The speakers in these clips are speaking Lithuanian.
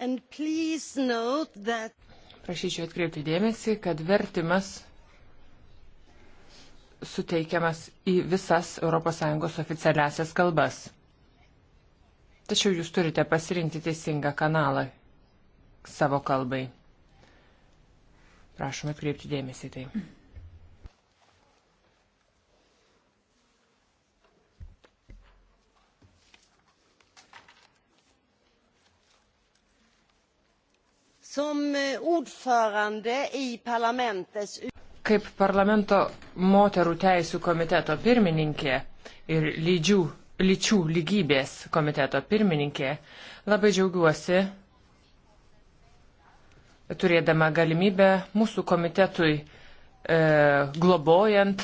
That... Prašyčiau atkreipti dėmesį, kad vertimas suteikiamas į visas ES oficialiasias kalbas. Tačiau jūs turite pasirinkti teisingą kanalą savo kalbai. Prašom atkreipti dėmesį tai. Mm. Eh, Kaip parlamento moterų teisų komiteto pirmininkė ir lydžių, lyčių lygybės komiteto pirmininkė, labai džiaugiuosi turėdama galimybę mūsų komitetui e, globojant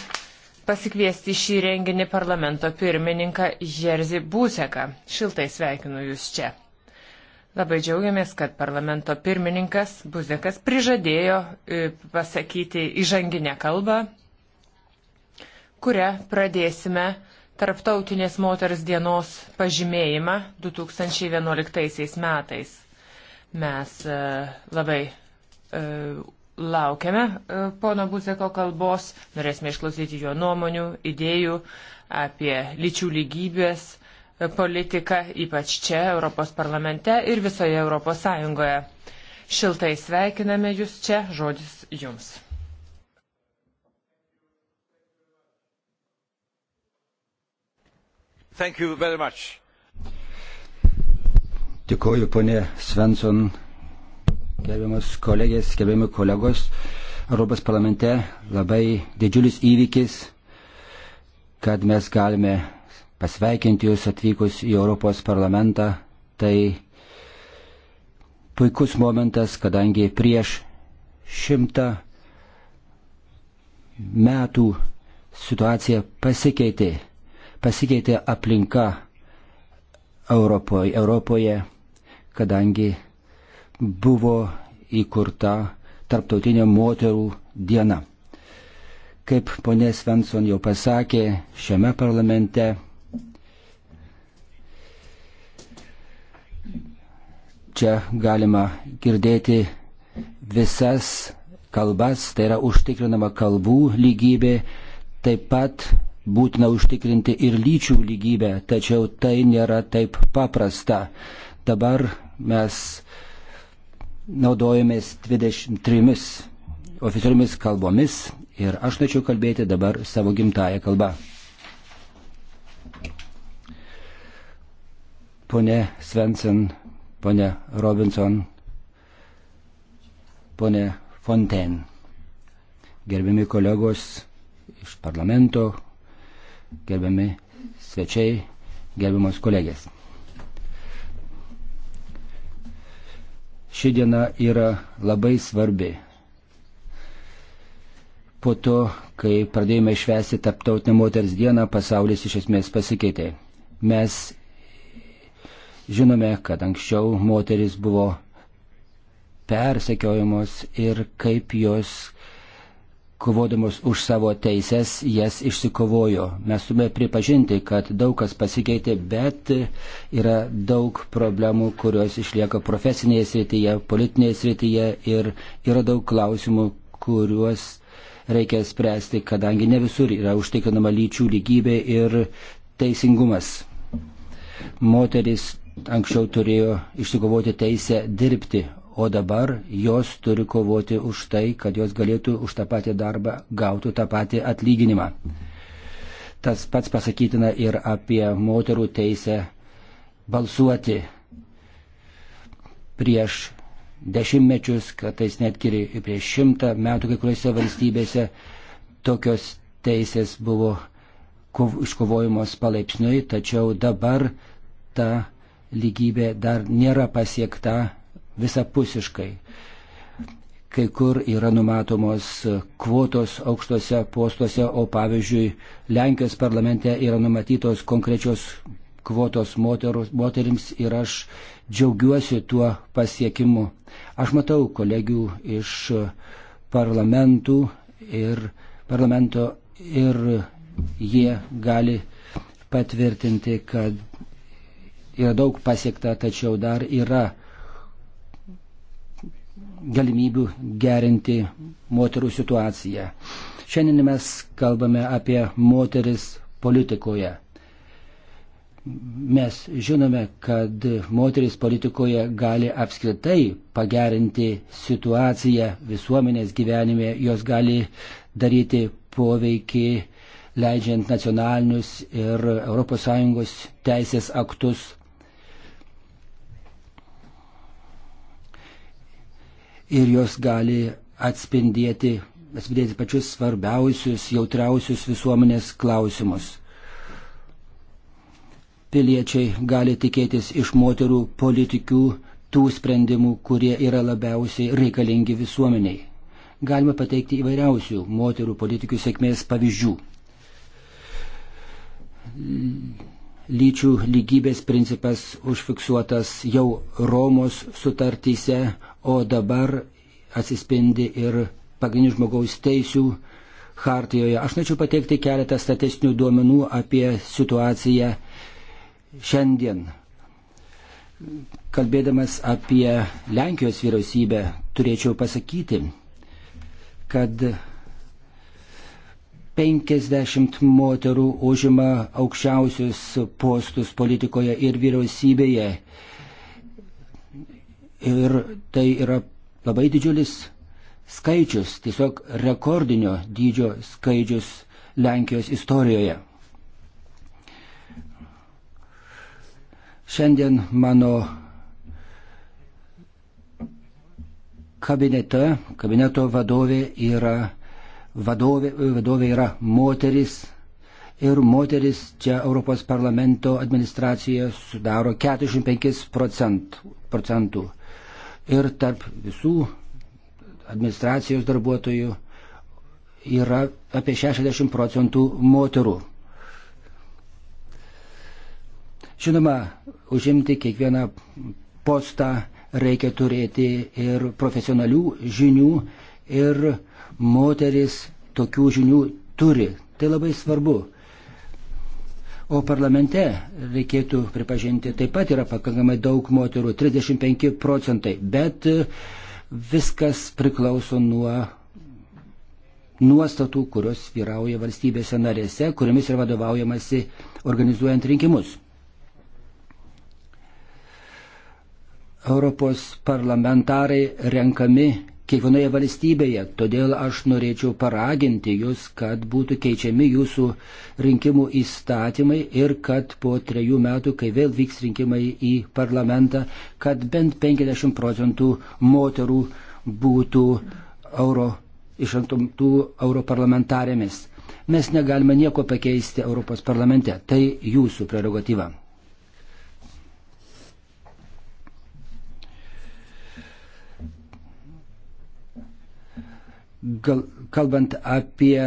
pasikviesti šį renginį parlamento pirmininką Jerzy Būseką. Šiltai sveikinu Jūs čia. Labai džiaugiamės, kad parlamento pirmininkas Buzekas prižadėjo e, pasakyti įžanginę kalbą, kurią pradėsime Tarptautinės moters dienos pažymėjimą 2011 metais. Mes e, labai e, laukiame pono Buzeko kalbos, norėsime išklausyti jo nuomonių, idėjų apie lyčių lygybės politiką, ypač čia, Europos parlamente ir visoje Europos Sąjungoje. Šiltai sveikiname Jūs čia, žodis Jums. Dėkuoju, ponė Svensson, gerbiamas kolegės, gerbiami kolegos. Europos parlamente labai didžiulis įvykis, kad mes galime pasveikinti Jūs atvykus į Europos parlamentą. Tai puikus momentas, kadangi prieš šimtą metų situacija pasikeitė. Pasikeitė aplinka Europoje, Europoje kadangi buvo įkurta Tarptautinė moterų diena. Kaip ponė Svensson jau pasakė, šiame parlamente Čia galima girdėti visas kalbas, tai yra užtikrinama kalbų lygybė, taip pat būtina užtikrinti ir lyčių lygybę, tačiau tai nėra taip paprasta. Dabar mes naudojamės 23 oficialiomis kalbomis ir aš norėčiau kalbėti dabar savo gimtają kalbą. Pone Svensen ponė Robinson, ponė Fonten, gerbiami kolegos iš parlamento, gerbiami svečiai, gerbiamos kolegės. Ši diena yra labai svarbi po to, kai pradėjome švęsti Taptautinę moters dieną, pasaulis iš esmės pasikeitė. Mes Žinome, kad anksčiau moteris buvo persekiojamos ir kaip jos kovodamos už savo teises jas išsikovojo. Mes turime pripažinti, kad daug kas pasikeitė, bet yra daug problemų, kurios išlieka profesinėje srityje, politinėje srityje ir yra daug klausimų, kuriuos reikia spręsti, kadangi ne visur yra užtikrinama lyčių lygybė ir teisingumas. Moteris anksčiau turėjo išsikovoti teisę dirbti, o dabar jos turi kovoti už tai, kad jos galėtų už tą patį darbą gauti tą patį atlyginimą. Tas pats pasakytina ir apie moterų teisę balsuoti prieš dešimtmečius, kartais netgi prieš šimtą metų kai kuriuose valstybėse tokios teisės buvo iškovojamos palaipsniui, tačiau dabar ta lygybė dar nėra pasiekta visapusiškai. Kai kur yra numatomos kvotos aukštose postuose, o pavyzdžiui, Lenkijos parlamente yra numatytos konkrečios kvotos moterus, moterims ir aš džiaugiuosi tuo pasiekimu. Aš matau kolegių iš parlamentų ir parlamento ir jie gali patvirtinti, kad yra daug pasiekta, tačiau dar yra galimybių gerinti moterų situaciją. Šiandien mes kalbame apie moteris politikoje. Mes žinome, kad moteris politikoje gali apskritai pagerinti situaciją visuomenės gyvenime, jos gali daryti poveikį leidžiant nacionalinius ir ES teisės aktus. ir jos gali atspindėti, atspindėti pačius svarbiausius, jautriausius visuomenės klausimus. Piliečiai gali tikėtis iš moterų politikių tų sprendimų, kurie yra labiausiai reikalingi visuomeniai. Galima pateikti įvairiausių moterų politikių sėkmės pavyzdžių. Lyčių lygybės principas užfiksuotas jau Romos sutartyse, o dabar atsispindi ir pagrindinių žmogaus teisių hartijoje. Aš norėčiau pateikti keletą statistinių duomenų apie situaciją šiandien. Kalbėdamas apie Lenkijos vyriausybę, turėčiau pasakyti, kad 50 moterų užima aukščiausius postus politikoje ir vyriausybėje ir tai yra labai didžiulis skaičius, tiesiog rekordinio dydžio skaičius Lenkijos istorijoje. Šiandien mano kabinete, kabineto vadovė yra, vadovė, vadovė yra moteris ir moteris čia Europos parlamento administracijoje sudaro 45 procentų ir tarp visų administracijos darbuotojų yra apie 60 procentų moterų. Žinoma, užimti kiekvieną postą reikia turėti ir profesionalių žinių ir moteris tokių žinių turi. Tai labai svarbu. O parlamente, reikėtų pripažinti, taip pat yra pakankamai daug moterų, 35 procentai, bet e, viskas priklauso nuo nuostatų, kurios vyrauja valstybėse narėse, kuriamis yra vadovaujamasi organizuojant rinkimus. Europos parlamentarai renkami kiekvienoje valstybėje. Todėl aš norėčiau paraginti jūs, kad būtų keičiami jūsų rinkimų įstatymai ir kad po trejų metų, kai vėl vyks rinkimai į parlamentą, kad bent 50 procentų moterų būtų euro, išrinktų europarlamentarėmis. Mes negalime nieko pakeisti Europos parlamente. Tai jūsų prerogatyva. gal, kalbant apie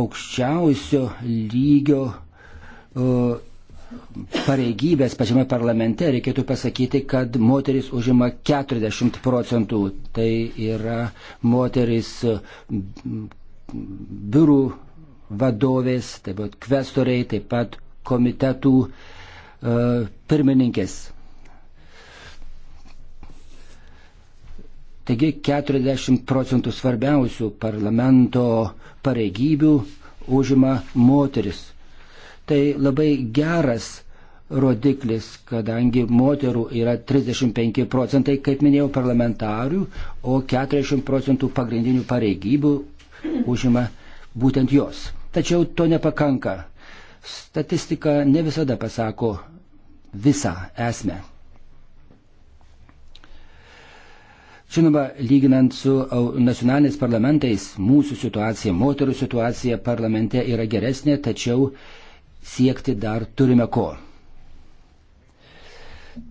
aukščiausio lygio o, pareigybės pačiame parlamente, reikėtų pasakyti, kad moteris užima 40 procentų. Tai yra moteris biurų vadovės, taip pat kvestoriai, taip pat komitetų e, pirmininkės. Taigi 40 procentų svarbiausių parlamento pareigybių užima moteris. Tai labai geras rodiklis, kadangi moterų yra 35 procentai, kaip minėjau, parlamentarių, o 40 procentų pagrindinių pareigybių užima būtent jos. Tačiau to nepakanka. Statistika ne visada pasako visą esmę. Žinoma, lyginant su nacionaliniais parlamentais, mūsų situacija, moterų situacija parlamente yra geresnė, tačiau siekti dar turime ko.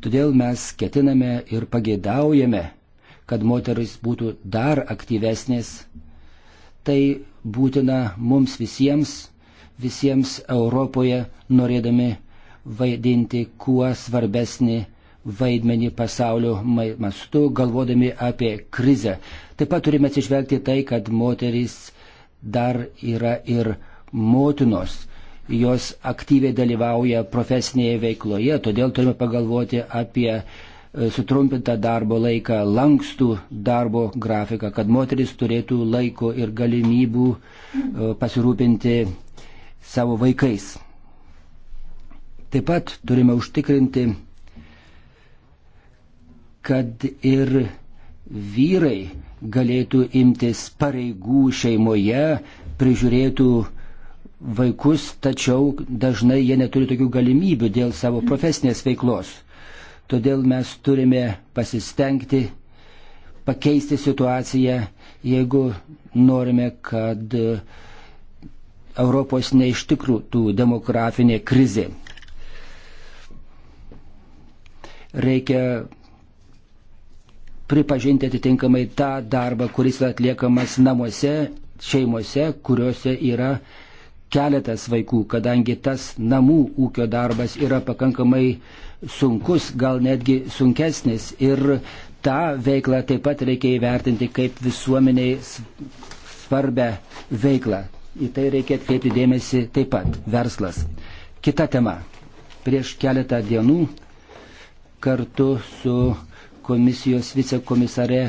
Todėl mes ketiname ir pageidaujame, kad moteris būtų dar aktyvesnės. Tai būtina mums visiems, visiems Europoje norėdami vaidinti kuo svarbesnį vaidmenį pasaulio mastu, galvodami apie krizę. Taip pat turime atsižvelgti tai, kad moterys dar yra ir motinos. Jos aktyviai dalyvauja profesinėje veikloje, todėl turime pagalvoti apie e, sutrumpintą darbo laiką, lankstų darbo grafiką, kad moteris turėtų laiko ir galimybių e, pasirūpinti savo vaikais. Taip pat turime užtikrinti kad ir vyrai galėtų imtis pareigų šeimoje, prižiūrėtų vaikus, tačiau dažnai jie neturi tokių galimybių dėl savo profesinės veiklos. Todėl mes turime pasistengti pakeisti situaciją, jeigu norime, kad Europos neištikrūtų demografinė krizė. Reikia pripažinti atitinkamai tą darbą, kuris yra atliekamas namuose, šeimose, kuriuose yra keletas vaikų, kadangi tas namų ūkio darbas yra pakankamai sunkus, gal netgi sunkesnis ir tą veiklą taip pat reikia įvertinti kaip visuomeniai svarbę veiklą. Į tai reikia atkreipti dėmesį taip pat verslas. Kita tema. Prieš keletą dienų kartu su komisijos vicekomisare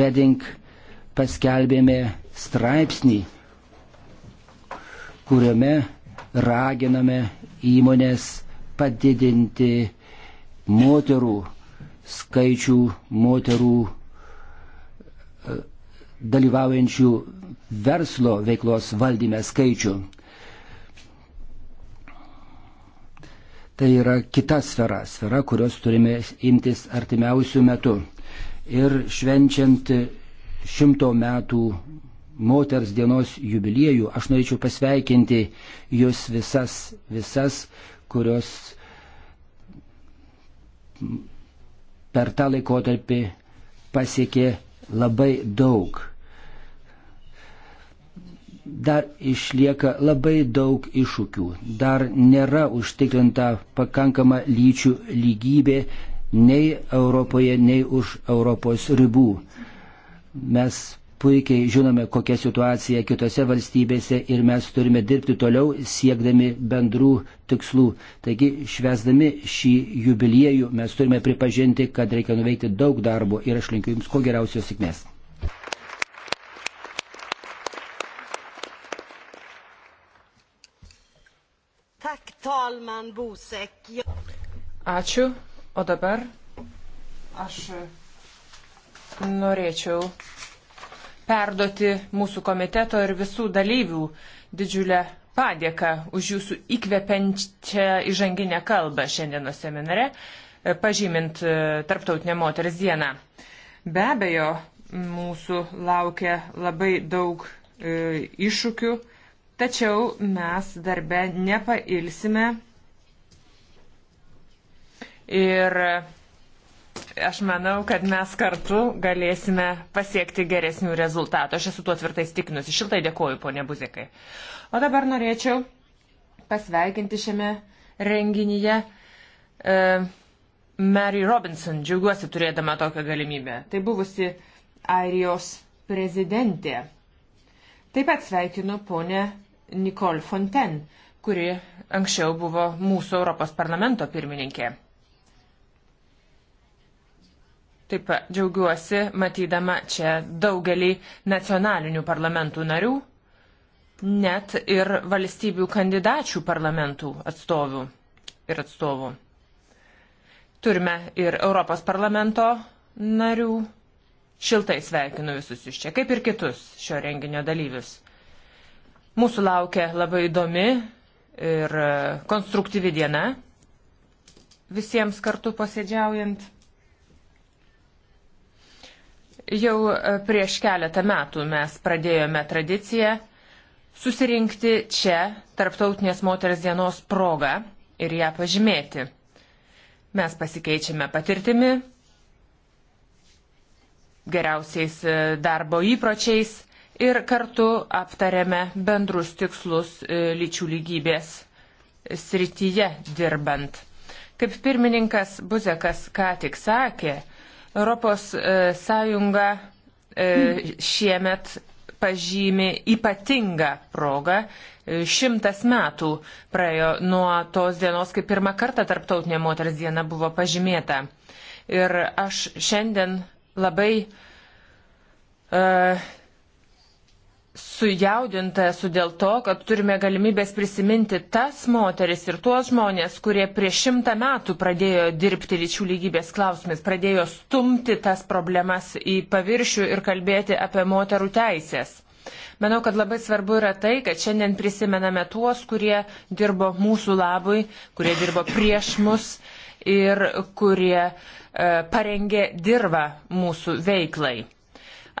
Reding paskelbėme straipsnį, kuriame raginame įmonės padidinti moterų skaičių, moterų e, dalyvaujančių verslo veiklos valdyme skaičių. Tai yra kita sfera, sfera, kurios turime imtis artimiausių metų. Ir švenčiant šimto metų moters dienos jubiliejų, aš norėčiau pasveikinti jūs visas, visas, kurios per tą laikotarpį pasiekė labai daug dar išlieka labai daug iššūkių. Dar nėra užtikrinta pakankama lyčių lygybė nei Europoje, nei už Europos ribų. Mes puikiai žinome, kokia situacija kitose valstybėse ir mes turime dirbti toliau siekdami bendrų tikslų. Taigi, švesdami šį jubiliejų, mes turime pripažinti, kad reikia nuveikti daug darbo ir aš linkiu Jums kuo geriausios sėkmės. Ačiū. O dabar aš norėčiau perduoti mūsų komiteto ir visų dalyvių didžiulę padėką už jūsų įkvepiančią įžanginę kalbą šiandienos seminare, pažymint e, Tarptautinę moters dieną. Be abejo, mūsų laukia labai daug e, iššūkių Tačiau mes darbe nepailsime ir aš manau, kad mes kartu galėsime pasiekti geresnių rezultatų. Aš esu tuo tvirtai stikinusi. Šiltai dėkoju, ponė Buzikai. O dabar norėčiau pasveikinti šiame renginyje e, Mary Robinson. Džiaugiuosi turėdama tokią galimybę. Tai buvusi Airijos prezidentė. Taip pat sveikinu ponę Nicole Fontaine, kuri anksčiau buvo mūsų Europos parlamento pirmininkė. Taip pat džiaugiuosi matydama čia daugelį nacionalinių parlamentų narių, net ir valstybių kandidačių parlamentų atstovų ir atstovų. Turime ir Europos parlamento narių. Šiltai sveikinu visus iš čia, kaip ir kitus šio renginio dalyvius. Mūsų laukia labai įdomi ir e, konstruktyvi diena visiems kartu posėdžiaujant. Jau e, prieš keletą metų mes pradėjome tradiciją susirinkti čia Tarptautinės moters dienos progą ir ją pažymėti. Mes pasikeičiame patirtimi, geriausiais e, darbo įpročiais ir kartu aptarėme bendrus tikslus e, lyčių lygybės srityje dirbant. Kaip pirmininkas Buzekas ką tik sakė, Europos e, Sąjunga e, šiemet pažymi ypatingą progą. Šimtas metų praėjo nuo tos dienos, kai pirmą kartą Tarptautinė moters diena buvo pažymėta. Ir aš šiandien labai uh, sujaudinta esu dėl to, kad turime galimybės prisiminti tas moteris ir tuos žmonės, kurie prieš šimtą metų pradėjo dirbti lyčių lygybės klausimais, pradėjo stumti tas problemas į paviršių ir kalbėti apie moterų teisės. Manau, kad labai svarbu yra tai, kad šiandien prisimename tuos, kurie dirbo mūsų labui, kurie dirbo prieš mus ir kurie e, parengė dirbą mūsų veiklai.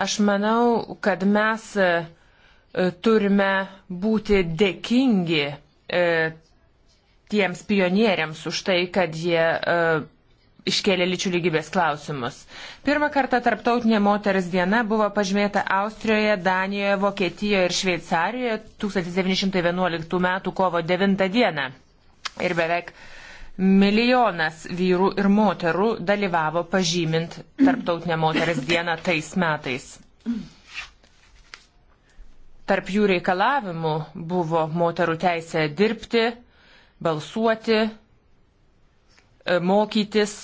Aš manau, kad mes e, E, turime būti dėkingi e, tiems pionieriams už tai, kad jie e, iškėlė lyčių lygybės klausimus. Pirmą kartą Tarptautinė moters diena buvo pažymėta Austrijoje, Danijoje, Vokietijoje ir Šveicarijoje 1911 m. kovo 9 d. Ir beveik milijonas vyrų ir moterų dalyvavo pažymint Tarptautinę moters dieną tais metais. Tarp jų reikalavimų buvo moterų teisė dirbti, balsuoti, e, mokytis,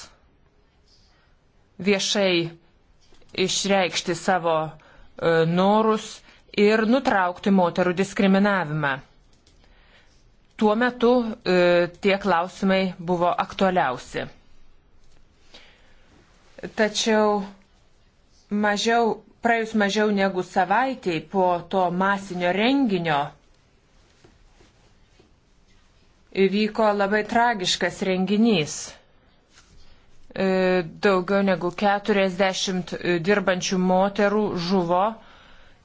viešai išreikšti savo e, norus ir nutraukti moterų diskriminavimą. Tuo metu e, tie klausimai buvo aktualiausi. Tačiau mažiau Praėjus mažiau negu savaitėj po to masinio renginio įvyko labai tragiškas renginys. E, daugiau negu 40 e, dirbančių moterų žuvo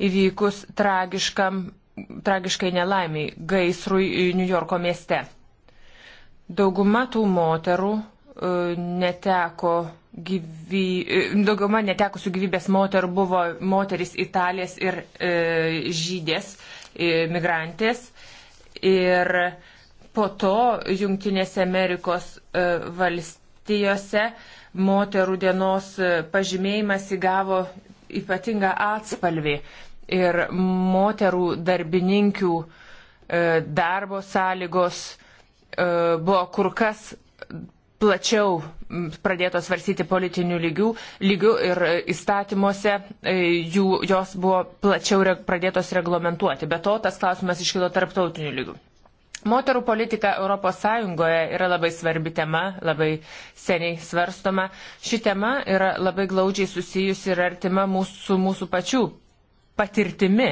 įvykus tragiškam, tragiškai nelaimiai gaisrui e, New Yorko mieste. Dauguma tų moterų neteko gyvy, e, dauguma netekusių gyvybės moterų buvo moteris italės ir e, žydės, e, migrantės. Ir po to Junktinėse Amerikos e, valstijose moterų dienos e, pažymėjimas įgavo ypatingą atspalvį. Ir moterų darbininkių e, darbo sąlygos e, buvo kur kas plačiau pradėtos varsyti politinių lygių, lygių ir įstatymuose e, jų, jos buvo plačiau re, pradėtos reglamentuoti. Be to, tas klausimas iškilo tarptautinių lygių. Moterų politika ES yra labai svarbi tema, labai seniai svarstoma. Ši tema yra labai glaudžiai susijusi ir artima mūsų, su mūsų pačių patirtimi,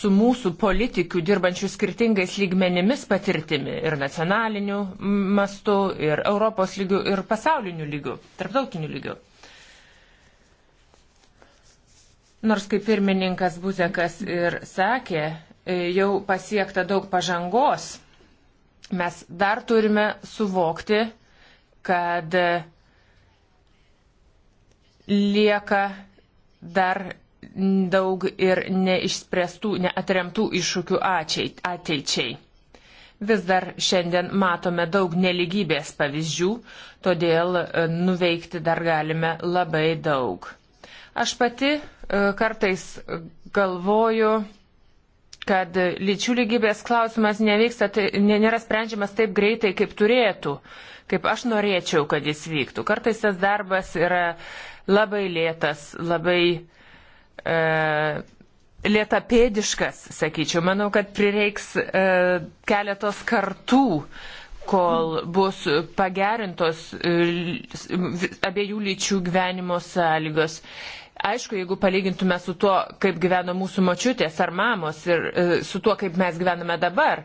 su mūsų politikių dirbančių skirtingais lygmenimis patirtimi ir nacionaliniu mastu, ir Europos lygiu, ir pasauliniu lygiu, tarptautiniu lygiu. Nors kaip pirmininkas Buzekas ir sakė, e, jau pasiekta daug pažangos, mes dar turime suvokti, kad lieka dar daug ir neišspręstų, neatremtų iššūkių ateičiai. Vis dar šiandien matome daug neligybės pavyzdžių, todėl e, nuveikti dar galime labai daug. Aš pati e, kartais galvoju, kad lyčių lygybės klausimas nevyksta, tai, nėra sprendžiamas taip greitai, kaip turėtų, kaip aš norėčiau, kad jis vyktų. Kartais tas darbas yra labai lėtas, labai uh, e, lietapėdiškas, sakyčiau. Manau, kad prireiks e, keletos kartų kol bus pagerintos e, abiejų lyčių gyvenimo sąlygos. Aišku, jeigu palygintume su tuo, kaip gyveno mūsų močiutės ar mamos ir e, su tuo, kaip mes gyvename dabar,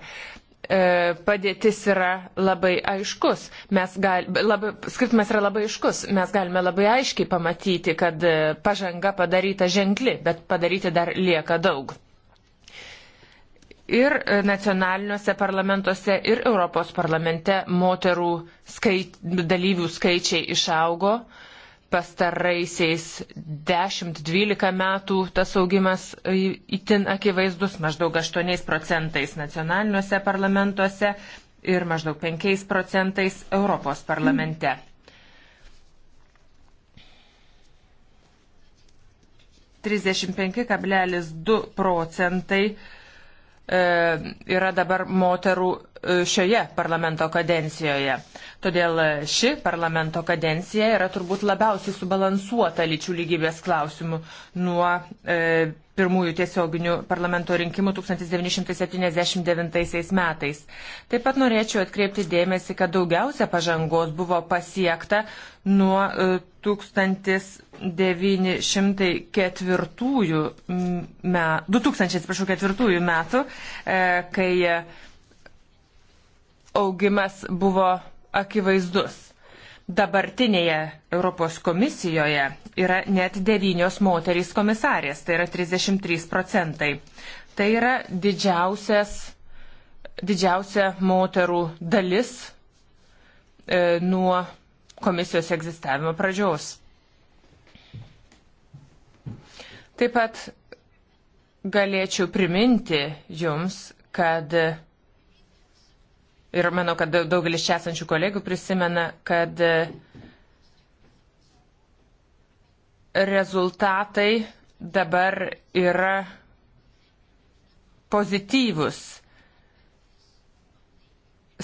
E, padėtis yra labai aiškus. Mes gal, labai, skirtumas yra labai aiškus. Mes galime labai aiškiai pamatyti, kad e, pažanga padaryta ženkli, bet padaryti dar lieka daug. Ir e, nacionaliniuose parlamentuose, ir Europos parlamente moterų skait, dalyvių skaičiai išaugo. Uh, pastaraisiais 10-12 metų tas augimas itin akivaizdus, maždaug 8 procentais nacionaliniuose parlamentuose ir maždaug 5 procentais Europos parlamente. Mm. 35,2 procentai e, yra dabar moterų šioje parlamento kadencijoje. Todėl ši parlamento kadencija yra turbūt labiausiai subalansuota lyčių lygybės klausimų nuo e, pirmųjų tiesioginių parlamento rinkimų 1979 metais. Taip pat norėčiau atkreipti dėmesį, kad daugiausia pažangos buvo pasiekta nuo 1904 e, metų, 2004 e, metų, kai augimas buvo akivaizdus. Dabartinėje Europos komisijoje yra net devynios moterys komisarės, tai yra 33 procentai. Tai yra didžiausias, didžiausia moterų dalis e, nuo komisijos egzistavimo pradžios. Taip pat galėčiau priminti jums, kad ir manau, kad daugelis čia esančių kolegų prisimena, kad e, rezultatai dabar yra pozityvus,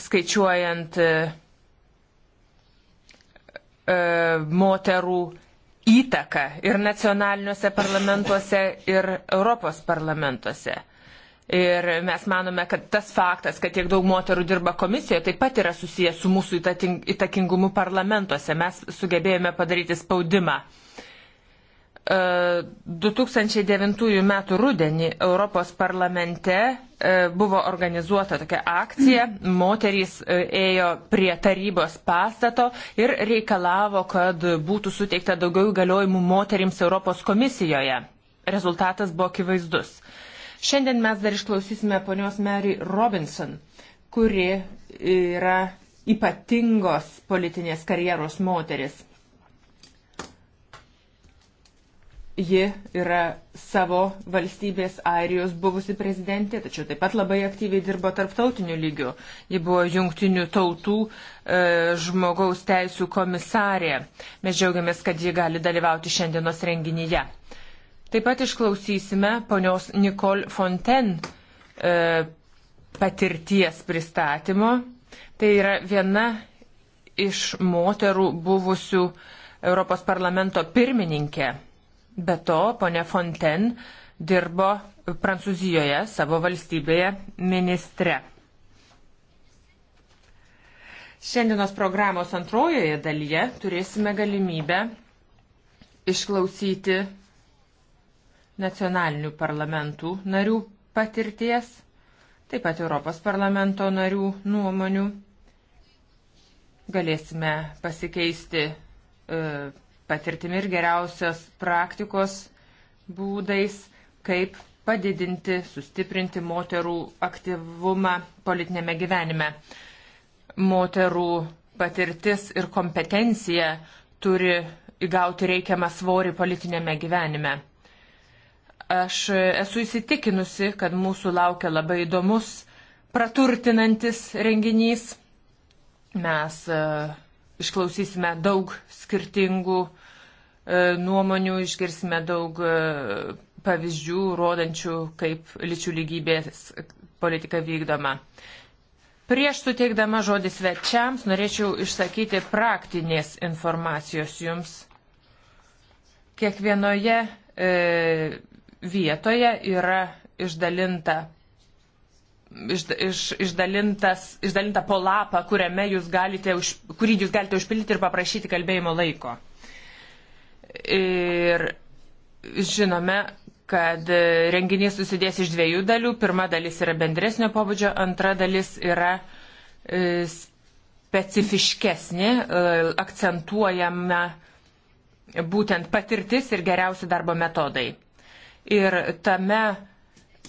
skaičiuojant e, e, moterų įtaką ir nacionaliniuose parlamentuose, ir Europos parlamentuose. Ir mes manome, kad tas faktas, kad tiek daug moterų dirba komisijoje, taip pat yra susijęs su mūsų įtakingumu parlamentuose. Mes sugebėjome padaryti spaudimą. 2009 e, m. rudenį Europos parlamente e, buvo organizuota tokia akcija, moterys e, ėjo prie tarybos pastato ir reikalavo, kad būtų suteikta daugiau įgaliojimų moterims Europos komisijoje. Rezultatas buvo akivaizdus. Šiandien mes dar išklausysime ponios Mary Robinson, kuri yra ypatingos politinės karjeros moteris. Ji yra savo valstybės Airijos buvusi prezidentė, tačiau taip pat labai aktyviai dirbo tarptautiniu lygiu. Ji buvo jungtinių tautų e, žmogaus teisų komisarė. Mes džiaugiamės, kad ji gali dalyvauti šiandienos renginyje. Taip pat išklausysime ponios Nicole Fonten e, patirties pristatymo. Tai yra viena iš moterų buvusių Europos parlamento pirmininkė. Be to, ponia Fonten dirbo Prancūzijoje, savo valstybėje, ministre. Šiandienos programos antrojoje dalyje turėsime galimybę išklausyti nacionalinių parlamentų narių patirties, taip pat Europos parlamento narių nuomonių. Galėsime pasikeisti e, patirtimi ir geriausios praktikos būdais, kaip padidinti, sustiprinti moterų aktyvumą politinėme gyvenime. Moterų patirtis ir kompetencija turi įgauti reikiamą svorį politinėme gyvenime. Aš esu įsitikinusi, kad mūsų laukia labai įdomus, praturtinantis renginys. Mes e, išklausysime daug skirtingų e, nuomonių, išgirsime daug e, pavyzdžių, rodančių, kaip lyčių lygybės politika vykdoma. Prieš suteikdama žodį svečiams, norėčiau išsakyti praktinės informacijos jums. Kiekvienoje e, vietoje yra išdalinta. Iš, iš, išdalintas, išdalinta po lapą, jūs galite, už, kurį jūs galite užpildyti ir paprašyti kalbėjimo laiko. Ir žinome, kad renginys susidės iš dviejų dalių. Pirma dalis yra bendresnio pobūdžio, antra dalis yra e, specifiškesnė, e, akcentuojama būtent patirtis ir geriausi darbo metodai ir tame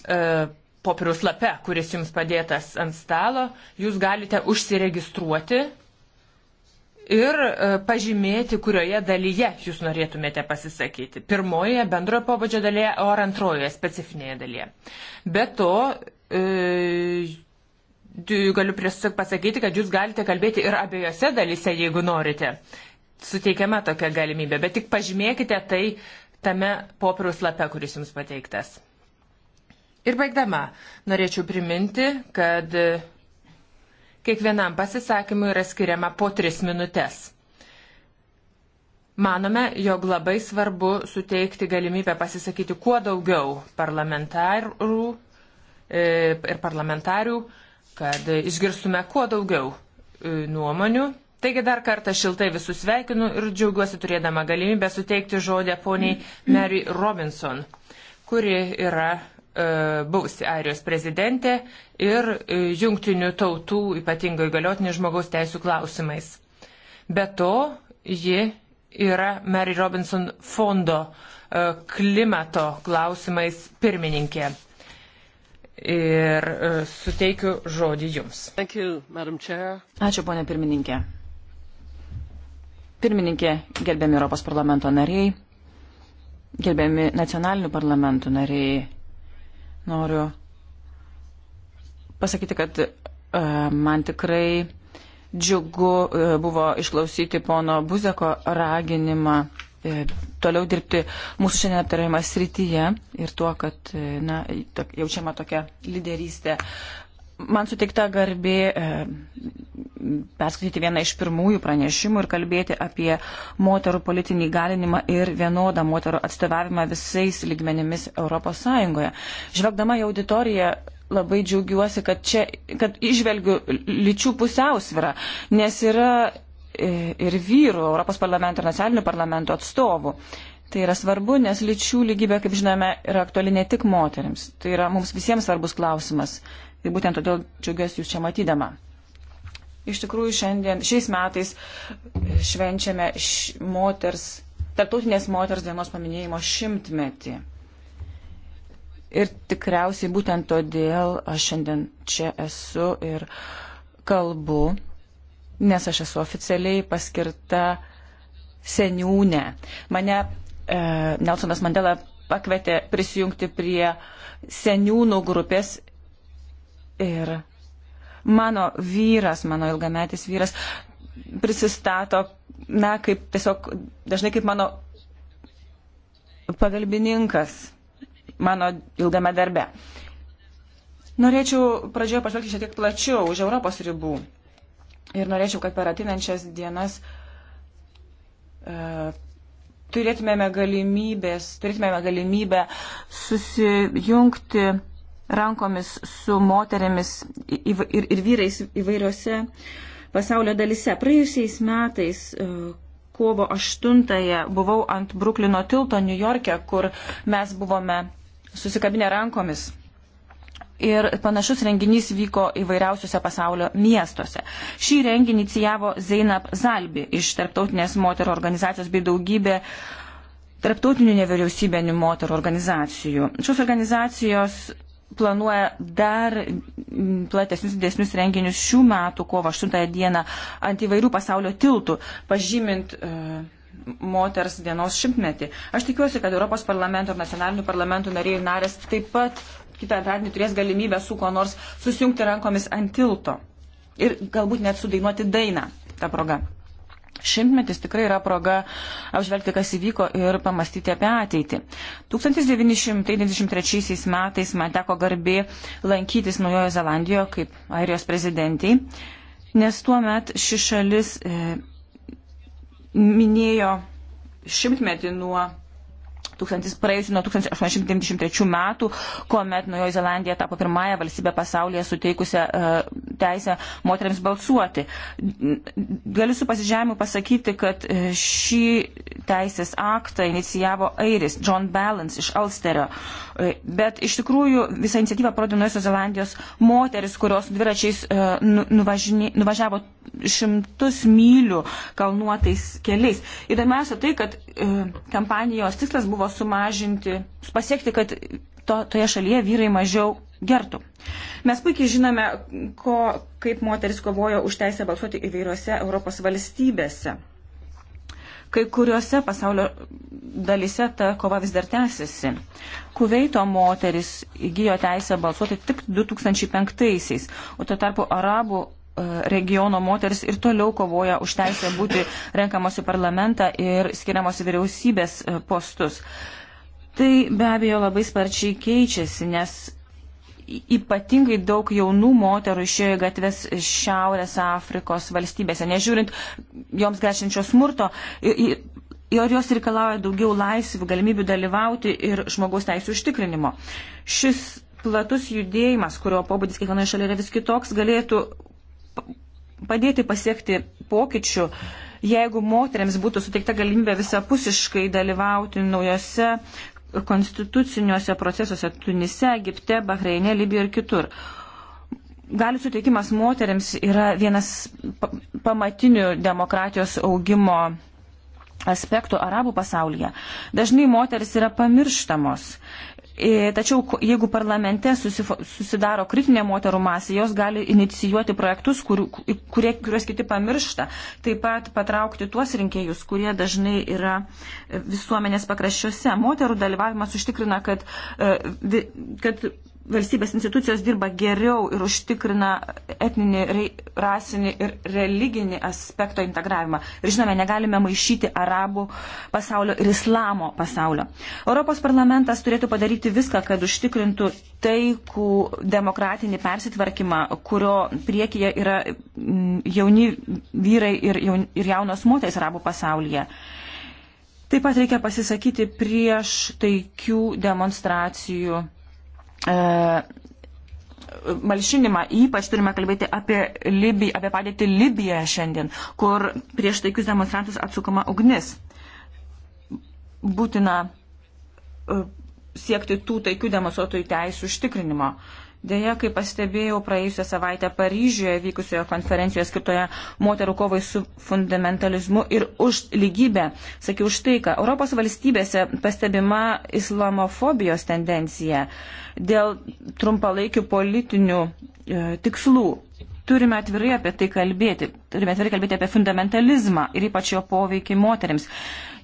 e, popieriaus lape, kuris jums padėtas ant stalo, jūs galite užsiregistruoti ir e, pažymėti, kurioje dalyje jūs norėtumėte pasisakyti. Pirmoje bendrojo pobūdžio dalyje, o ar antrojoje specifinėje dalyje. Be to, e, galiu pasakyti, kad jūs galite kalbėti ir abiejose dalyse, jeigu norite. Suteikiama tokia galimybė, bet tik pažymėkite tai tame popieriaus lape, kuris jums pateiktas. Ir baigdama, norėčiau priminti, kad kiekvienam pasisakymui yra skiriama po tris minutės. Manome, jog labai svarbu suteikti galimybę pasisakyti kuo daugiau parlamentarų e, ir parlamentarių, kad išgirstume kuo daugiau e, nuomonių Taigi dar kartą šiltai visus sveikinu ir džiaugiuosi turėdama galimybę suteikti žodį poniai Mary Robinson, kuri yra e, buvusi Airijos prezidentė ir e, jungtinių tautų ypatingo įgaliotinį žmogaus teisų klausimais. Be to, ji yra Mary Robinson fondo e, klimato klausimais pirmininkė. Ir e, suteikiu žodį Jums. You, Ačiū, ponė pirmininkė pirmininkė, gerbiami Europos parlamento nariai, gerbiami nacionalinių parlamentų nariai, noriu pasakyti, kad e, man tikrai džiugu e, buvo išklausyti pono Buzeko raginimą e, toliau dirbti mūsų šiandien aptariamą srityje ir tuo, kad e, na, jaučiama tokia lyderystė Man suteikta garbė e, perskaityti vieną iš pirmųjų pranešimų ir kalbėti apie moterų politinį galinimą ir vienodą moterų atstovavimą visais lygmenimis ES. Žvelgdama į auditoriją labai džiaugiuosi, kad čia, kad išvelgiu lyčių pusiausvirą, nes yra e, ir vyrų Europos parlamento ir nacionalinių parlamento atstovų. Tai yra svarbu, nes lyčių lygybė, kaip žinome, yra aktuali ne tik moteriams. Tai yra mums visiems svarbus klausimas. Ir tai būtent todėl džiugiuosi jūs čia matydama. Iš tikrųjų, šiandien, šiais metais švenčiame š, moters, tarptautinės moters dienos paminėjimo šimtmetį. Ir tikriausiai būtent todėl aš šiandien čia esu ir kalbu, nes aš esu oficialiai paskirta seniūnė. Mane e, Nelsonas Mandela pakvietė prisijungti prie seniūnų grupės Ir mano vyras, mano ilgametis vyras, prisistato, na, kaip tiesiog, dažnai kaip mano pagalbininkas mano ilgame darbe. Norėčiau pradžioje pažvelgti šiek tiek plačiau už Europos ribų. Ir norėčiau, kad per atinančias dienas e, turėtumėme, turėtumėme galimybę susijungti rankomis su moterėmis ir, ir vyrais įvairiose pasaulio dalise. Praėjusiais metais e, kovo 8-ąją buvau ant Bruklino tilto New York'e, kur mes buvome susikabinę rankomis. Ir panašus renginys vyko įvairiausiuose pasaulio miestuose. Šį renginį inicijavo Zeinab Zalbi iš Tarptautinės moterų organizacijos bei daugybė tarptautinių nevyriausybinių moterų organizacijų. Šios organizacijos planuoja dar platesnius didesnius renginius šių metų kovo 8 dieną ant įvairių pasaulio tiltų, pažymint e, moters dienos šimtmetį. Aš tikiuosi, kad Europos parlamento ir nacionalinių parlamentų nariai narės taip pat kitą antradienį turės galimybę su kuo nors susijungti rankomis ant tilto ir galbūt net sudainuoti dainą tą progą. Šimtmetis tikrai yra proga apžvelgti, kas įvyko ir pamastyti apie ateitį. 1993 metais man teko garbė lankytis Naujojo Zelandijoje kaip Airijos prezidentiai, nes tuo met ši šalis e, minėjo šimtmetį nuo tūkstantis, praėjusiu nuo 1893 metų, kuomet Naujoji Zelandija tapo pirmąją valstybę pasaulyje suteikusią uh, teisę moteriams balsuoti. Galiu su pasižemiu pasakyti, kad e, šį teisės aktą inicijavo airis John Balance iš Alsterio, e, bet iš tikrųjų visą iniciatyvą parodė Naujosios Zelandijos moteris, kurios dviračiais uh, nu, nuvažini, nuvažiavo šimtus mylių kalnuotais keliais. Įdomiausia tai, kad uh, kampanijos tikslas buvo buvo sumažinti, pasiekti, kad to, toje šalyje vyrai mažiau gertų. Mes puikiai žinome, ko, kaip moteris kovojo už teisę balsuoti įvairiose Europos valstybėse. Kai kuriuose pasaulio dalise ta kova vis dar tęsiasi. Kuveito moteris įgyjo teisę balsuoti tik 2005-aisiais, o tuo tarpu arabų E, regiono moteris ir toliau kovoja už teisę būti renkamos į parlamentą ir skiriamos į vyriausybės e, postus. Tai be abejo labai sparčiai keičiasi, nes ypatingai daug jaunų moterų išėjo į gatves Šiaurės Afrikos valstybėse, nežiūrint joms grešinčio smurto. Ir jos reikalauja daugiau laisvių, galimybių dalyvauti ir žmogaus teisų užtikrinimo. Šis platus judėjimas, kurio pobūdis kiekvienoje šalyje yra vis kitoks, galėtų padėti pasiekti pokyčių, jeigu moteriams būtų suteikta galimybė visapusiškai dalyvauti naujose konstituciniuose procesuose Tunise, Egipte, Bahreine, Libijoje ir kitur. Galių suteikimas moteriams yra vienas pamatinių demokratijos augimo aspektų arabų pasaulyje. Dažnai moteris yra pamirštamos E, tačiau jeigu parlamente susidaro kritinė moterų masė, jos gali inicijuoti projektus, kur, kurie, kuriuos kiti pamiršta. Taip pat patraukti tuos rinkėjus, kurie dažnai yra e, visuomenės pakraščiuose. Moterų dalyvavimas užtikrina, kad, e, kad valstybės institucijos dirba geriau ir užtikrina etninį, rasinį ir religinį aspekto integravimą. Ir žinome, negalime maišyti arabų pasaulio ir islamo pasaulio. Europos parlamentas turėtų padaryti viską, kad užtikrintų taikų demokratinį persitvarkymą, kurio priekyje yra jauni vyrai ir, jaun, ir jaunos moteris arabų pasaulyje. Taip pat reikia pasisakyti prieš taikių demonstracijų E, malšinimą. Ypač turime kalbėti apie, Libiją, apie padėtį Libiją šiandien, kur prieš taikius demonstrantus atsukama ugnis. Būtina e, siekti tų taikių demonstruotojų teisų užtikrinimo. Uh, Deja, kaip pastebėjau praėjusią savaitę Paryžiuje vykusioje konferencijoje skirtoje moterų kovai su fundamentalizmu ir už lygybę, sakiau už tai, kad Europos valstybėse pastebima islamofobijos tendencija dėl trumpalaikių politinių e, tikslų. Turime atvirai apie tai kalbėti, turime atvirai kalbėti apie fundamentalizmą ir ypač jo poveikį moteriams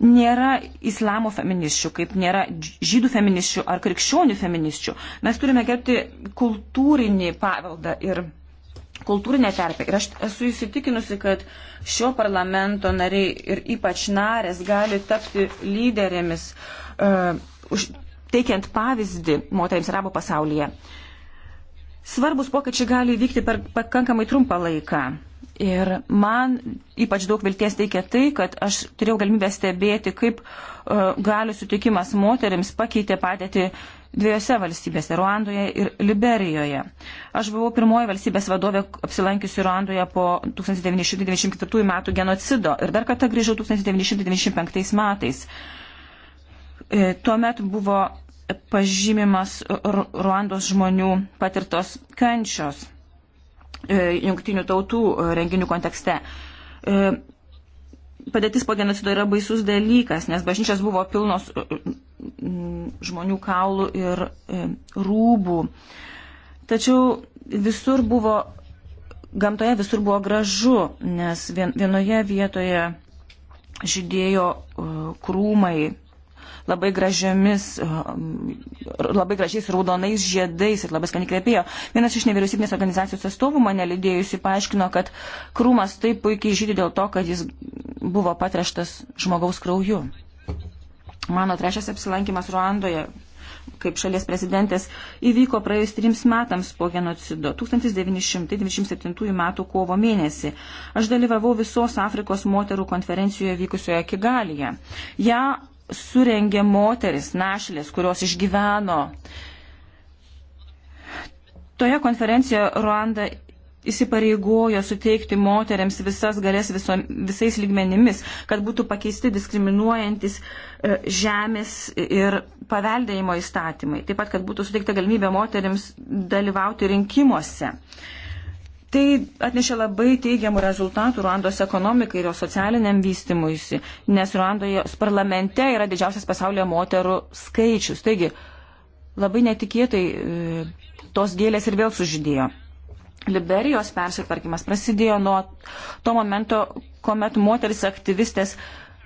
nėra islamo feminiščių, kaip nėra žydų feminiščių ar krikščionių feminiščių. Mes turime gerbti kultūrinį paveldą ir kultūrinę terpę. Ir aš esu įsitikinusi, kad šio parlamento nariai ir ypač narės gali tapti lyderėmis, uh, už, teikiant pavyzdį moteriams arabo pasaulyje. Svarbus pokyčiai gali vykti per pakankamai trumpą laiką. Ir man ypač daug vilties teikia tai, kad aš turėjau galimybę stebėti, kaip uh, galių sutikimas moteriams pakeitė padėtį dviejose valstybėse - Ruandoje ir Liberijoje. Aš buvau pirmoji valstybės vadovė apsilankiusi Ruandoje po 1994 metų genocido ir dar kartą grįžau 1995 metais. E, tuomet buvo pažymimas Ruandos žmonių patirtos kančios. E, jungtinių tautų e, renginių kontekste. E, padėtis po genocido yra baisus dalykas, nes bažnyčios buvo pilnos žmonių kaulų ir rūbų. Tačiau visur buvo, gamtoje visur buvo gražu, nes vienoje vietoje žydėjo krūmai, labai, gražiomis, um, labai gražiais raudonais žiedais ir labai skaniai kvepėjo. Vienas iš nevyriausybinės organizacijos atstovų mane lydėjusi paaiškino, kad krūmas taip puikiai žydi dėl to, kad jis buvo patreštas žmogaus krauju. Mano trečias apsilankimas Ruandoje kaip šalies prezidentės įvyko praėjus trims metams po genocido 1997 m. kovo mėnesį. Aš dalyvavau visos Afrikos moterų konferencijoje vykusioje Kigalyje. Ja surengė moteris, našlės, kurios išgyveno. Toje konferencijoje Ruanda įsipareigojo suteikti moteriams visas galės viso, visais lygmenimis, kad būtų pakeisti diskriminuojantis e, žemės ir paveldėjimo įstatymai. Taip pat, kad būtų suteikta galimybė moteriams dalyvauti rinkimuose. Uh, Tai atnešė labai teigiamų rezultatų Ruandos ekonomikai ir jo socialiniam vystimuisi, nes Ruandoje parlamente yra didžiausias pasaulyje moterų skaičius. Taigi, labai netikėtai e, tos gėlės ir vėl sužydėjo. Liberijos persitvarkymas prasidėjo nuo to momento, kuomet moteris aktyvistės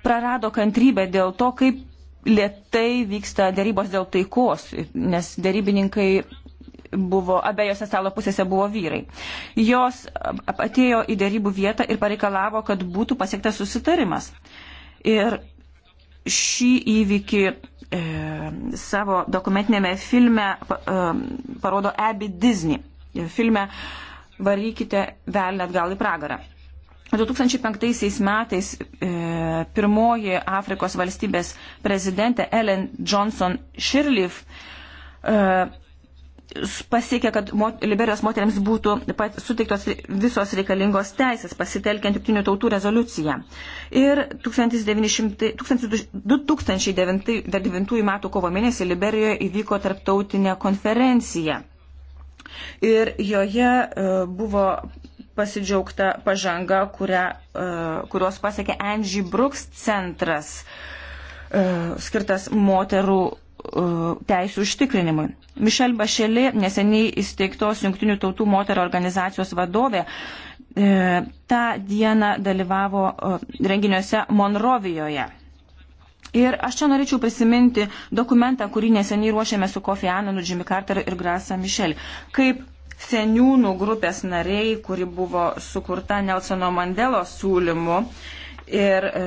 prarado kantrybę dėl to, kaip lietai vyksta dėrybos dėl taikos, nes dėrybininkai buvo, abiejose stalo pusėse buvo vyrai. Jos atėjo į dėrybų vietą ir pareikalavo, kad būtų pasiektas susitarimas. Ir šį įvykį e, savo dokumentinėme filme e, parodo Abby Disney. Filme Varykite velnę atgal į pragarą. 2005 metais e, pirmoji Afrikos valstybės prezidentė Ellen Johnson Shirleaf e, pasiekė, kad mot, Liberijos moteriams būtų suteiktos visos reikalingos teisės pasitelkiant Junktinių tautų rezoliuciją. Ir 1900, 2009 m. kovo mėnesį Liberijoje įvyko tarptautinė konferencija. Ir joje uh, buvo pasidžiaugta pažanga, kurią, uh, kurios pasiekė Angie Brooks centras, uh, skirtas moterų E, teisų užtikrinimui. Mišel Bašelė, neseniai įsteigtos Junktinių tautų moterų organizacijos vadovė, e, tą dieną dalyvavo e, renginiuose Monrovijoje. Ir aš čia norėčiau prisiminti dokumentą, kurį neseniai ruošėme su Kofi Ananu, Jimmy Carter ir Grasa Mišel. Kaip seniūnų grupės nariai, kuri buvo sukurta Nelsono Mandelo siūlymu, ir e,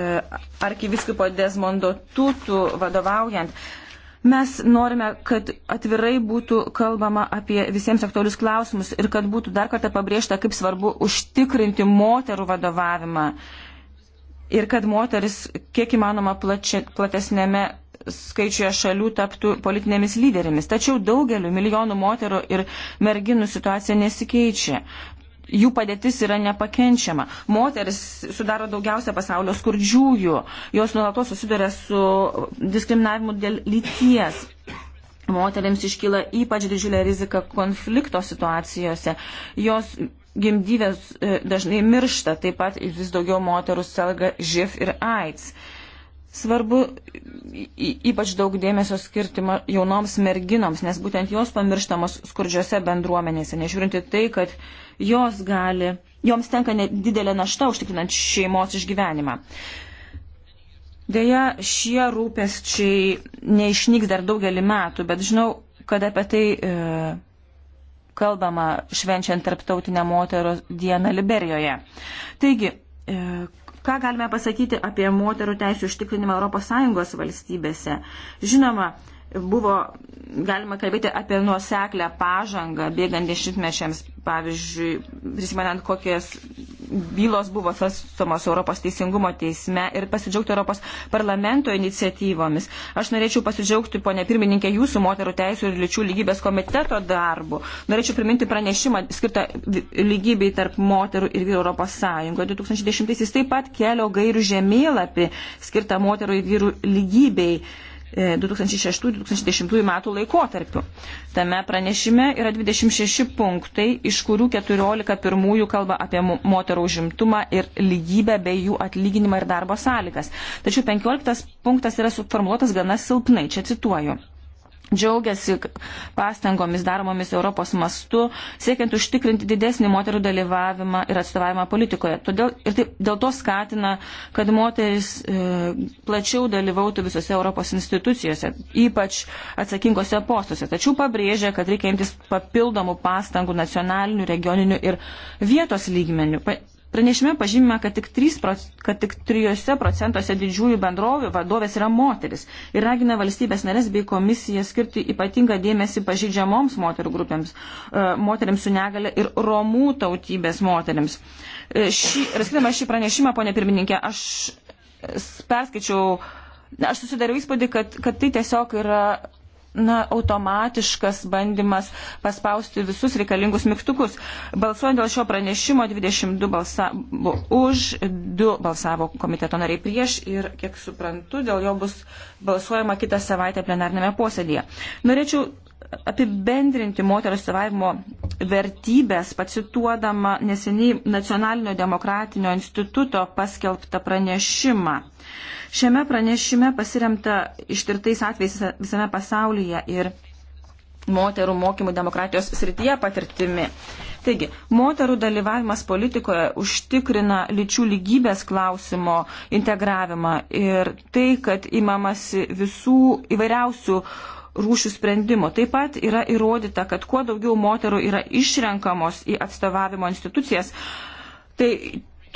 arkiviskipo Desmondo Tutų vadovaujant Mes norime, kad atvirai būtų kalbama apie visiems aktualius klausimus ir kad būtų dar kartą pabrėžta, kaip svarbu užtikrinti moterų vadovavimą ir kad moteris kiek įmanoma plačia, platesnėme skaičiuje šalių taptų politinėmis lyderėmis. Tačiau daugeliu milijonų moterų ir merginų situacija nesikeičia jų padėtis yra nepakenčiama. Moteris sudaro daugiausia pasaulio skurdžiųjų, jos nuolatos susiduria su diskriminavimu dėl lyties. Moterims iškyla ypač didžiulė rizika konflikto situacijose. Jos gimdyvės e, dažnai miršta, taip pat vis daugiau moterų selga živ ir AIDS. Svarbu ypač daug dėmesio skirti jaunoms merginoms, nes būtent jos pamirštamos skurdžiose bendruomenėse, nežiūrinti tai, kad uh, jos gali, joms tenka didelė našta užtikrinant šeimos išgyvenimą. Deja, šie rūpesčiai neišnyks dar daugelį metų, bet žinau, kad apie tai e, kalbama švenčiant tarptautinę moterų dieną Liberijoje. Taigi, e, ką galime pasakyti apie moterų teisų užtikrinimą ES valstybėse? Žinoma, e, buvo galima kalbėti apie nuoseklę pažangą bėgant dešimtmečiams, pavyzdžiui, prisimenant, kokias bylos buvo svarstomos Europos teisingumo teisme ir pasidžiaugti Europos parlamento iniciatyvomis. Aš norėčiau pasidžiaugti, ponė pirmininkė, jūsų moterų teisų ir lyčių lygybės komiteto darbu. Norėčiau priminti pranešimą skirtą lygybei tarp moterų ir vyrų Europos Sąjungoje. 2010 jis taip pat kelio gairių žemėlapį skirtą moterų ir vyrų lygybei. 2006-2010 e, metų laikotarpiu. Tame pranešime yra 26 punktai, iš kurių 14 pirmųjų kalba apie moterų užimtumą ir lygybę bei jų atlyginimą ir darbo sąlygas. Tačiau 15 punktas yra suformuoluotas gana silpnai, čia cituoju džiaugiasi pastangomis daromomis Europos mastu, siekiant užtikrinti didesnį moterų dalyvavimą ir atstovavimą politikoje. Todėl, ir taip, dėl to skatina, kad moteris e, plačiau dalyvautų visose Europos institucijose, ypač atsakingose postuose. Tačiau pabrėžia, kad reikia imtis papildomų pastangų nacionalinių, regioninių ir vietos lygmenių. Pa, Pranešime pažymime, kad tik, 3, kad tik 3 procentuose didžiųjų bendrovių vadovės yra moteris ir ragina valstybės narės bei komisiją skirti ypatingą dėmesį pažydžiamoms moterų grupėms, e, moteriams su negale ir romų tautybės moteriams. E, šį, ir skirtama šį pranešimą, ponė pirmininkė, aš perskaičiau, aš susidariau įspūdį, kad, kad tai tiesiog yra na, automatiškas bandymas paspausti visus reikalingus mygtukus. Balsuojant dėl šio pranešimo 22 balsavo už, 2 balsavo komiteto nariai prieš ir, kiek suprantu, dėl jo bus balsuojama kitą savaitę plenarnėme posėdėje. Norėčiau apibendrinti moterų atstovavimo vertybės, pacituodama neseniai Nacionalinio demokratinio instituto paskelbtą pranešimą. Šiame pranešime pasiremta ištirtais atvejais visame pasaulyje ir moterų mokymų demokratijos srityje patirtimi. Taigi, moterų dalyvavimas politikoje užtikrina lyčių lygybės klausimo integravimą ir tai, kad įmamasi visų įvairiausių rūšių sprendimų. Taip pat yra įrodyta, kad kuo daugiau moterų yra išrenkamos į atstovavimo institucijas, tai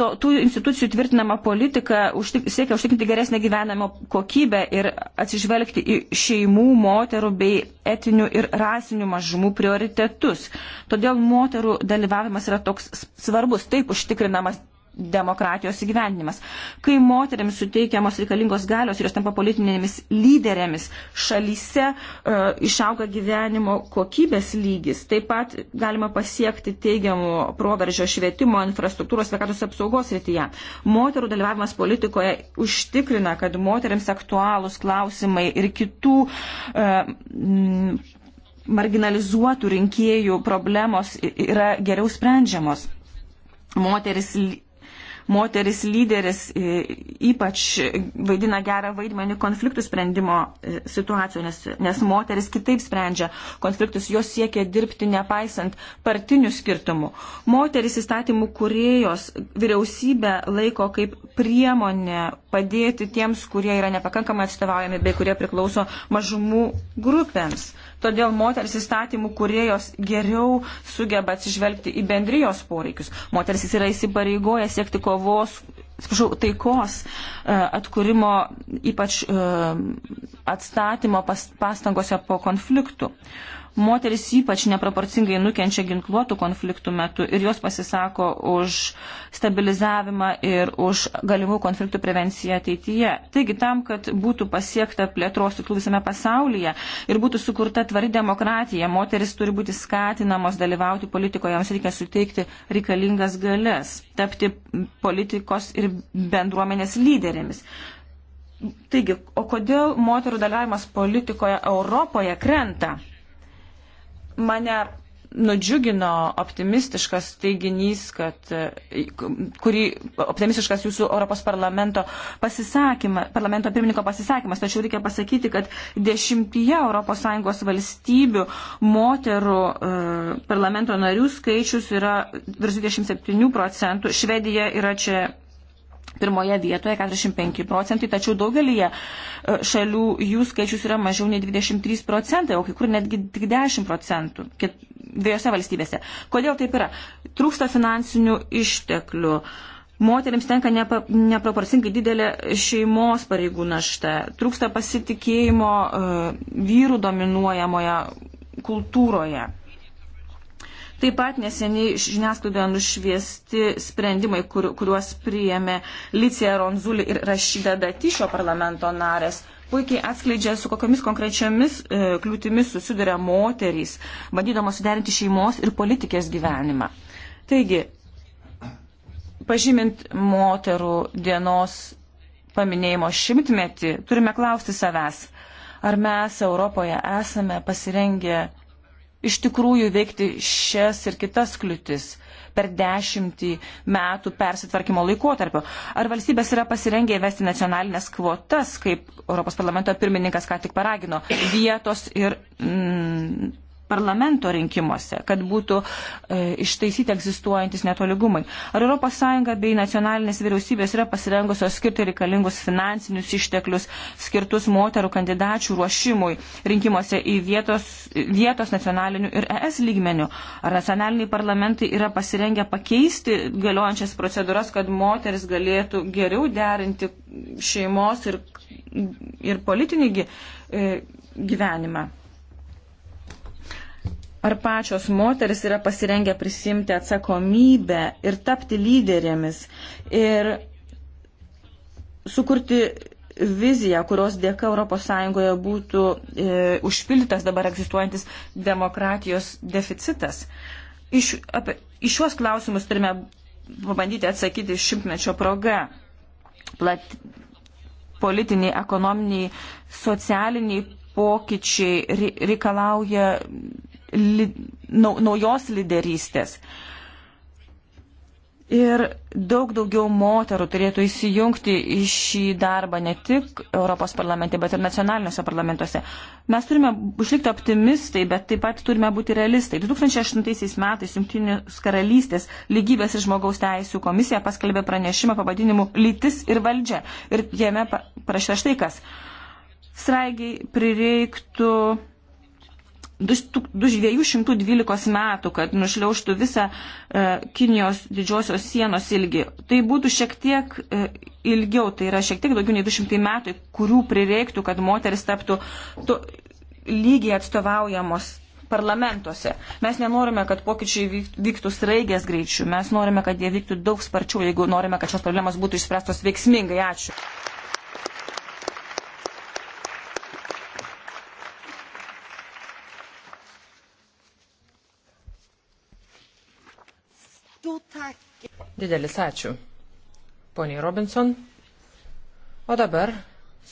to, tų institucijų tvirtinama politika užtik, siekia užtikrinti geresnę gyvenimo kokybę ir atsižvelgti į šeimų, moterų bei etinių ir rasinių mažumų prioritetus. Todėl moterų dalyvavimas yra toks svarbus, taip užtikrinamas demokratijos įgyvendinimas. Kai moteriams suteikiamos reikalingos galios ir jos tampa politinėmis lyderėmis, šalyse e, išauga gyvenimo kokybės lygis. Taip pat galima pasiekti teigiamų proveržio švietimo, infrastruktūros, sveikatos apsaugos rytyje. Moterų dalyvavimas politikoje užtikrina, kad moteriams aktualūs klausimai ir kitų e, m, marginalizuotų rinkėjų problemos yra geriau sprendžiamos. Moteris moteris lyderis e, ypač vaidina gerą vaidmenį konfliktų sprendimo e, situacijų, nes, nes moteris kitaip sprendžia konfliktus, jos siekia dirbti nepaisant partinių skirtumų. Moteris įstatymų kuriejos vyriausybė laiko kaip priemonė padėti tiems, kurie yra nepakankamai atstovaujami bei kurie priklauso mažumų grupėms. Todėl moters įstatymų kuriejos geriau sugeba atsižvelgti į bendrijos poreikius. Moteris yra įsipareigoję siekti kovos, atsiprašau, taikos e, atkūrimo, ypač e, atstatymo pastangose po konfliktų. Moteris ypač neproporcingai nukenčia ginkluotų konfliktų metu ir jos pasisako už stabilizavimą ir už galimų konfliktų prevenciją ateityje. Taigi tam, kad būtų pasiekta plėtros tiklų visame pasaulyje ir būtų sukurta tvari demokratija, moteris turi būti skatinamos dalyvauti politikoje, joms reikia suteikti reikalingas galės, tapti politikos ir bendruomenės lyderėmis. Taigi, o kodėl moterų dalyvavimas politikoje Europoje krenta? Mane nudžiugino optimistiškas teiginys, kad, kurį optimistiškas jūsų Europos parlamento, parlamento pirmininko pasisakymas, tačiau reikia pasakyti, kad dešimtyje ES valstybių moterų e, parlamento narių skaičius yra virš 27 procentų, Švedija yra čia pirmoje vietoje 45 procentai, tačiau daugelįje e, šalių jų skaičius yra mažiau nei 23 procentai, o kai kur netgi tik 10 procentų dviejose valstybėse. Kodėl taip yra? Trūksta finansinių išteklių. Moterims tenka nepa, neproporcingai didelė šeimos pareigų našta, trūksta pasitikėjimo uh, vyrų dominuojamoje kultūroje. Taip pat neseniai žiniasklaidoje nušviesti sprendimai, kur, kuriuos priėmė Licija Ronzulį ir Rašyda Dati šio parlamento narės puikiai atskleidžia, su kokiamis konkrečiomis e, kliūtimis susiduria moterys, bandydamos suderinti šeimos ir politikės gyvenimą. Taigi, pažymint moterų dienos paminėjimo šimtmetį, turime klausti savęs, ar mes Europoje esame pasirengę iš tikrųjų veikti šias ir kitas kliūtis per dešimtį metų persitvarkymo laikotarpio. Ar valstybės yra pasirengę įvesti nacionalinės kvotas, kaip Europos parlamento pirmininkas ką tik paragino, vietos ir mm, parlamento rinkimuose, kad būtų e, ištaisyti egzistuojantis netoligumai. Ar ES bei nacionalinės vyriausybės yra pasirengusios skirti reikalingus finansinius išteklius skirtus moterų kandidačių ruošimui rinkimuose į vietos, vietos nacionalinių ir ES lygmenių? Ar nacionaliniai parlamentai yra pasirengę pakeisti galiojančias procedūras, kad moteris galėtų geriau derinti šeimos ir, ir politinį e, gyvenimą? ar pačios moteris yra pasirengę prisimti atsakomybę ir tapti lyderėmis ir sukurti viziją, kurios dėka ES būtų e, užpildytas dabar egzistuojantis demokratijos deficitas. Iš, apie, iš šios klausimus turime pabandyti atsakyti šimtmečio proga. Plat, politiniai, ekonominiai, socialiniai pokyčiai reikalauja li, nau, naujos lyderystės. Ir daug daugiau moterų turėtų įsijungti į šį darbą ne tik Europos parlamente, bet ir nacionaliniuose parlamentuose. Mes turime išlikti optimistai, bet taip pat turime būti realistai. 2008 metais Junktinės karalystės lygybės ir žmogaus teisų komisija paskelbė pranešimą pavadinimu Lytis ir valdžia. Ir jame parašė štai kas. Sraigiai prireiktų 212 metų, kad nušliauštų visą e, Kinijos didžiosios sienos ilgį. Tai būtų šiek tiek e, ilgiau, tai yra šiek tiek daugiau nei 200 metų, kurių prireiktų, kad moteris taptų to, lygiai atstovaujamos parlamentuose. Mes nenorime, kad pokyčiai vyktų sraigės greičių, mes norime, kad jie vyktų daug sparčiau, jeigu norime, kad šios problemos būtų išspręstos veiksmingai. Ačiū. Didelis ačiū. Poniai Robinson. O dabar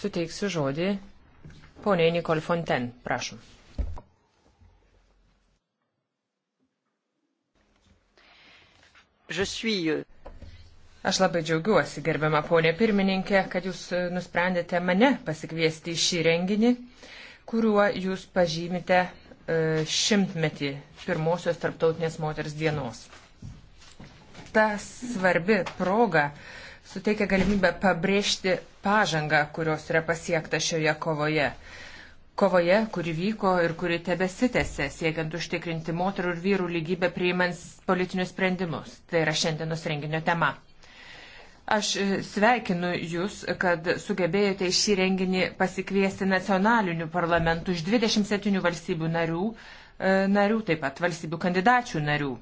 suteiksiu žodį poniai Nikol Fonten. Prašom. Euh, Aš labai džiaugiuosi, gerbiama ponė pirmininkė, kad jūs e, nusprendėte mane pasikviesti į šį renginį, kuriuo jūs pažymite e, šimtmetį pirmosios tarptautinės moters dienos ta svarbi proga suteikia galimybę pabrėžti pažangą, kurios yra pasiekta šioje kovoje. Kovoje, kuri vyko ir kuri tebesitėse, siekiant užtikrinti moterų ir vyrų lygybę priimant politinius sprendimus. Tai yra šiandienos renginio tema. Aš sveikinu Jūs, kad sugebėjote į šį renginį pasikviesti nacionalinių parlamentų iš 27 valstybių narių, e, narių taip pat valstybių kandidačių narių.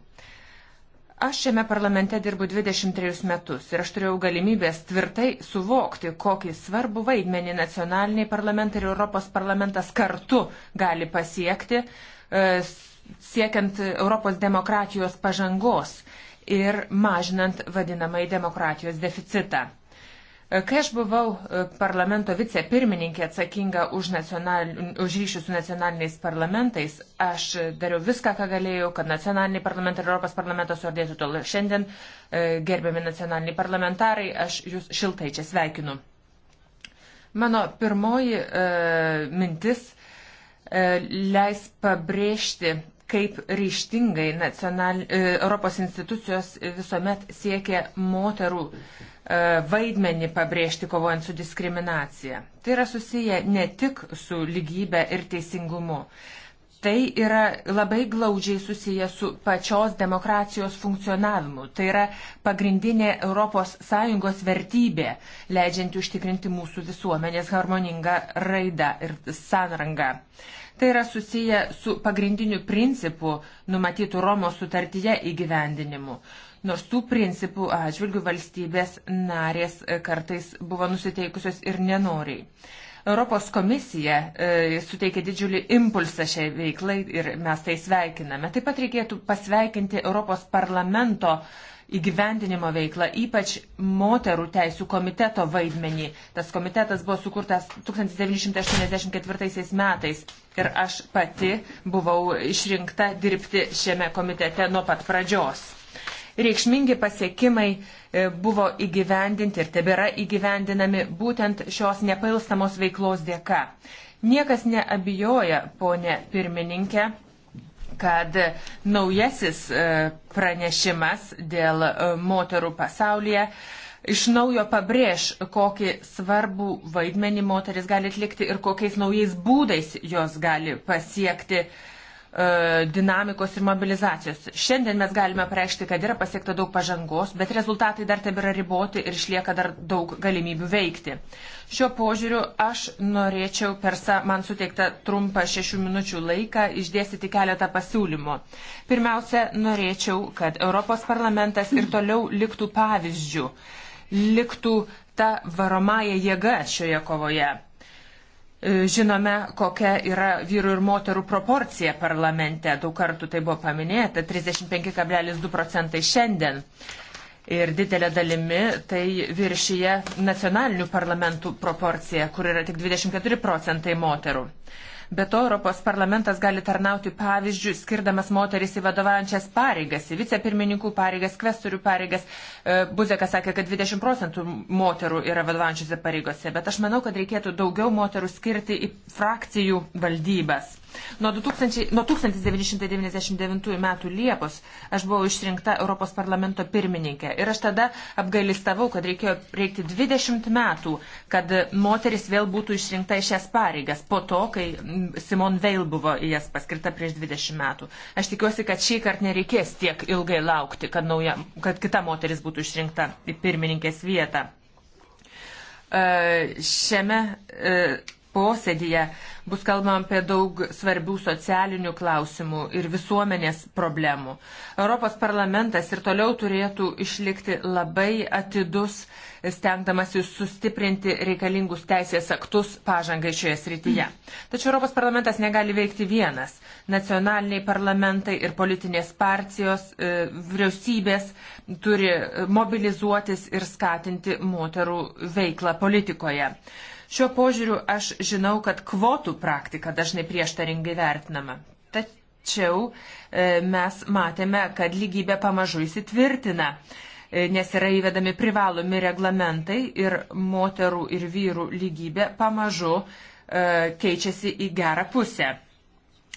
Aš šiame parlamente dirbu 23 metus ir aš turėjau galimybės tvirtai suvokti, kokį svarbų vaidmenį nacionaliniai parlamentai ir Europos parlamentas kartu gali pasiekti, e, siekiant Europos demokratijos pažangos ir mažinant vadinamąjį demokratijos deficitą. Kai aš buvau e, parlamento vicepirmininkė atsakinga už, nacional... už ryšius su nacionaliniais parlamentais, aš dariau viską, ką galėjau, kad nacionaliniai parlamentai ir Europos parlamentas suardėtų tol. Šiandien, e, gerbiami nacionaliniai parlamentarai, aš jūs šiltai čia sveikinu. Mano pirmoji uh, mintis uh, leis pabrėžti kaip ryštingai nacional, Europos institucijos visuomet siekia moterų uh, E, vaidmenį pabrėžti kovojant su diskriminacija. Tai yra susiję ne tik su lygybė ir teisingumu. Tai yra labai glaudžiai susiję su pačios demokratijos funkcionavimu. Tai yra pagrindinė ES vertybė, leidžianti užtikrinti mūsų visuomenės harmoningą raidą ir sanrangą. Tai yra susiję su pagrindiniu principu numatytų Romos sutartyje įgyvendinimu nors tų principų atžvilgių valstybės narės e, kartais buvo nusiteikusios ir nenoriai. Europos komisija e, suteikia didžiulį impulsą šiai veiklai ir mes tai sveikiname. Taip pat reikėtų pasveikinti Europos parlamento įgyvendinimo veiklą, ypač moterų teisų komiteto vaidmenį. Tas komitetas buvo sukurtas 1984 metais ir aš pati buvau išrinkta dirbti šiame komitete nuo pat pradžios. Reikšmingi pasiekimai e, buvo įgyvendinti ir tebėra įgyvendinami būtent šios nepailstamos veiklos dėka. Niekas neabijoja, ponė pirmininkė, kad naujasis e, pranešimas dėl e, moterų pasaulyje iš naujo pabrėž, kokį svarbų vaidmenį moteris gali atlikti ir kokiais naujais būdais jos gali pasiekti uh, E, dinamikos ir mobilizacijos. Šiandien mes galime pareikšti, kad yra pasiekta daug pažangos, bet rezultatai dar tebėra riboti ir išlieka dar daug galimybių veikti. Šiuo požiūriu aš norėčiau per man suteiktą trumpą šešių minučių laiką išdėstyti keletą pasiūlymų. Pirmiausia, norėčiau, kad Europos parlamentas ir toliau liktų pavyzdžių, liktų ta varomąją jėgą šioje kovoje E, žinome, kokia yra vyrų ir moterų proporcija parlamente. Daug kartų tai buvo paminėta - 35,2 procentai šiandien. Ir didelė dalimi tai viršyje nacionalinių parlamentų proporcija, kur yra tik 24 procentai moterų. Be to, Europos parlamentas gali tarnauti pavyzdžių, skirdamas moteris į vadovaujančias pareigas, į vicepirmininkų pareigas, kvestorių pareigas. E, Buzekas sakė, kad 20 procentų moterų yra vadovaujančiose pareigose, bet aš manau, kad reikėtų daugiau moterų skirti į frakcijų valdybas. Nuo, 2000, nuo 1999 metų Liepos aš buvau išrinkta Europos parlamento pirmininkė ir aš tada apgailistavau, kad reikėjo reikti 20 metų, kad moteris vėl būtų išrinkta į šias pareigas po to, kai Simon Veil buvo į jas paskirta prieš 20 metų. Aš tikiuosi, kad šį kartą nereikės tiek ilgai laukti, kad, nauja, kad kita moteris būtų išrinkta į pirmininkės vietą. Uh, šiame uh, posėdėje bus kalbama apie daug svarbių socialinių klausimų ir visuomenės problemų. Europos parlamentas ir toliau turėtų išlikti labai atidus, stengdamasi sustiprinti reikalingus teisės aktus pažangai šioje srityje. Tačiau Europos parlamentas negali veikti vienas. Nacionaliniai parlamentai ir politinės partijos, e, vyriausybės turi mobilizuotis ir skatinti moterų veiklą politikoje. Šiuo požiūriu aš žinau, kad kvotų praktika dažnai prieštaringai vertinama. Tačiau e, mes matėme, kad lygybė pamažu įsitvirtina, e, nes yra įvedami privalomi reglamentai ir moterų ir vyrų lygybė pamažu e, keičiasi į gerą pusę.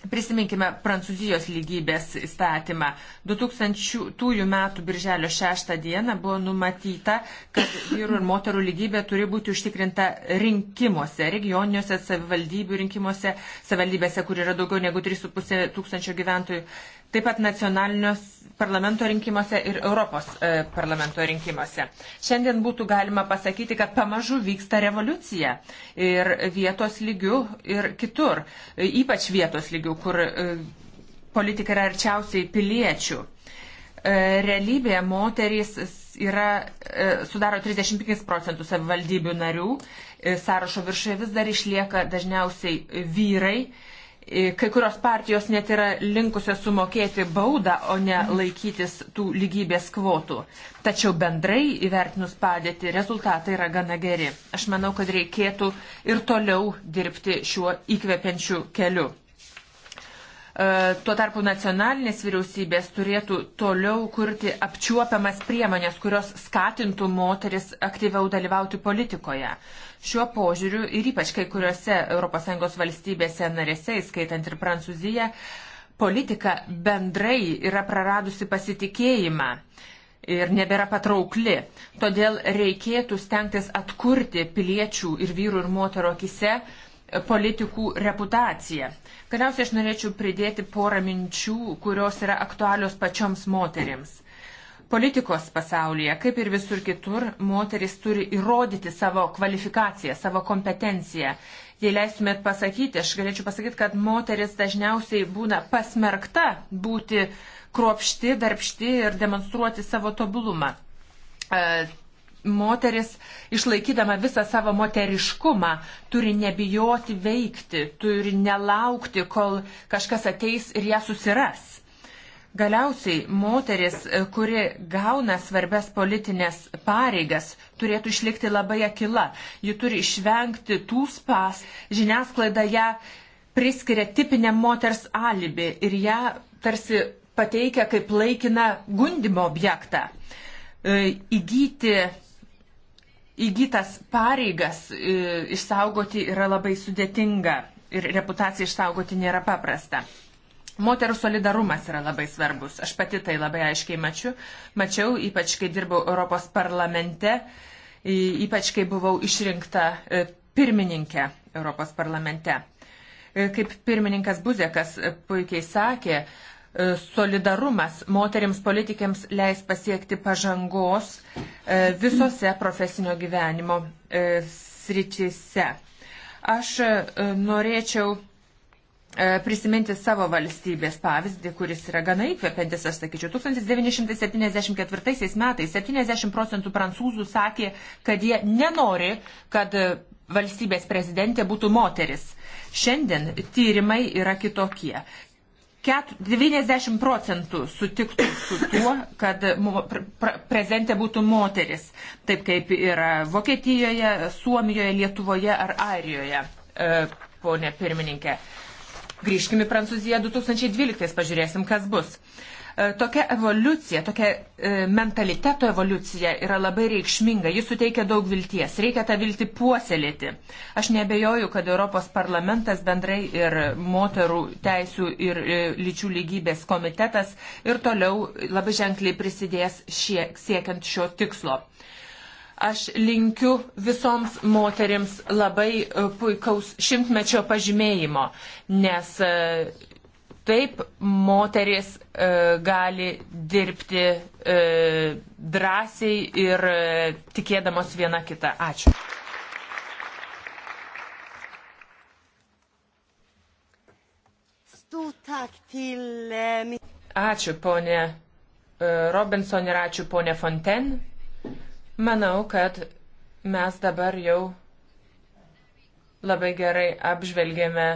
Prisiminkime Prancūzijos lygybės įstatymą. 2000 metų birželio 6 dieną buvo numatyta, kad vyrų ir moterų lygybė turi būti užtikrinta rinkimuose, regioniniuose savivaldybių rinkimuose, savivaldybėse, kur yra daugiau negu 3,5 tūkstančio gyventojų taip pat nacionalinios parlamento rinkimuose ir Europos e, parlamento rinkimuose. Šiandien būtų galima pasakyti, kad pamažu vyksta revoliucija ir vietos lygių ir kitur, e, ypač vietos lygių, kur e, politika yra arčiausiai piliečių. E, Realybėje moterys yra, e, sudaro 35 procentus savivaldybių narių, e, sąrašo viršuje vis dar išlieka dažniausiai vyrai Kai kurios partijos net yra linkusios sumokėti baudą, o ne laikytis tų lygybės kvotų. Tačiau bendrai įvertinus padėtį, rezultatai yra gana geri. Aš manau, kad reikėtų ir toliau dirbti šiuo įkvepiančiu keliu. E, tuo tarpu nacionalinės vyriausybės turėtų toliau kurti apčiuopiamas priemonės, kurios skatintų moteris aktyviau dalyvauti politikoje. Šiuo požiūriu ir ypač kai kuriuose ES valstybėse narėse, įskaitant ir Prancūziją, politika bendrai yra praradusi pasitikėjimą ir nebėra patraukli. Todėl reikėtų stengtis atkurti piliečių ir vyrų ir moterų akise politikų reputaciją. Galiausiai aš norėčiau pridėti porą minčių, kurios yra aktualios pačioms moterims. Politikos pasaulyje, kaip ir visur kitur, moteris turi įrodyti savo kvalifikaciją, savo kompetenciją. Jei leistumėt pasakyti, aš galėčiau pasakyti, kad moteris dažniausiai būna pasmerkta būti kruopšti, darbšti ir demonstruoti savo tobulumą e, moteris, išlaikydama visą savo moteriškumą, turi nebijoti veikti, turi nelaukti, kol kažkas ateis ir ją susiras. Galiausiai moteris, e, kuri gauna svarbes politinės pareigas, turėtų išlikti labai akila. Ji turi išvengti tų spas. Žiniasklaida ją priskiria tipinę moters alibi ir ją tarsi pateikia kaip laikiną gundimo objektą. E, įgyti įgytas pareigas e, išsaugoti yra labai sudėtinga ir reputaciją išsaugoti nėra paprasta. Moterų solidarumas yra labai svarbus. Aš pati tai labai aiškiai mačiu. mačiau, ypač kai dirbau Europos parlamente, ypač kai buvau išrinkta e, pirmininkė Europos parlamente. E, kaip pirmininkas Buzekas puikiai sakė, E, solidarumas moteriams politikėms leis pasiekti pažangos e, visose profesinio gyvenimo e, srityse. Aš norėčiau prisiminti savo valstybės pavyzdį, kuris yra gana įkvepiantis, aš sakyčiau. 1974 metais 70 procentų prancūzų sakė, kad jie nenori, kad valstybės prezidentė būtų moteris. Šiandien tyrimai yra kitokie. 90 procentų sutiktų su tuo, kad prezidentė būtų moteris, taip kaip yra Vokietijoje, Suomijoje, Lietuvoje ar Airijoje, e, ponė pirmininkė. Grįžkime į Prancūziją 2012, pažiūrėsim, kas bus. E, tokia evoliucija, tokia e, mentaliteto evoliucija yra labai reikšminga, jis suteikia daug vilties, reikia tą viltį puoselėti. Aš nebejoju, kad Europos parlamentas bendrai ir moterų teisų ir e, lyčių lygybės komitetas ir toliau labai ženkliai prisidės šie, siekiant šio tikslo. Aš linkiu visoms moterims labai puikaus šimtmečio pažymėjimo, nes Taip moteris e, gali dirbti e, drąsiai ir e, tikėdamos viena kita. Ačiū. Eh, ačiū ponė e, Robinson ir ačiū ponė Fonten. Manau, kad mes dabar jau labai gerai apžvelgėme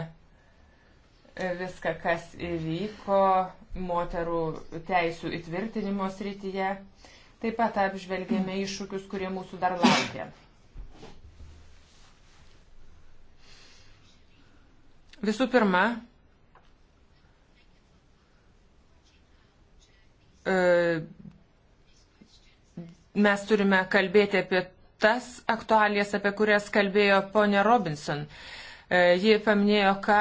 viską, kas įvyko moterų teisų įtvirtinimo srityje. Taip pat apžvelgėme iššūkius, kurie mūsų dar laukia. Visų pirma, e, mes turime kalbėti apie tas aktualijas, apie kurias kalbėjo ponė Robinson. E, ji paminėjo, ką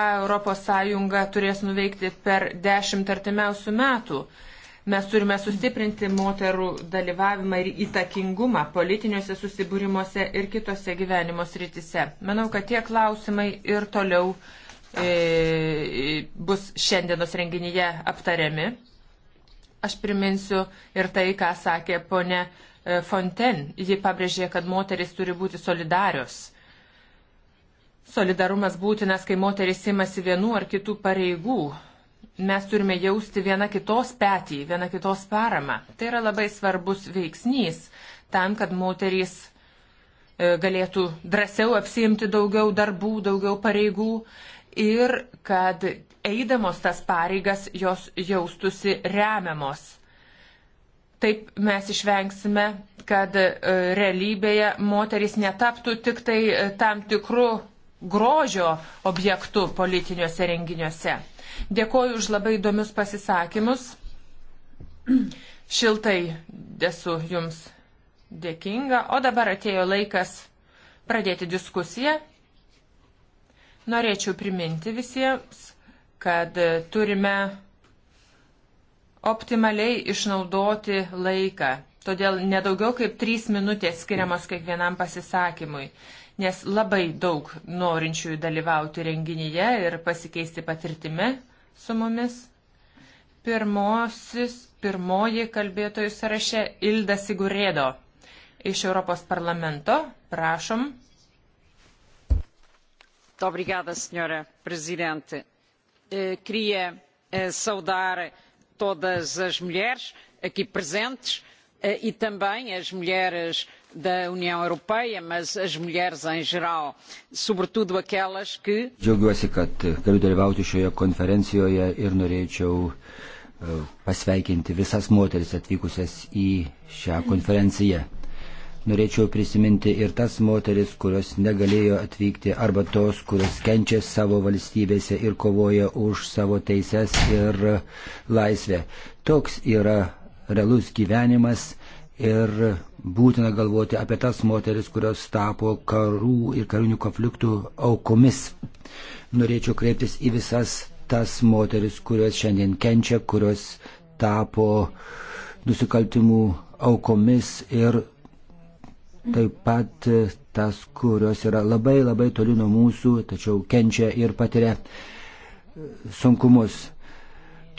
ES turės nuveikti per dešimt artimiausių metų. Mes turime sustiprinti moterų dalyvavimą ir įtakingumą politiniuose susibūrimuose ir kitose gyvenimo srityse. Manau, kad tie klausimai ir toliau e, bus šiandienos renginyje aptariami. Aš priminsiu ir tai, ką sakė ponė e, Fonten. Ji pabrėžė, kad moteris turi būti solidarios Solidarumas būtinas, kai moteris imasi vienų ar kitų pareigų. Mes turime jausti viena kitos petį, viena kitos paramą. Tai yra labai svarbus veiksnys tam, kad moterys e, galėtų drąsiau apsiimti daugiau darbų, daugiau pareigų ir kad eidamos tas pareigas jos jaustusi remiamos. Taip mes išvengsime, kad e, realybėje moteris netaptų tik tai e, tam tikrų grožio objektu politiniuose renginiuose. Dėkoju už labai įdomius pasisakymus. Šiltai esu jums dėkinga. O dabar atėjo laikas pradėti diskusiją. Norėčiau priminti visiems, kad turime optimaliai išnaudoti laiką. Todėl nedaugiau kaip trys minutės skiriamos kiekvienam pasisakymui nes labai daug norinčiųjų dalyvauti renginyje ir pasikeisti patirtimi su mumis. Pirmosis, pirmoji kalbėtojų sąraše Ilda Sigurėdo iš Europos parlamento. Prašom. Obrigada, senhora Presidente. Eh, queria eh, saudar todas as mulheres aqui presentes eh, e também as mulheres uh, da União Europeia, mas as mulheres em geral, sobretudo aquelas que. Džiaugiuosi, kad galiu dalyvauti šioje konferencijoje ir norėčiau pasveikinti visas moteris atvykusias į šią konferenciją. Norėčiau prisiminti ir tas moteris, kurios negalėjo atvykti, arba tos, kurios kenčia savo valstybėse ir kovoja už savo teises ir laisvę. Toks yra realus gyvenimas ir būtina galvoti apie tas moteris, kurios tapo karų ir karinių konfliktų aukomis. Norėčiau kreiptis į visas tas moteris, kurios šiandien kenčia, kurios tapo nusikaltimų aukomis ir taip pat tas, kurios yra labai labai toli nuo mūsų, tačiau kenčia ir patiria sunkumus.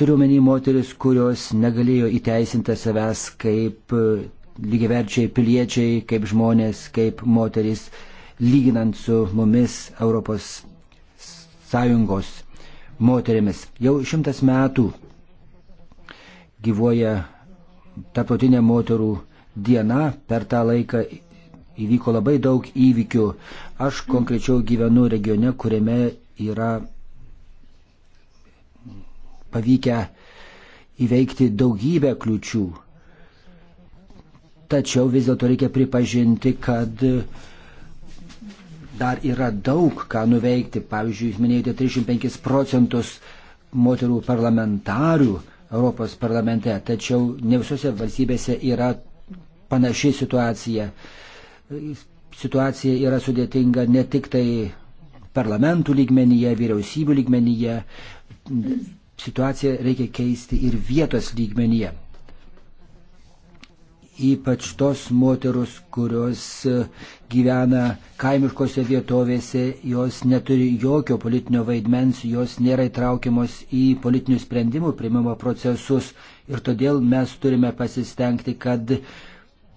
Turiuomenį moteris, kurios negalėjo įteisinti savęs kaip e, lygiverčiai piliečiai, kaip žmonės, kaip moteris, lyginant su mumis Europos Sąjungos moterimis. Jau šimtas metų gyvoja tarptautinė moterų diena, per tą laiką įvyko labai daug įvykių. Aš konkrečiau gyvenu regione, kuriame yra pavykę įveikti daugybę kliučių. Tačiau vis dėlto reikia pripažinti, kad dar yra daug ką nuveikti. Pavyzdžiui, jūs minėjote 35 procentus moterų parlamentarių Europos parlamente, tačiau ne visose valstybėse yra panaši situacija. Situacija yra sudėtinga ne tik tai parlamentų lygmenyje, vyriausybių lygmenyje, situaciją reikia keisti ir vietos lygmenyje. Ypač tos moterus, kurios e, gyvena kaimiškose vietovėse, jos neturi jokio politinio vaidmens, jos nėra įtraukiamos į politinių sprendimų primimo procesus ir todėl mes turime pasistengti, kad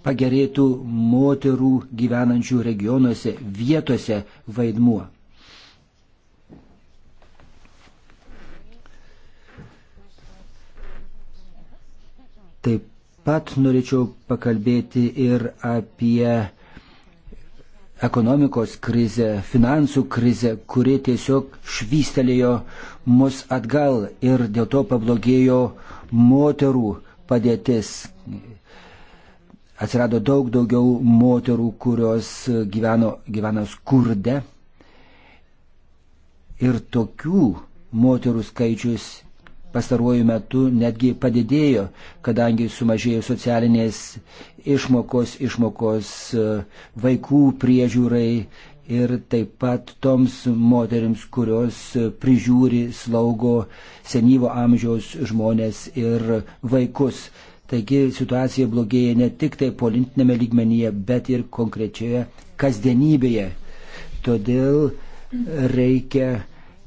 pagerėtų moterų gyvenančių regionuose, vietose vaidmuo. Taip pat norėčiau pakalbėti ir apie ekonomikos krizę, finansų krizę, kuri tiesiog švystelėjo mus atgal ir dėl to pablogėjo moterų padėtis. Atsirado daug daugiau moterų, kurios gyveno, gyveno skurde. Ir tokių moterų skaičius pastaruoju metu netgi padidėjo, kadangi sumažėjo socialinės išmokos, išmokos e, vaikų priežiūrai ir taip pat toms moteriams, kurios e, prižiūri, slaugo senyvo amžiaus žmonės ir vaikus. Taigi situacija blogėja ne tik tai politinėme lygmenyje, bet ir konkrečioje kasdienybėje. Todėl reikia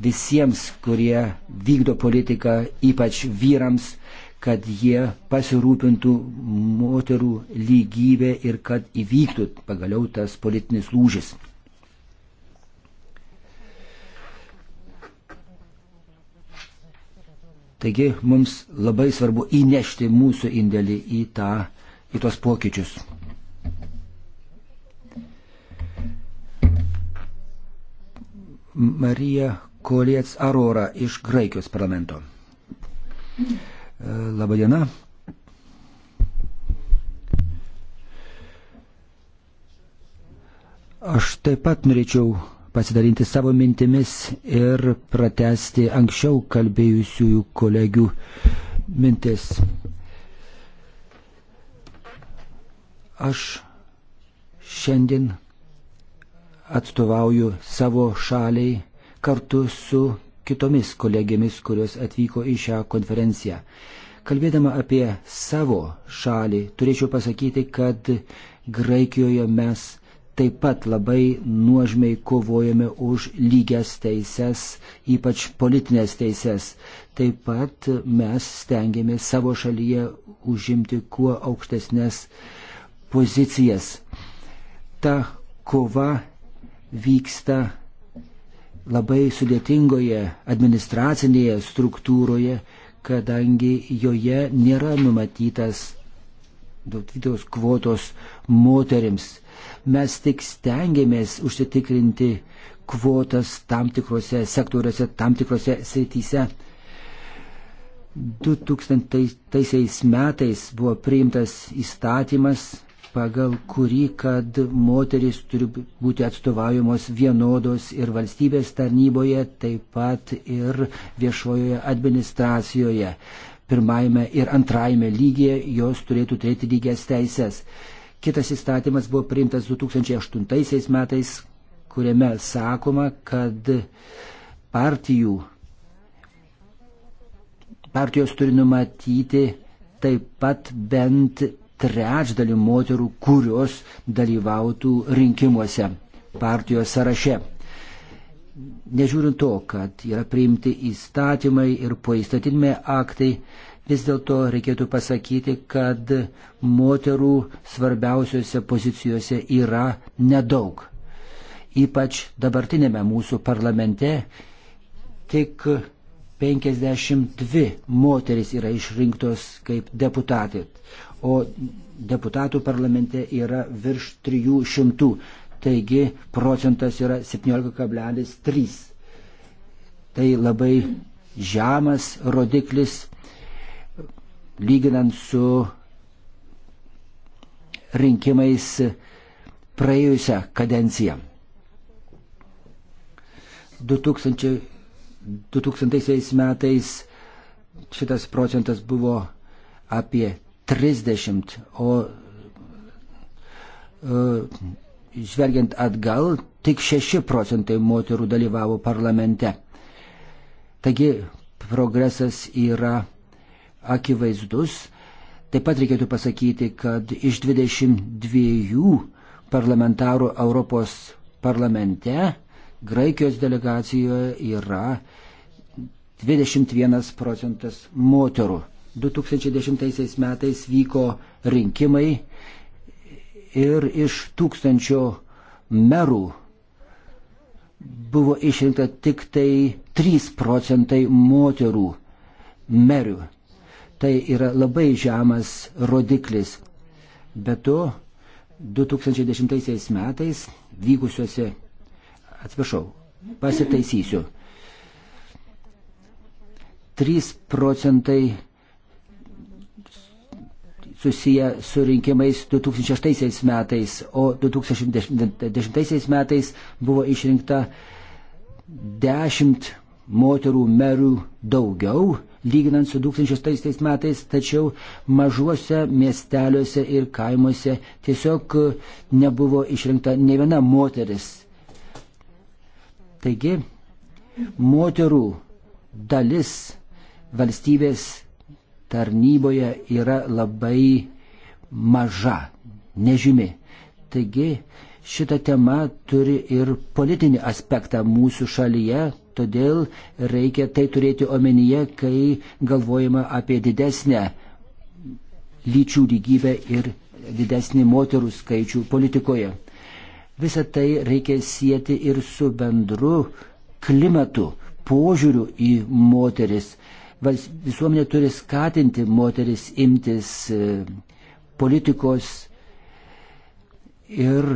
visiems, kurie vykdo politiką, ypač vyrams, kad jie pasirūpintų moterų lygybė ir kad įvyktų pagaliau tas politinis lūžis. Taigi mums labai svarbu įnešti mūsų indėlį į, tą, į tos pokyčius. Marija Koliec Arora iš Graikijos parlamento. E, labadiena. Aš taip pat norėčiau pasidalinti savo mintimis ir pratesti anksčiau kalbėjusiųjų kolegių mintis. Aš šiandien atstovauju savo šaliai kartu su kitomis kolegėmis, kurios atvyko į šią konferenciją. Kalbėdama apie savo šalį, turėčiau pasakyti, kad Graikijoje mes taip pat labai nuožmiai kovojame už lygias teises, ypač politinės teises. Taip pat mes stengiamės savo šalyje užimti kuo aukštesnės pozicijas. Ta kova vyksta labai sudėtingoje administracinėje struktūroje, kadangi joje nėra numatytas daugytos kvotos moterims. Mes tik stengiamės užsitikrinti kvotas tam tikrose sektoriuose, tam tikrose srityse. 2000 metais buvo priimtas įstatymas pagal kurį, kad moteris turi būti atstovaujamos vienodos ir valstybės tarnyboje, taip pat ir viešojoje administracijoje. Pirmajame ir antrajame lygyje jos turėtų turėti lygias teisės. Kitas įstatymas buvo priimtas 2008 metais, kuriame sakoma, kad partijų, partijos turi numatyti taip pat bent trečdalių moterų, kurios dalyvautų rinkimuose partijos sąraše. Nežiūrint to, kad yra priimti įstatymai ir poįstatymė aktai, vis dėlto reikėtų pasakyti, kad moterų svarbiausiose pozicijose yra nedaug. Ypač dabartinėme mūsų parlamente tik 52 moteris yra išrinktos kaip deputatė, o deputatų parlamente yra virš 300. Taigi procentas yra 17,3. Tai labai žemas rodiklis lyginant su rinkimais praėjusią kadenciją. 2000, 2000 metais šitas procentas buvo apie 30, o e, žvelgiant atgal, tik 6 procentai moterų dalyvavo parlamente. Taigi progresas yra akivaizdus. Taip pat reikėtų pasakyti, kad iš 22 parlamentarų Europos parlamente Graikijos delegacijoje yra 21 procentas moterų. 2010 metais vyko rinkimai ir iš tūkstančio merų buvo išrinkta tik tai 3 procentai moterų merių. Tai yra labai žemas rodiklis. Be to, 2010 metais vykusiuose, atsiprašau, pasitaisysiu, 3 procentai susiję su rinkimais 2006 metais, o 2010 metais buvo išrinkta 10 moterų merų daugiau, lyginant su 2006 metais, tačiau mažuose miesteliuose ir kaimuose tiesiog nebuvo išrinkta ne viena moteris. Taigi, moterų dalis valstybės tarnyboje yra labai maža, nežymi. Taigi šita tema turi ir politinį aspektą mūsų šalyje, todėl reikia tai turėti omenyje, kai galvojama apie didesnę lyčių lygybę ir didesnį moterų skaičių politikoje. Visą tai reikia sieti ir su bendru klimatu, požiūriu į moteris visuomenė turi skatinti moteris imtis e, politikos ir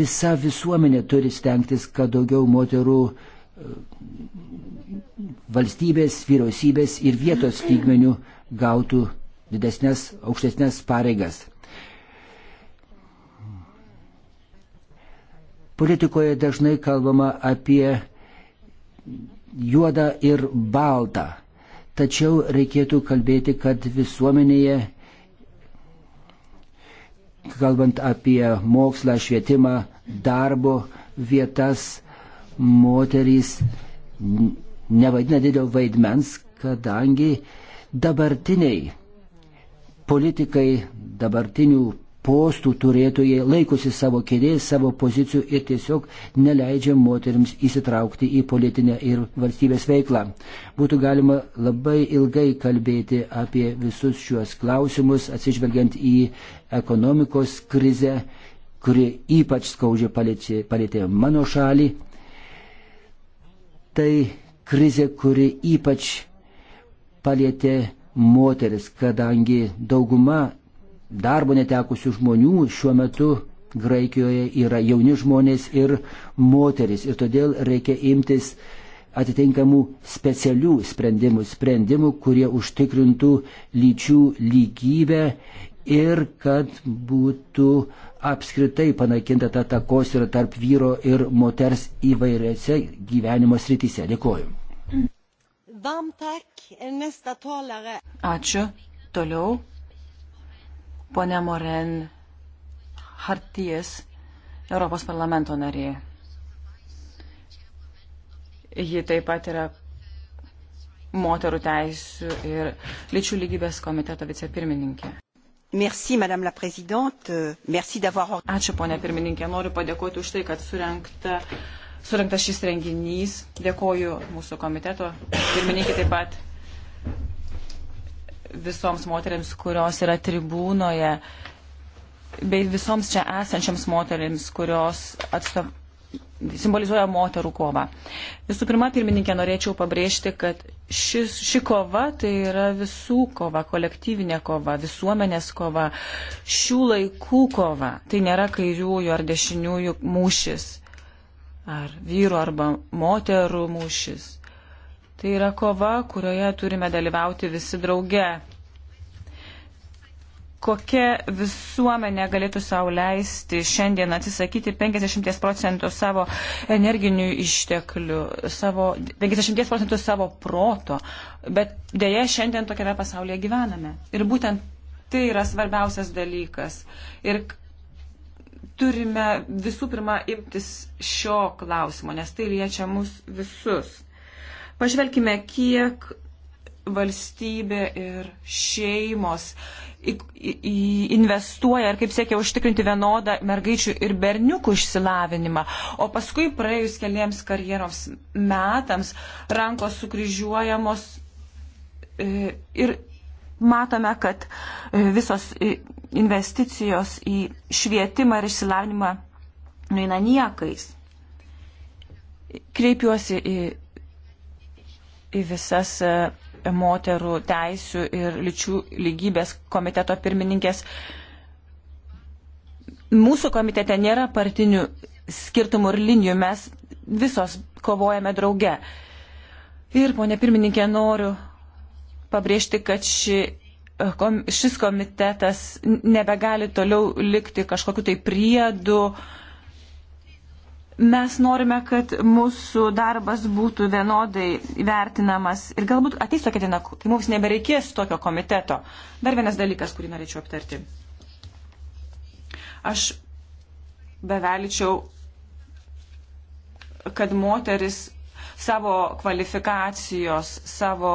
visa visuomenė turi stengtis, kad daugiau moterų e, valstybės, vyriausybės ir vietos lygmenių gautų didesnės, aukštesnės pareigas. Politikoje dažnai kalbama apie juodą ir baltą Tačiau reikėtų kalbėti, kad visuomenėje, kalbant apie mokslą, švietimą, darbo vietas, moterys nevaidina didelio vaidmens, kadangi dabartiniai politikai, dabartinių postų turėtojai laikosi savo kėdės, savo pozicijų ir tiesiog neleidžia moteriams įsitraukti į politinę ir valstybės veiklą. Būtų galima labai ilgai kalbėti apie visus šiuos klausimus, atsižvelgiant į ekonomikos krizę, kuri ypač skaudžiai palėtė, palėtė mano šalį. Tai krizė, kuri ypač palėtė moteris, kadangi dauguma darbo netekusių žmonių šiuo metu Graikijoje yra jauni žmonės ir moteris. Ir todėl reikia imtis atitinkamų specialių sprendimų, sprendimų, kurie užtikrintų lyčių lygybę ir kad būtų apskritai panaikinta ta takos yra tarp vyro ir moters įvairiose gyvenimo srityse. Dėkoju. Ačiū. Toliau Pone Moren Harties, Europos parlamento narė. Ji taip pat yra moterų teisų ir lyčių lygybės komiteto vicepirmininkė. Merci, Madame la Présidente. Merci d'avoir. Ačiū, ponė pirmininkė. Noriu padėkoti už tai, kad surinkta, surinkta šis renginys. Dėkoju mūsų komiteto pirmininkė taip pat visoms moteriams, kurios yra tribūnoje, bei visoms čia esančiams moteriams, kurios atstav... simbolizuoja moterų kovą. Visų pirma, pirmininkė, norėčiau pabrėžti, kad šis, ši kova tai yra visų kova, kolektyvinė kova, visuomenės kova, šių laikų kova. Tai nėra kairiųjų ar dešiniųjų mūšis, ar vyrų arba moterų mūšis Tai yra kova, kurioje turime dalyvauti visi drauge. Kokia visuomenė galėtų savo leisti šiandien atsisakyti 50 procentų savo energinių išteklių, savo, 50 procentų savo proto, bet dėja šiandien tokiame pasaulyje gyvename. Ir būtent tai yra svarbiausias dalykas. Ir turime visų pirma imtis šio klausimo, nes tai liečia mus visus. Pažvelkime, kiek valstybė ir šeimos investuoja ir kaip siekia užtikrinti vienodą mergaičių ir berniukų išsilavinimą. O paskui praėjus keliems karjeros metams rankos sukryžiuojamos e, ir matome, kad e, visos e, investicijos į švietimą ir išsilavinimą nueina niekais. Kreipiuosi į į visas e, moterų teisų ir lyčių lygybės komiteto pirmininkės. Mūsų komitete nėra partinių skirtumų ir linijų, mes visos kovojame drauge. Ir, ponė pirmininkė, noriu pabrėžti, kad ši, e, šis komitetas nebegali toliau likti kažkokiu tai priedu, uh, Mes norime, kad mūsų darbas būtų vienodai vertinamas ir galbūt ateis tokia diena, kai mums nebereikės tokio komiteto. Dar vienas dalykas, kurį norėčiau aptarti. Aš beveličiau, kad moteris savo kvalifikacijos, savo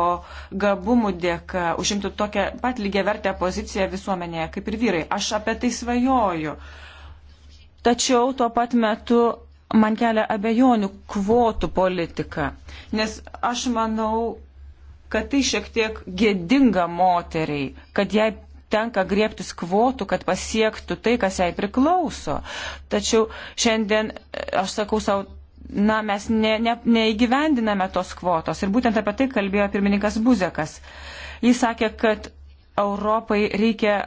gabumų dėka užimtų tokią pat lygiai vertę poziciją visuomenėje kaip ir vyrai. Aš apie tai svajoju. Tačiau tuo pat metu man kelia abejonių kvotų politika, nes aš manau, kad tai šiek tiek gėdinga moteriai, kad jai tenka griebtis kvotų, kad pasiektų tai, kas jai priklauso. Tačiau šiandien e, aš sakau savo, na, mes ne, ne, neįgyvendiname tos kvotos. Ir būtent apie tai kalbėjo pirmininkas Buzekas. Jis sakė, kad Europai reikia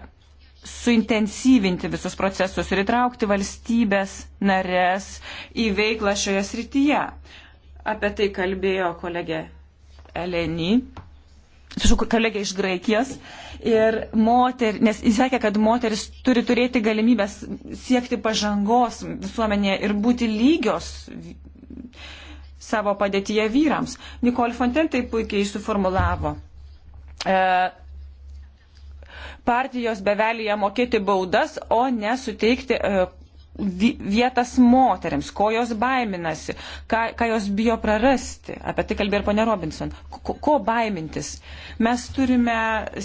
suintensyvinti visus procesus ir įtraukti valstybės narės į veiklą šioje srityje. Apie tai kalbėjo kolegė Eleni, kolegė iš Graikijos. Ir moter, nes jis sakė, kad moteris turi turėti galimybės siekti pažangos visuomenėje ir būti lygios savo padėtyje vyrams. Nikol Fonten tai puikiai suformulavo. E, partijos bevelyje mokėti baudas, o ne suteikti e, vietas moteriams, ko jos baiminasi, ką, ką jos bijo prarasti. Apie tai kalbėjo ir ponė Robinson. Ko, ko baimintis? Mes turime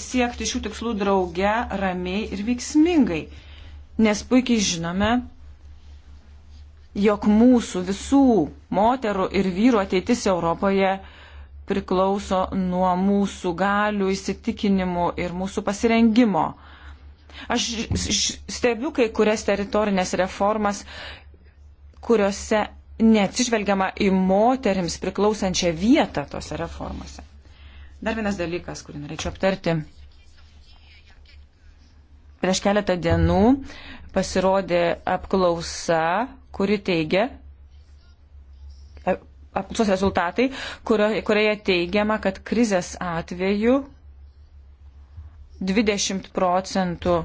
siekti šių tikslų drauge, ramiai ir veiksmingai, nes puikiai žinome, jog mūsų visų moterų ir vyrų ateitis Europoje uh, priklauso nuo mūsų galių, įsitikinimų ir mūsų pasirengimo. Aš stebiu kai kurias teritorinės reformas, kuriuose neatsižvelgiama į moterims priklausančią vietą tose reformose. Dar vienas dalykas, kurį norėčiau aptarti. Prieš keletą dienų pasirodė apklausa, kuri teigia, apklausos rezultatai, kurio, kurioje teigiama, kad krizės atveju 20 procentų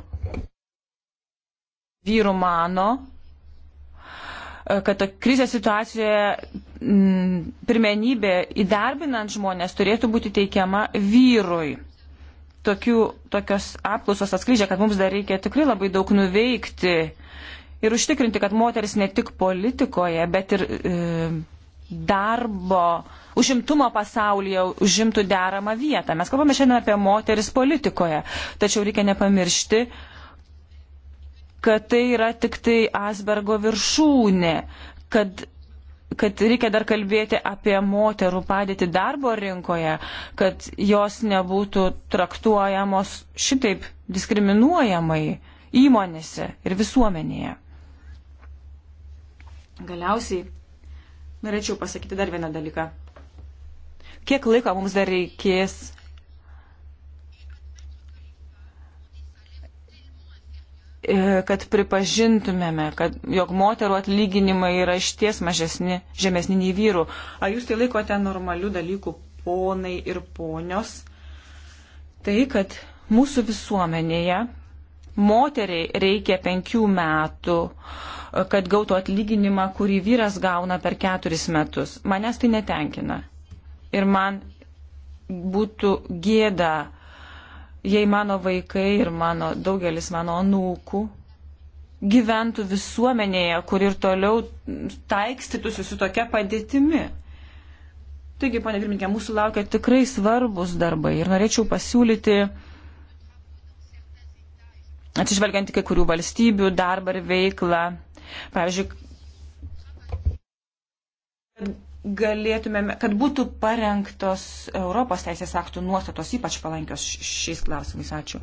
vyrų mano, e, kad krizės situacijoje pirmenybė įdarbinant žmonės turėtų būti teikiama vyrui. Tokių, tokios apklausos atskleidžia, kad mums dar reikia tikrai labai daug nuveikti ir užtikrinti, kad moteris ne tik politikoje, bet ir e, darbo, užimtumo pasaulyje užimtų deramą vietą. Mes kalbame šiandien apie moteris politikoje, tačiau reikia nepamiršti, kad tai yra tik tai Asbergo viršūnė, kad kad reikia dar kalbėti apie moterų padėtį darbo rinkoje, kad jos nebūtų traktuojamos šitaip diskriminuojamai įmonėse ir visuomenėje. Galiausiai Norėčiau pasakyti dar vieną dalyką. Kiek laiko mums dar reikės e, kad pripažintumėme, kad jog moterų atlyginimai yra išties mažesni, žemesni nei vyrų. Ar jūs tai laikote normalių dalykų, ponai ir ponios? Tai, kad mūsų visuomenėje moteriai reikia penkių metų uh, kad gautų atlyginimą, kurį vyras gauna per keturis metus. Manęs tai netenkina. Ir man būtų gėda, jei mano vaikai ir mano daugelis mano anūkų gyventų visuomenėje, kur ir toliau taikstytųsi su tokia padėtimi. Taigi, ponė Virminkė, mūsų laukia tikrai svarbus darbai ir norėčiau pasiūlyti, atsižvelgiant į kai kurių valstybių darbą ir veiklą, Pavyzdžiui, galėtumėme, kad būtų parengtos Europos teisės aktų nuostatos ypač palankios šiais klausimais. Ačiū.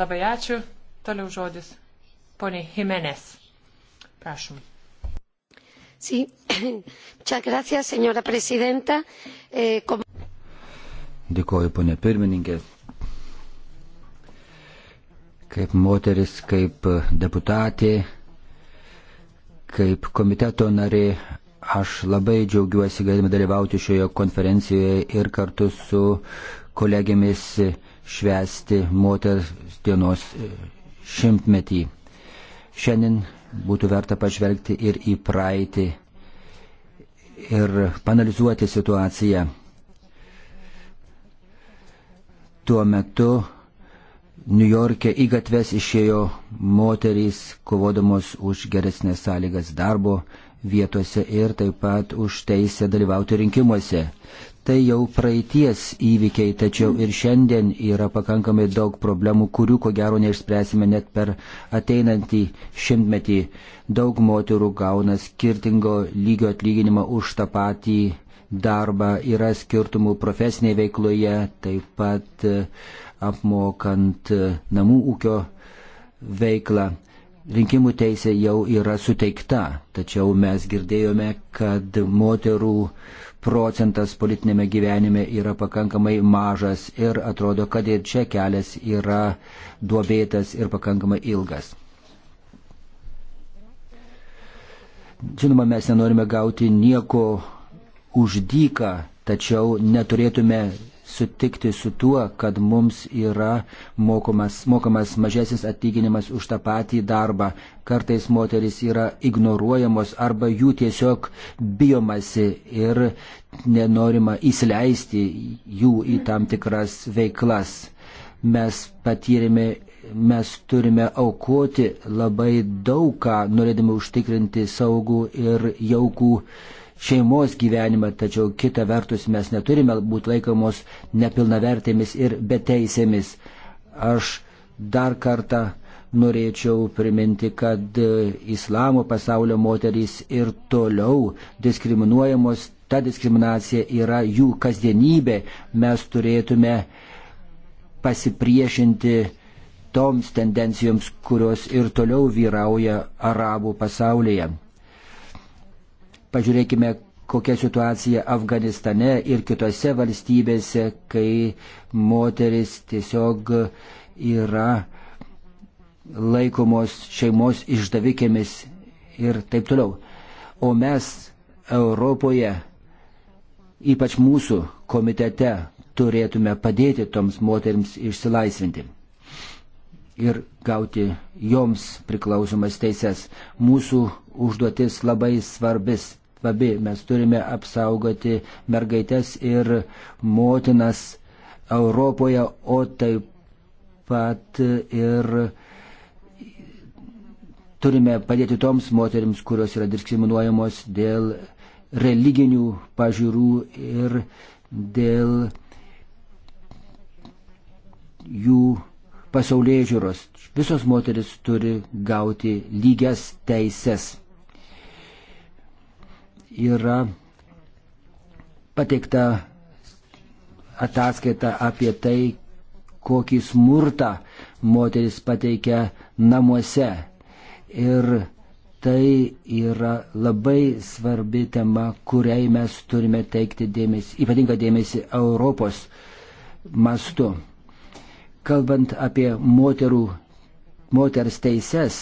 Labai ačiū. Toliau žodis. Pone Jimenez. Prašom. Sí. Muchas gracias, señora presidenta. Eh, como... Dėkoju, ponė pirmininkė kaip moteris, kaip deputatė, kaip komiteto narė. Aš labai džiaugiuosi galime dalyvauti šioje konferencijoje ir kartu su kolegėmis švęsti moters dienos šimtmetį. Šiandien būtų verta pažvelgti ir į praeitį ir panalizuoti situaciją. Tuo metu Niujorke į gatves išėjo moterys, kovodamos už geresnės sąlygas darbo vietose ir taip pat už teisę dalyvauti rinkimuose. Tai jau praeities įvykiai, tačiau ir šiandien yra pakankamai daug problemų, kurių ko gero neišspręsime net per ateinantį šimtmetį. Daug moterų gauna skirtingo lygio atlyginimą už tą patį darbą, yra skirtumų profesinėje veikloje, taip pat apmokant e, namų ūkio veiklą. Rinkimų teisė jau yra suteikta, tačiau mes girdėjome, kad moterų procentas politinėme gyvenime yra pakankamai mažas ir atrodo, kad ir čia kelias yra duobėtas ir pakankamai ilgas. Žinoma, mes nenorime gauti nieko uždyką, tačiau neturėtume sutikti su tuo, kad mums yra mokomas, mokamas mažesnis atlyginimas už tą patį darbą. Kartais moteris yra ignoruojamos arba jų tiesiog bijomasi ir nenorima įsileisti jų į tam tikras veiklas. Mes patyrėme mes turime aukoti labai daugą, norėdami užtikrinti saugų ir jaukų šeimos gyvenimą, tačiau kita vertus mes neturime būti laikomos nepilnavertėmis ir beteisėmis. Aš dar kartą norėčiau priminti, kad e, islamo pasaulio moterys ir toliau diskriminuojamos, ta diskriminacija yra jų kasdienybė, mes turėtume pasipriešinti toms tendencijoms, kurios ir toliau vyrauja arabų pasaulyje. Pažiūrėkime, kokia situacija Afganistane ir kitose valstybėse, kai moteris tiesiog yra laikomos šeimos išdavikėmis ir taip toliau. O mes Europoje, ypač mūsų komitete, turėtume padėti toms moteriams išsilaisvinti ir gauti joms priklausomas teises. Mūsų užduotis labai svarbis svarbi. Mes turime apsaugoti mergaitės ir motinas Europoje, o taip pat ir turime padėti toms moteriams, kurios yra diskriminuojamos dėl religinių pažiūrų ir dėl jų pasaulėžiūros. Visos moteris turi gauti lygias teises yra pateikta ataskaita apie tai, kokį smurtą moteris pateikia namuose. Ir tai yra labai svarbi tema, kuriai mes turime teikti dėmesį, ypatingą dėmesį Europos mastu. Kalbant apie moterų, moters teises,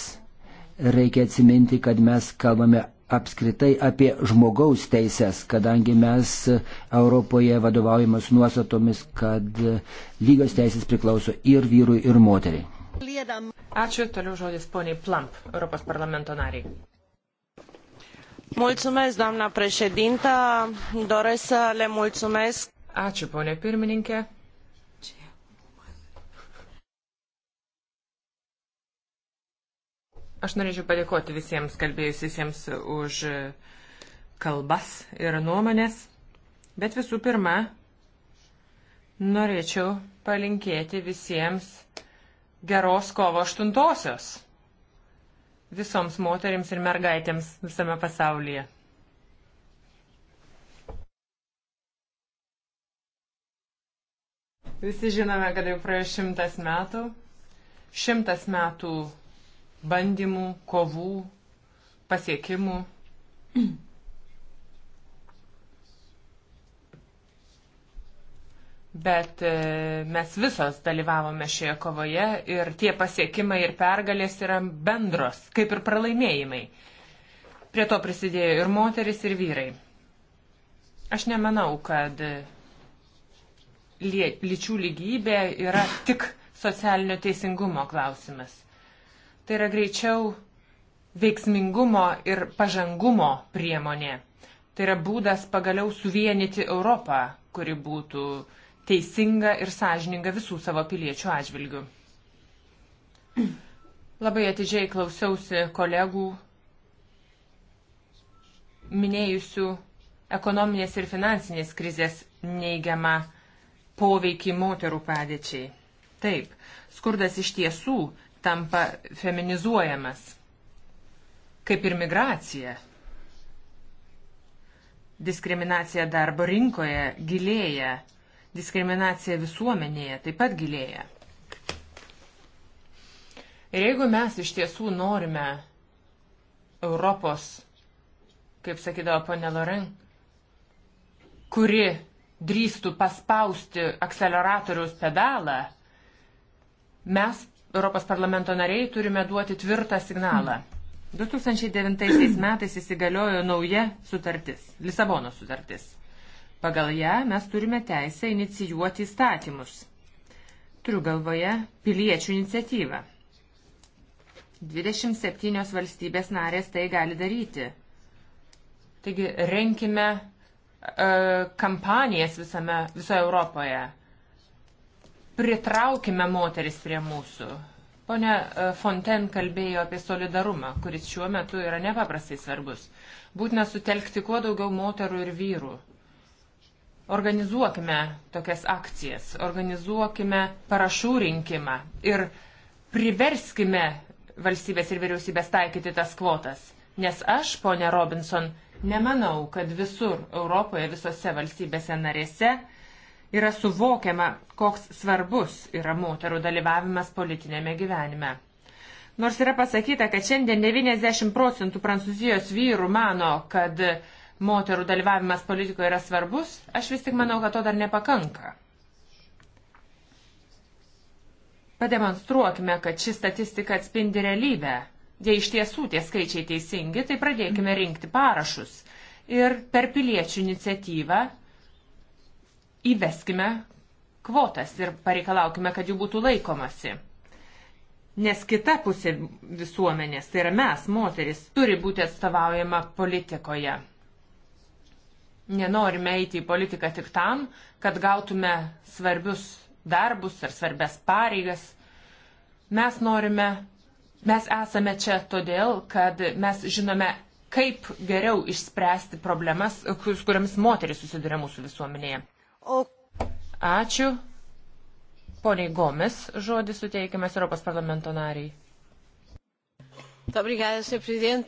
reikia atsiminti, kad mes kalbame apskritai apie žmogaus teisės, kadangi mes Europoje vadovaujamas nuostatomis, kad lygios teisės priklauso ir vyrui, ir moteriai. Ačiū, toliau žodis poniai Plump, Europos parlamento nariai. Mulțumesc, doamna președintă, doresc să le mulțumesc. Ačiū, ponė pirmininkė. Aš norėčiau padėkoti visiems kalbėjusiems už kalbas ir nuomonės, bet visų pirma, norėčiau palinkėti visiems geros kovo aštuntosios visoms moterims ir mergaitėms visame pasaulyje. Visi žinome, kad jau praėjo šimtas metų. Šimtas metų bandymų, kovų, pasiekimų. Bet e, mes visos dalyvavome šioje kovoje ir tie pasiekimai ir pergalės yra bendros, kaip ir pralaimėjimai. Prie to prisidėjo ir moteris, ir vyrai. Aš nemanau, kad lyčių lygybė yra tik socialinio teisingumo klausimas. Tai yra greičiau veiksmingumo ir pažangumo priemonė. Tai yra būdas pagaliau suvienyti Europą, kuri būtų teisinga ir sąžininga visų savo piliečių atžvilgių. Labai atidžiai klausiausi kolegų minėjusių ekonominės ir finansinės krizės neigiamą poveikį moterų padėčiai. Taip, skurdas iš tiesų tampa feminizuojamas, kaip ir migracija. Diskriminacija darbo rinkoje gilėja, diskriminacija visuomenėje taip pat gilėja. Ir jeigu mes iš tiesų norime Europos, kaip sakydavo ponė Loren, kuri drįstų paspausti akceleratoriaus pedalą, mes Europos parlamento nariai turime duoti tvirtą signalą. 2009 metais įsigaliojo nauja sutartis, Lisabono sutartis. Pagal ją mes turime teisę inicijuoti įstatymus. Turiu galvoje piliečių iniciatyvą. 27 valstybės narės tai gali daryti. Taigi renkime e, kampanijas visame, visoje Europoje pritraukime moteris prie mūsų. Pone e, Fonten kalbėjo apie solidarumą, kuris šiuo metu yra nepaprastai svarbus. Būtina sutelkti kuo daugiau moterų ir vyrų. Organizuokime tokias akcijas, organizuokime parašų rinkimą ir priverskime valstybės ir vyriausybės taikyti tas kvotas. Nes aš, ponė Robinson, nemanau, kad visur Europoje, visose valstybėse narėse yra suvokiama, koks svarbus yra moterų dalyvavimas politinėme gyvenime. Nors yra pasakyta, kad šiandien 90 procentų prancūzijos vyrų mano, kad moterų dalyvavimas politikoje yra svarbus, aš vis tik manau, kad to dar nepakanka. Pademonstruokime, kad ši statistika atspindi realybę. Jei iš tiesų tie skaičiai teisingi, tai pradėkime rinkti parašus. Ir per piliečių iniciatyvą įveskime kvotas ir pareikalaukime, kad jų būtų laikomasi. Nes kita pusė visuomenės, tai yra mes, moteris, turi būti atstovaujama politikoje. Nenorime eiti į politiką tik tam, kad gautume svarbius darbus ar svarbias pareigas. Mes norime, mes esame čia todėl, kad mes žinome, kaip geriau išspręsti problemas, su kuriamis moteris susiduria mūsų visuomenėje. Ačiū. Poniai Gomes, žodis suteikiamas Europos parlamento nariai. Eh, eh,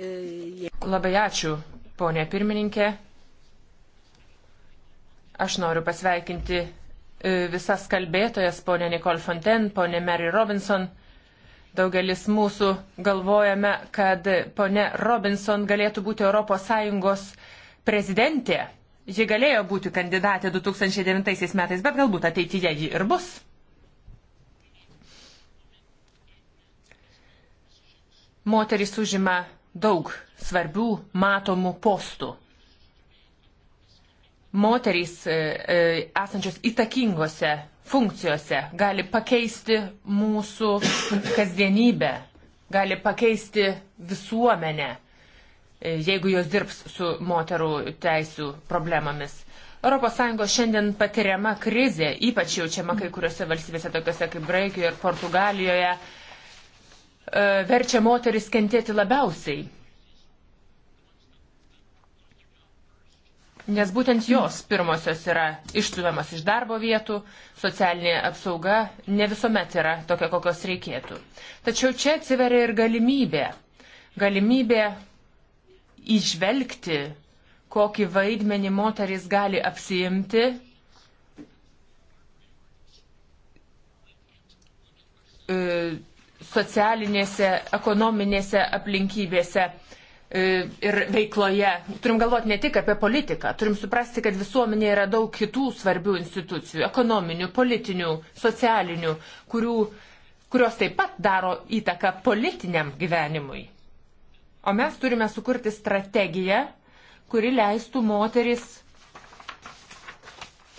e Labai ačiū, ponė pirmininkė. Aš noriu pasveikinti e, visas kalbėtojas, ponė Nicole Fonten, ponė Mary Robinson. Daugelis mūsų galvojame, kad ponė Robinson galėtų būti ES prezidentė. Ji galėjo būti kandidatė 2009 metais, bet galbūt ateityje ji ir bus. Moterys užima daug svarbių matomų postų. Moterys e, e, esančios įtakingose funkcijose gali pakeisti mūsų kasdienybę, gali pakeisti visuomenę jeigu jos dirbs su moterų teisų problemomis. ES šiandien patiriama krizė, ypač jaučiama kai kuriuose valstybėse, tokiuose kaip Graikijoje ir Portugalijoje, e, verčia moteris kentėti labiausiai. Nes būtent jos pirmosios yra išstumiamas iš darbo vietų, socialinė apsauga ne visuomet yra tokia, kokios reikėtų. Tačiau čia atsiveria ir galimybė. Galimybė išvelgti, kokį vaidmenį moteris gali apsiimti e, socialinėse, ekonominėse aplinkybėse e, ir veikloje. Turim galvoti ne tik apie politiką, turim suprasti, kad visuomenė yra daug kitų svarbių institucijų - ekonominių, politinių, socialinių, kurių, kurios taip pat daro įtaką politiniam gyvenimui. O mes turime sukurti strategiją, kuri leistų moteris,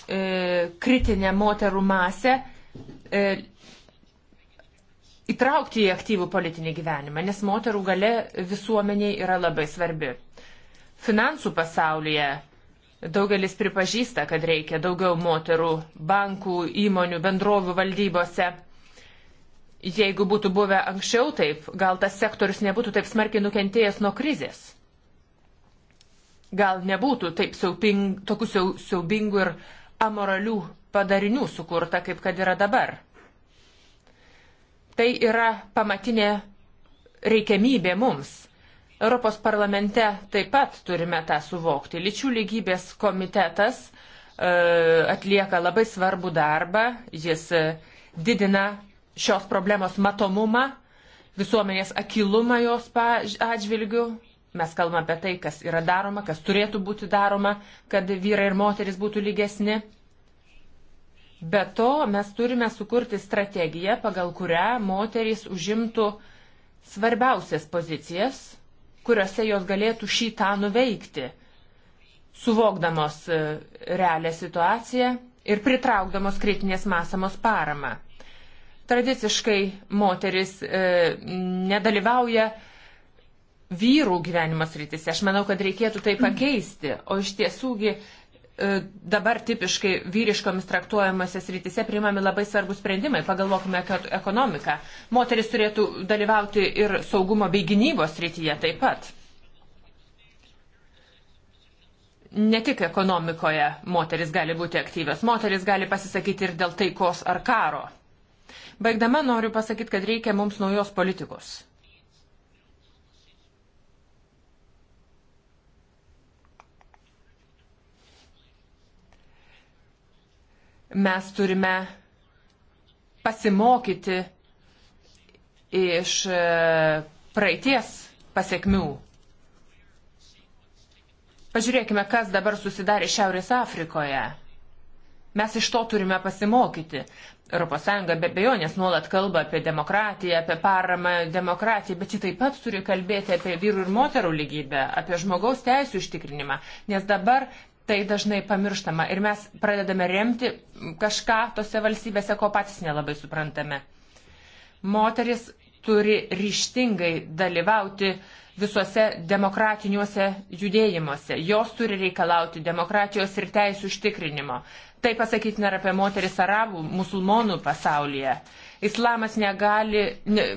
e, kritinę moterų masę, e, įtraukti į aktyvų politinį gyvenimą, nes moterų gale visuomeniai yra labai svarbi. Finansų pasaulyje daugelis pripažįsta, kad reikia daugiau moterų bankų, įmonių, bendrovių valdybose. Jeigu būtų buvę anksčiau taip, gal tas sektorius nebūtų taip smarkiai nukentėjęs nuo krizės. Gal nebūtų taip siaubing, tokių siaubingų ir amoralių padarinių sukurta, kaip kad yra dabar. Tai yra pamatinė reikiamybė mums. Europos parlamente taip pat turime tą suvokti. Lyčių lygybės komitetas e, atlieka labai svarbų darbą. Jis e, didina šios problemos matomumą, visuomenės akilumą jos atžvilgių. Mes kalbame apie tai, kas yra daroma, kas turėtų būti daroma, kad vyrai ir moteris būtų lygesni. Be to, mes turime sukurti strategiją, pagal kurią moterys užimtų svarbiausias pozicijas, kuriuose jos galėtų šitą nuveikti, suvokdamos e, realią situaciją ir pritraukdamos kritinės masamos paramą. Tradiciškai moteris e, nedalyvauja vyrų gyvenimas rytise. Aš manau, kad reikėtų tai pakeisti. O iš tiesųgi e, dabar tipiškai vyriškomis traktuojamasias rytise priimami labai svarbus sprendimai. Pagalvokime, kad ekonomika. Moteris turėtų dalyvauti ir saugumo bei gynybos rytyje taip pat. Ne tik ekonomikoje moteris gali būti aktyvios, moteris gali pasisakyti ir dėl taikos ar karo. Baigdama noriu pasakyti, kad reikia mums naujos politikos. Mes turime pasimokyti iš e, praeities pasiekmių. Pažiūrėkime, kas dabar susidarė Šiaurės Afrikoje. Mes iš to turime pasimokyti. ES be bejonės nuolat kalba apie demokratiją, apie paramą demokratijai, bet ji taip pat turi kalbėti apie vyrų ir moterų lygybę, apie žmogaus teisų ištikrinimą, nes dabar tai dažnai pamirštama ir mes pradedame remti kažką tose valstybėse, ko patys nelabai suprantame. Moteris turi ryštingai dalyvauti uh, visuose demokratiniuose judėjimuose. Jos turi reikalauti demokratijos ir teisų užtikrinimo. Tai pasakytina ir apie moteris arabų, musulmonų pasaulyje. Islamas negali, ne,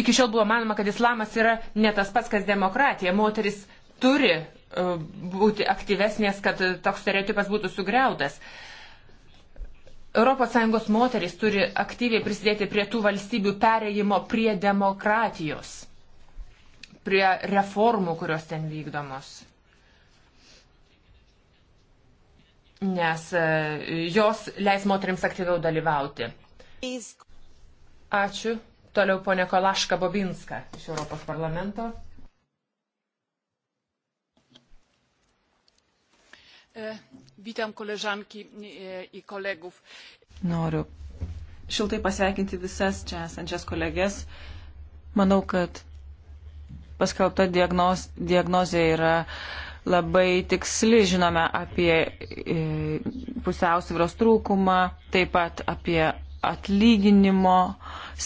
iki šiol buvo manoma, kad islamas yra ne tas pats, kas demokratija. Moteris turi uh, būti aktyvesnės, kad toks stereotipas būtų sugriautas. ES moteris turi aktyviai prisidėti prie tų valstybių perėjimo prie demokratijos prie reformų, kurios ten vykdomos. Nes e, jos leis moteriams aktyviau dalyvauti. Ačiū. Toliau ponė Kolaška Bobinska iš Europos parlamento. E, witam koleżanki e, i kolegów. Noriu šiltai pasveikinti visas čia esančias kolegės. Manau, kad paskelbta diagnoz, diagnozė yra labai tiksli, žinome apie e, pusiausvyros trūkumą, taip pat apie atlyginimo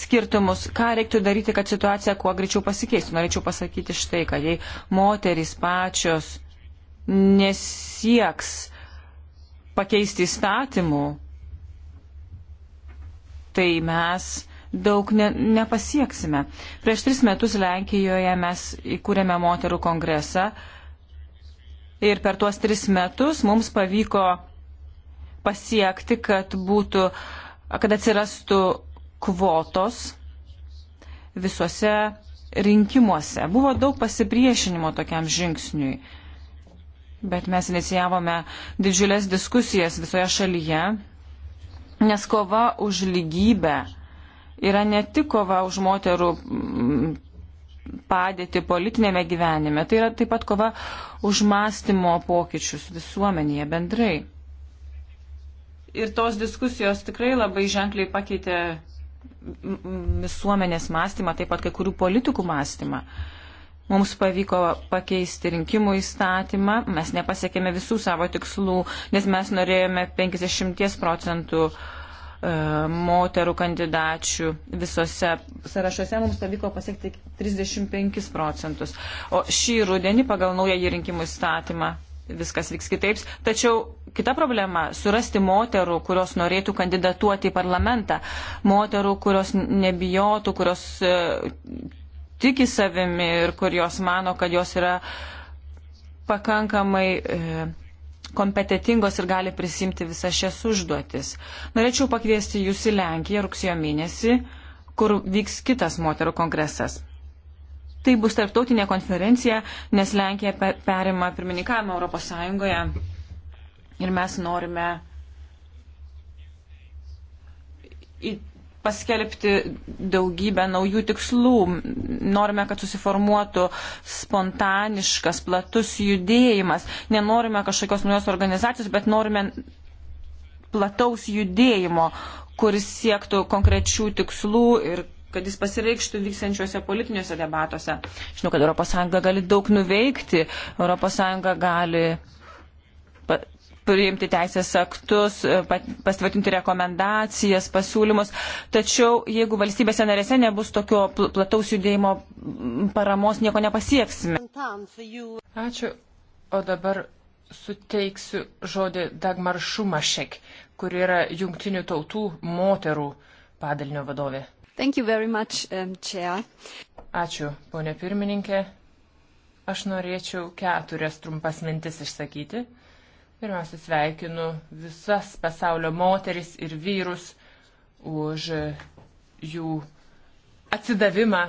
skirtumus. Ką reiktų daryti, kad situacija kuo greičiau pasikeistų? Norėčiau pasakyti štai, kad jei moterys pačios nesieks pakeisti įstatymų, tai mes daug ne, nepasieksime. Prieš tris metus Lenkijoje mes įkūrėme moterų kongresą ir per tuos tris metus mums pavyko pasiekti, kad būtų, kad atsirastų kvotos visuose rinkimuose. Buvo daug pasipriešinimo tokiam žingsniui, bet mes inicijavome didžiulės diskusijas visoje šalyje, nes kova už lygybę yra ne tik kova už moterų mm, padėti politinėme gyvenime, tai yra taip pat kova už mąstymo pokyčius visuomenėje bendrai. Ir tos diskusijos tikrai labai ženkliai pakeitė visuomenės mąstymą, taip pat kai kurių politikų mąstymą. Mums pavyko pakeisti rinkimų įstatymą, mes nepasiekėme visų savo tikslų, nes mes norėjome 50 procentų uh, E, moterų kandidačių visose sąrašuose mums pavyko pasiekti 35 procentus. O šį rudenį pagal naująjį rinkimų įstatymą viskas vyks kitaip. Tačiau kita problema - surasti moterų, kurios norėtų kandidatuoti į parlamentą, moterų, kurios nebijotų, kurios e, tiki savimi ir kurios mano, kad jos yra pakankamai e, kompetitingos ir gali prisimti visas šias užduotis. Norėčiau pakviesti jūs į Lenkiją rugsėjo mėnesį, kur vyks kitas moterų kongresas. Tai bus tarptautinė konferencija, nes Lenkija perima pirmininkavimą Europos Sąjungoje ir mes norime į paskelbti daugybę naujų tikslų. Norime, kad susiformuotų spontaniškas, platus judėjimas. Nenorime kažkokios naujos organizacijos, bet norime plataus judėjimo, kuris siektų konkrečių tikslų ir kad jis pasireikštų vyksančiuose politiniuose debatuose. Žinau, kad ES gali daug nuveikti, ES gali priimti teisės aktus, e, pastvirtinti rekomendacijas, pasiūlymus. Tačiau jeigu valstybėse narėse nebus tokio plataus judėjimo paramos, nieko nepasieksime. Ačiū. O dabar suteiksiu žodį Dagmar Šumašek, kur yra jungtinių tautų moterų padalinio vadovė. Much, um, chair. Ačiū, ponė pirmininkė. Aš norėčiau keturias trumpas mintis išsakyti. Pirmiausia, sveikinu visas pasaulio moteris ir vyrus už jų atsidavimą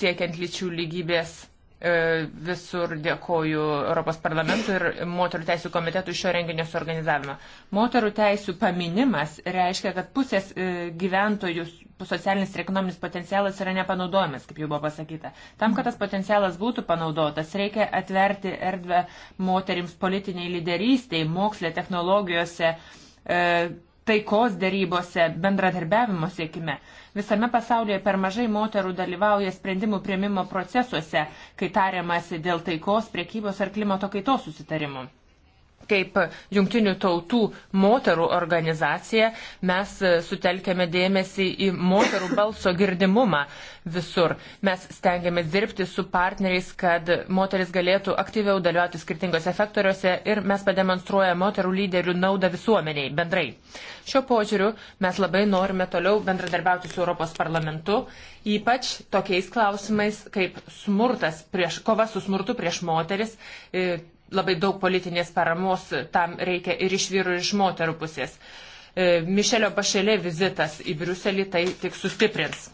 siekiant lyčių lygybės E, visur dėkoju Europos parlamentui ir moterų teisų komitetui šio renginio suorganizavimą. Moterų teisų paminimas reiškia, kad pusės e, gyventojų socialinis ir ekonominis potencialas yra nepanaudojamas, kaip jau buvo pasakyta. Tam, kad tas potencialas būtų panaudotas, reikia atverti erdvę moterims politiniai lyderystiai, mokslė, technologijose, e, taikos darybose, bendradarbiavimo siekime. Visame pasaulyje per mažai moterų dalyvauja sprendimų prieimimo procesuose, kai tariamasi dėl taikos, priekybos ar klimato kaitos susitarimų kaip jungtinių tautų moterų organizacija mes e, sutelkėme dėmesį į moterų balso girdimumą visur. Mes stengiamės dirbti su partneriais, kad moteris galėtų aktyviau dalyvauti skirtingose sektoriuose ir mes pademonstruojame moterų lyderių naudą visuomeniai bendrai. Šiuo požiūriu mes labai norime toliau bendradarbiauti su Europos parlamentu, ypač tokiais klausimais kaip smurtas prieš, kova su smurtu prieš moteris e, labai daug politinės paramos tam reikia ir iš vyrų, ir iš moterų pusės. E, Mišelio Bašelė vizitas į Briuselį tai tik sustiprins.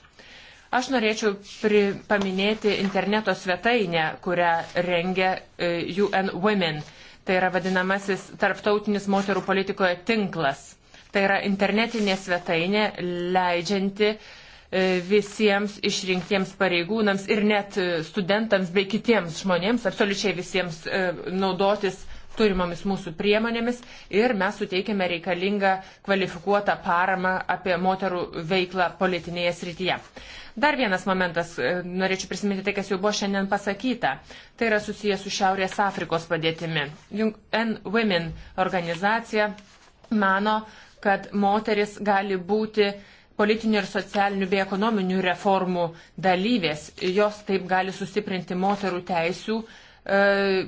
Aš norėčiau pri, paminėti interneto svetainę, kurią rengia e, UN Women. Tai yra vadinamasis tarptautinis moterų politikoje tinklas. Tai yra internetinė svetainė leidžianti uh, E, visiems išrinktiems pareigūnams ir net studentams bei kitiems žmonėms, absoliučiai visiems e, naudotis turimomis mūsų priemonėmis ir mes suteikėme reikalingą kvalifikuotą paramą apie moterų veiklą politinėje srityje. Dar vienas momentas, e, norėčiau prisiminti tai, kas jau buvo šiandien pasakyta. Tai yra susijęs su Šiaurės Afrikos padėtimi. UN Women organizacija mano, kad moteris gali būti uh, politinių ir socialinių bei ekonominių reformų dalyvės. Jos taip gali sustiprinti moterų teisų e,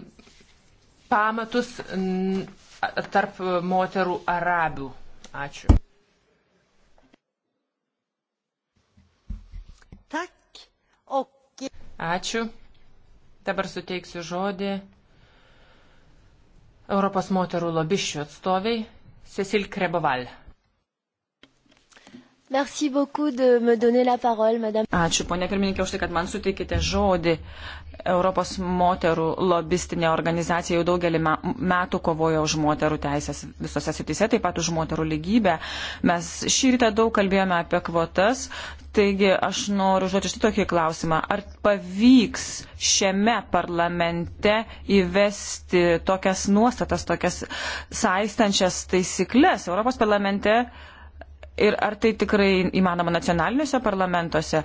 pamatus n, tarp moterų arabių. Ačiū. Ačiū. Dabar suteiksiu žodį Europos moterų lobiščių atstoviai Cecil Kreboval. Merci beaucoup de me donner la parole, madame. Ačiū, ponė pirmininkė, už tai, kad man suteikite žodį. Europos moterų lobistinė organizacija jau daugelį metų kovoja už moterų teisės visose srityse, taip pat už moterų lygybę. Mes šį rytą daug kalbėjome apie kvotas, taigi aš noriu užduoti štai tokį klausimą. Ar pavyks šiame parlamente įvesti tokias nuostatas, tokias saistančias taisyklės? Europos parlamente ir ar tai tikrai įmanoma nacionaliniuose parlamentuose.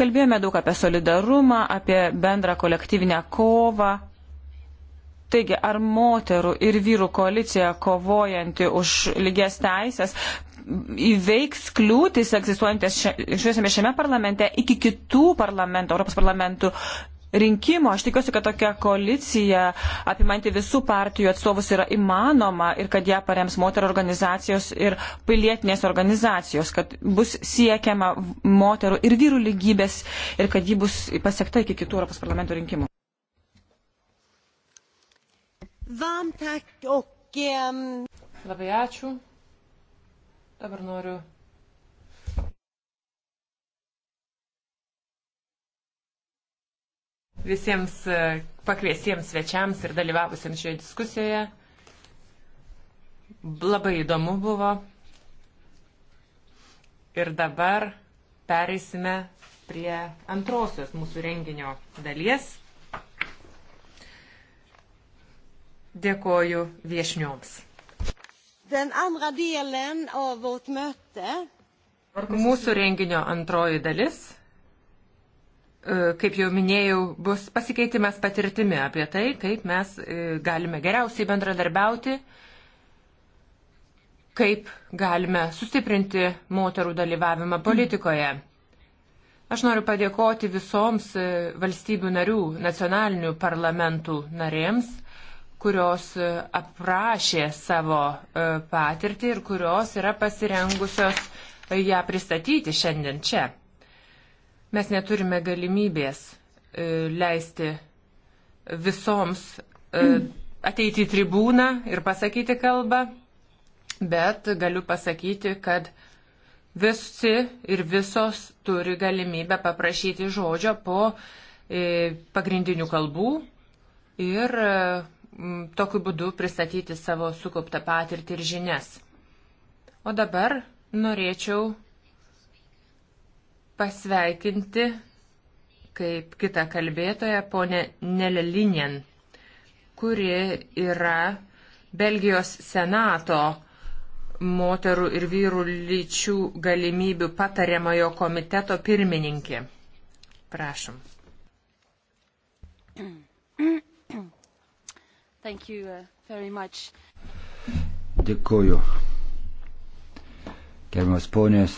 Kalbėjome daug apie solidarumą, apie bendrą kolektyvinę kovą. Taigi, ar moterų ir vyrų koalicija kovojanti už lygias teisės įveiks kliūtis egzistuojantis šiame šiame parlamente iki kitų parlamentų, Europos parlamentų rinkimų. Aš tikiuosi, kad tokia koalicija apimanti visų partijų atstovus yra įmanoma ir kad ją parems moterų organizacijos ir pilietinės organizacijos, kad bus siekiama moterų ir vyrų lygybės ir kad ji bus pasiekta iki kitų Europos parlamento rinkimų. Ehm, Labai ačiū. Dabar noriu visiems e, pakviesiems svečiams ir dalyvavusiems šioje diskusijoje. Labai įdomu buvo. Ir dabar pereisime prie antrosios mūsų renginio dalies. Dėkoju viešnioms. Mūsų renginio antroji dalis E, kaip jau minėjau, bus pasikeitimas patirtimi apie tai, kaip mes e, galime geriausiai bendradarbiauti, kaip galime sustiprinti moterų dalyvavimą politikoje. Aš noriu padėkoti visoms e, valstybių narių, nacionalinių parlamentų narėms, kurios aprašė savo patirtį ir kurios yra pasirengusios ją pristatyti šiandien čia. Mes neturime galimybės e, leisti visoms e, ateiti į tribūną ir pasakyti kalbą, bet galiu pasakyti, kad visi ir visos turi galimybę paprašyti žodžio po e, pagrindinių kalbų ir tokiu būdu pristatyti savo sukauptą patirtį ir žinias. O dabar norėčiau pasveikinti, kaip kitą kalbėtoją, ponę Nelelinien, kuri yra Belgijos senato moterų ir vyrų lyčių galimybių patariamojo komiteto pirmininkė. Prašom. Uh, Dėkuoju. Gerbiamas ponės,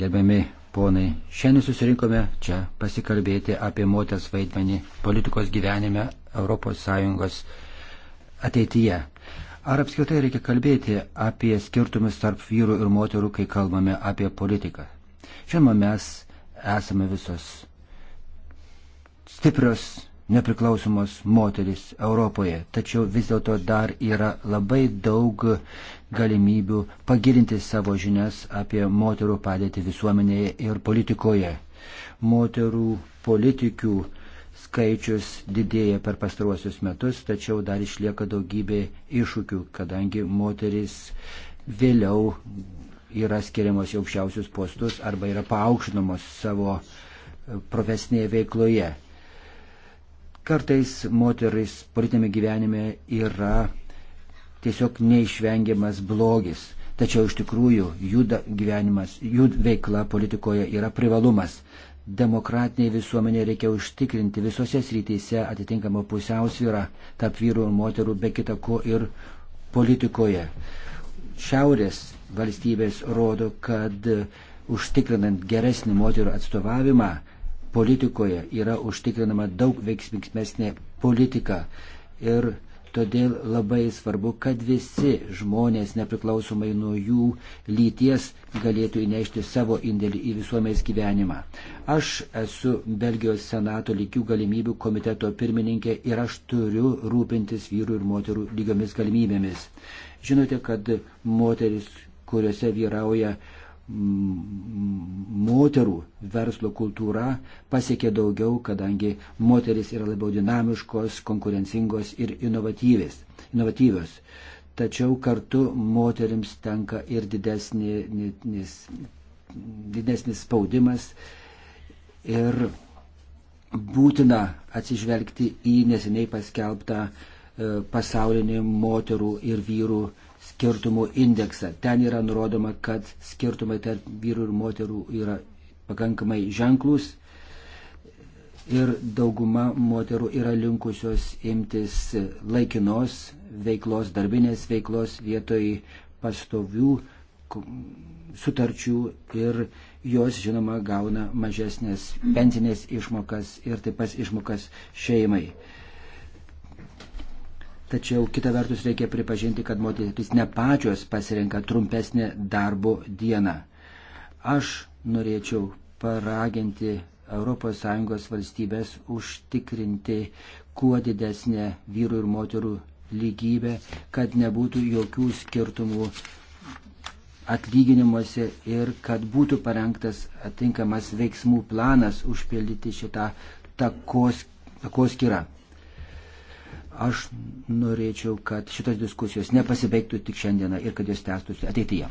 gerbiami ponai. Šiandien susirinkome čia pasikalbėti apie moters vaidmenį politikos gyvenime ES ateityje. Ar apskritai reikia kalbėti apie skirtumus tarp vyrų ir moterų, kai kalbame apie politiką? Žinoma, mes esame visos stiprios nepriklausomos moteris Europoje. Tačiau vis dėlto dar yra labai daug galimybių pagilinti savo žinias apie moterų padėtį visuomenėje ir politikoje. Moterų politikių skaičius didėja per pastaruosius metus, tačiau dar išlieka daugybė iššūkių, kadangi moteris vėliau yra skiriamos į aukščiausius postus arba yra paaukštinamos savo profesinėje veikloje. Kartais moteris politinėme gyvenime yra tiesiog neišvengiamas blogis, tačiau iš tikrųjų jų gyvenimas, jų veikla politikoje yra privalumas. Demokratiniai visuomenė reikia užtikrinti visose srityse atitinkamą pusiausvyrą tarp vyrų ir moterų, be kita ko ir politikoje. Šiaurės valstybės rodo, kad užtikrinant geresnį moterų atstovavimą, politikoje yra užtikrinama daug veiksmingesnė politika. Ir todėl labai svarbu, kad visi žmonės, nepriklausomai nuo jų lyties, galėtų įnešti savo indėlį į visuomenės gyvenimą. Aš esu Belgijos Senato lygių galimybių komiteto pirmininkė ir aš turiu rūpintis vyrų ir moterų lygiomis galimybėmis. Žinote, kad moteris, kuriuose vyrauja uh, moterų verslo kultūra pasiekė daugiau, kadangi moteris yra labiau dinamiškos, konkurencingos ir inovatyvios. Tačiau kartu moteriams tenka ir didesnis, didesnis spaudimas ir būtina atsižvelgti į neseniai paskelbtą e, pasaulinį moterų ir vyrų skirtumų indeksą. Ten yra nurodoma, kad skirtumai tarp vyrų ir moterų yra pakankamai ženklus ir dauguma moterų yra linkusios imtis laikinos veiklos, darbinės veiklos vietoj pastovių sutarčių ir jos, žinoma, gauna mažesnės pensinės išmokas ir taip pat išmokas šeimai. Tačiau kita vertus reikia pripažinti, kad moteris ne pačios pasirenka trumpesnę darbo dieną. Aš norėčiau paraginti ES valstybės užtikrinti kuo didesnę vyrų ir moterų lygybę, kad nebūtų jokių skirtumų atlyginimuose ir kad būtų parengtas atinkamas veiksmų planas užpildyti šitą takos, takos skirą. Aš norėčiau, kad šitos diskusijos nepasibaigtų tik šiandieną ir kad jos tęstųsi ateityje.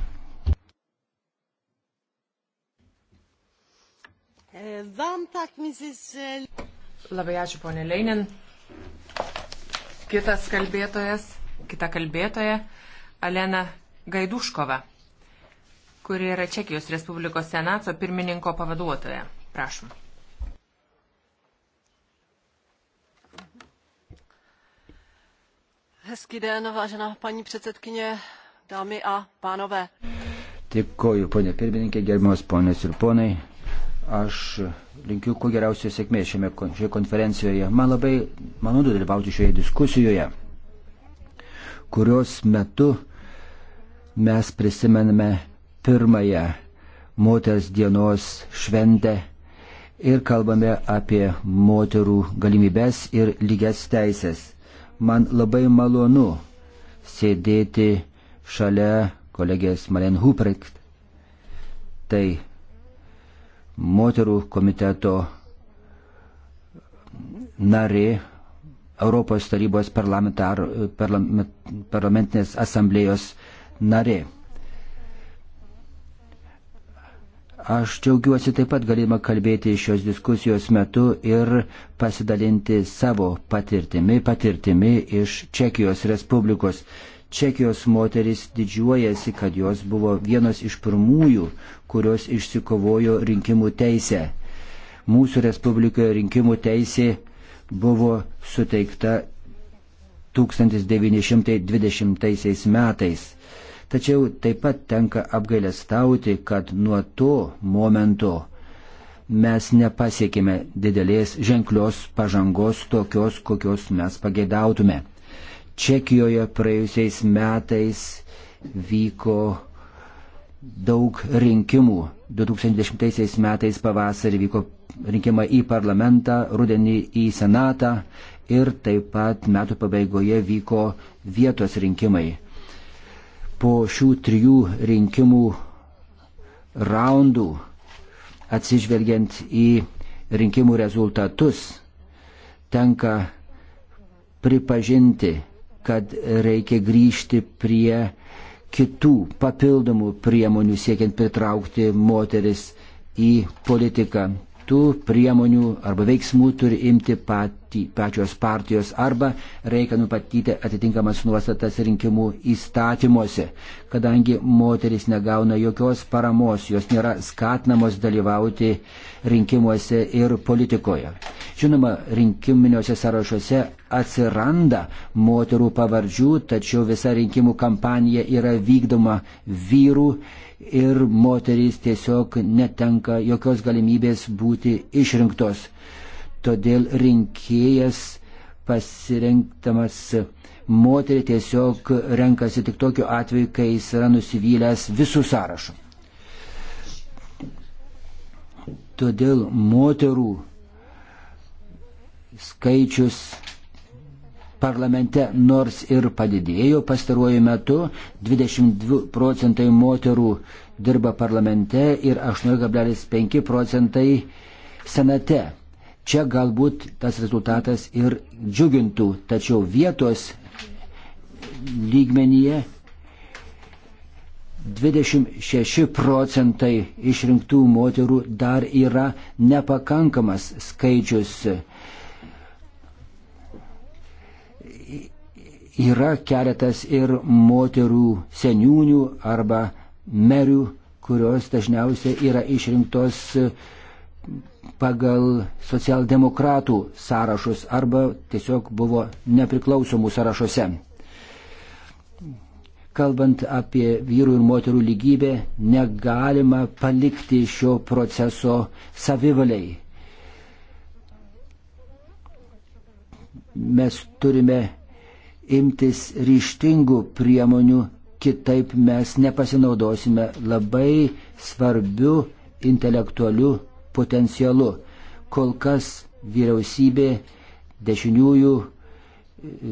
Labai ačiū, ponė Leinin. Kitas kalbėtojas, kita kalbėtoja, Alena Gaiduškova, kuri yra Čekijos Respublikos senato pirmininko pavaduotoja. Prašom. Hezký den, vážená paní předsedkyně, dámy a pánové. Dėkoju, ponė pirmininkė, gerbiamas ponės ir ponai. Aš linkiu kuo geriausios sėkmės šiame, šioje konferencijoje. Man labai malonu dalyvauti šioje diskusijoje, kurios metu mes prisimename pirmąją moters dienos šventę ir kalbame apie moterų galimybės ir lygias teisės. Man labai malonu sėdėti šalia kolegės Maren Huprecht. Tai moterų komiteto narė Europos tarybos parlamentar, parlament, parlamentinės asamblėjos narė. Aš džiaugiuosi taip pat galima kalbėti šios diskusijos metu ir pasidalinti savo patirtimi, patirtimi iš Čekijos Respublikos. Čekijos moteris didžiuojasi, kad jos buvo vienos iš pirmųjų, kurios išsikovojo rinkimų teisę. Mūsų Respublikoje rinkimų teisė buvo suteikta 1920 metais. Tačiau taip pat tenka apgailestauti, kad nuo to momento mes nepasiekime didelės ženklios pažangos tokios, kokios mes pageidautume. Čekijoje praėjusiais metais vyko daug rinkimų. 2010 metais pavasarį vyko rinkimai į parlamentą, rudenį į senatą ir taip pat metų pabaigoje vyko vietos rinkimai po šių trijų rinkimų raundų, atsižvelgiant į rinkimų rezultatus, tenka pripažinti, kad reikia grįžti prie kitų papildomų priemonių siekiant pritraukti moteris į politiką tų priemonių arba veiksmų turi imti pati, pačios partijos arba reikia nupatyti atitinkamas nuostatas rinkimų įstatymuose, kadangi moteris negauna jokios paramos, jos nėra skatinamos dalyvauti rinkimuose ir politikoje. Žinoma, rinkiminiuose sąrašuose atsiranda moterų pavardžių, tačiau visa rinkimų kampanija yra vykdoma vyrų ir moterys tiesiog netenka jokios galimybės būti išrinktos. Todėl rinkėjas pasirinktamas moterį tiesiog renkasi tik tokiu atveju, kai jis yra nusivylęs visų sąrašų. Todėl moterų skaičius parlamente, nors ir padidėjo pastaruoju metu, 22 procentai moterų dirba parlamente ir 8,5 procentai senate. Čia galbūt tas rezultatas ir džiugintų, tačiau vietos lygmenyje 26 procentai išrinktų moterų dar yra nepakankamas skaičius Yra keletas ir moterų seniūnių arba merių, kurios dažniausiai yra išrinktos pagal socialdemokratų sąrašus arba tiesiog buvo nepriklausomų sąrašuose. Kalbant apie vyrų ir moterų lygybę, negalima palikti šio proceso savivaliai. Mes turime imtis ryštingų priemonių, kitaip mes nepasinaudosime labai svarbiu intelektualiu potencialu. Kol kas vyriausybė dešiniųjų e,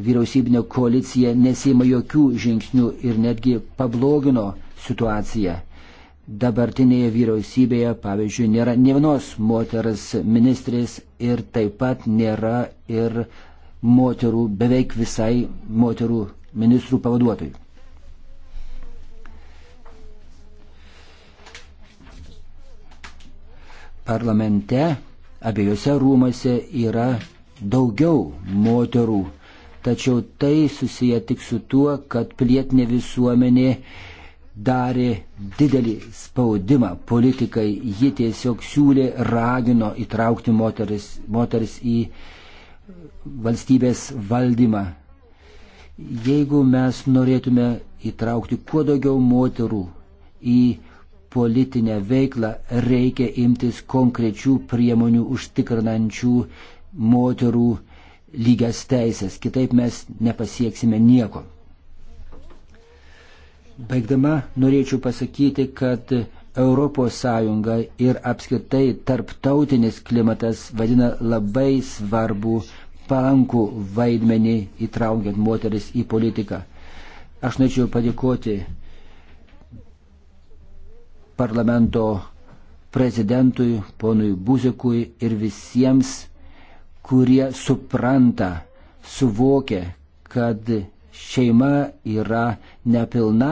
vyriausybinė koalicija nesima jokių žingsnių ir netgi pablogino situaciją. Dabartinėje vyriausybėje, pavyzdžiui, nėra ne vienos moters ministrės ir taip pat nėra ir moterų, beveik visai moterų ministrų pavaduotojų. Parlamente abiejose rūmose yra daugiau moterų, tačiau tai susiję tik su tuo, kad pilietinė visuomenė darė didelį spaudimą politikai, ji tiesiog siūlė, ragino įtraukti moteris, moteris į uh, valstybės valdymą. Jeigu mes norėtume įtraukti kuo daugiau moterų į politinę veiklą, reikia imtis konkrečių priemonių užtikrinančių moterų lygias teisės. Kitaip mes nepasieksime nieko. Baigdama norėčiau pasakyti, kad ES ir apskritai tarptautinis klimatas vadina labai svarbu palankų vaidmenį įtraukiant moteris į politiką. Aš norėčiau padėkoti parlamento prezidentui, ponui Buzikui ir visiems, kurie supranta, suvokia, kad šeima yra nepilna,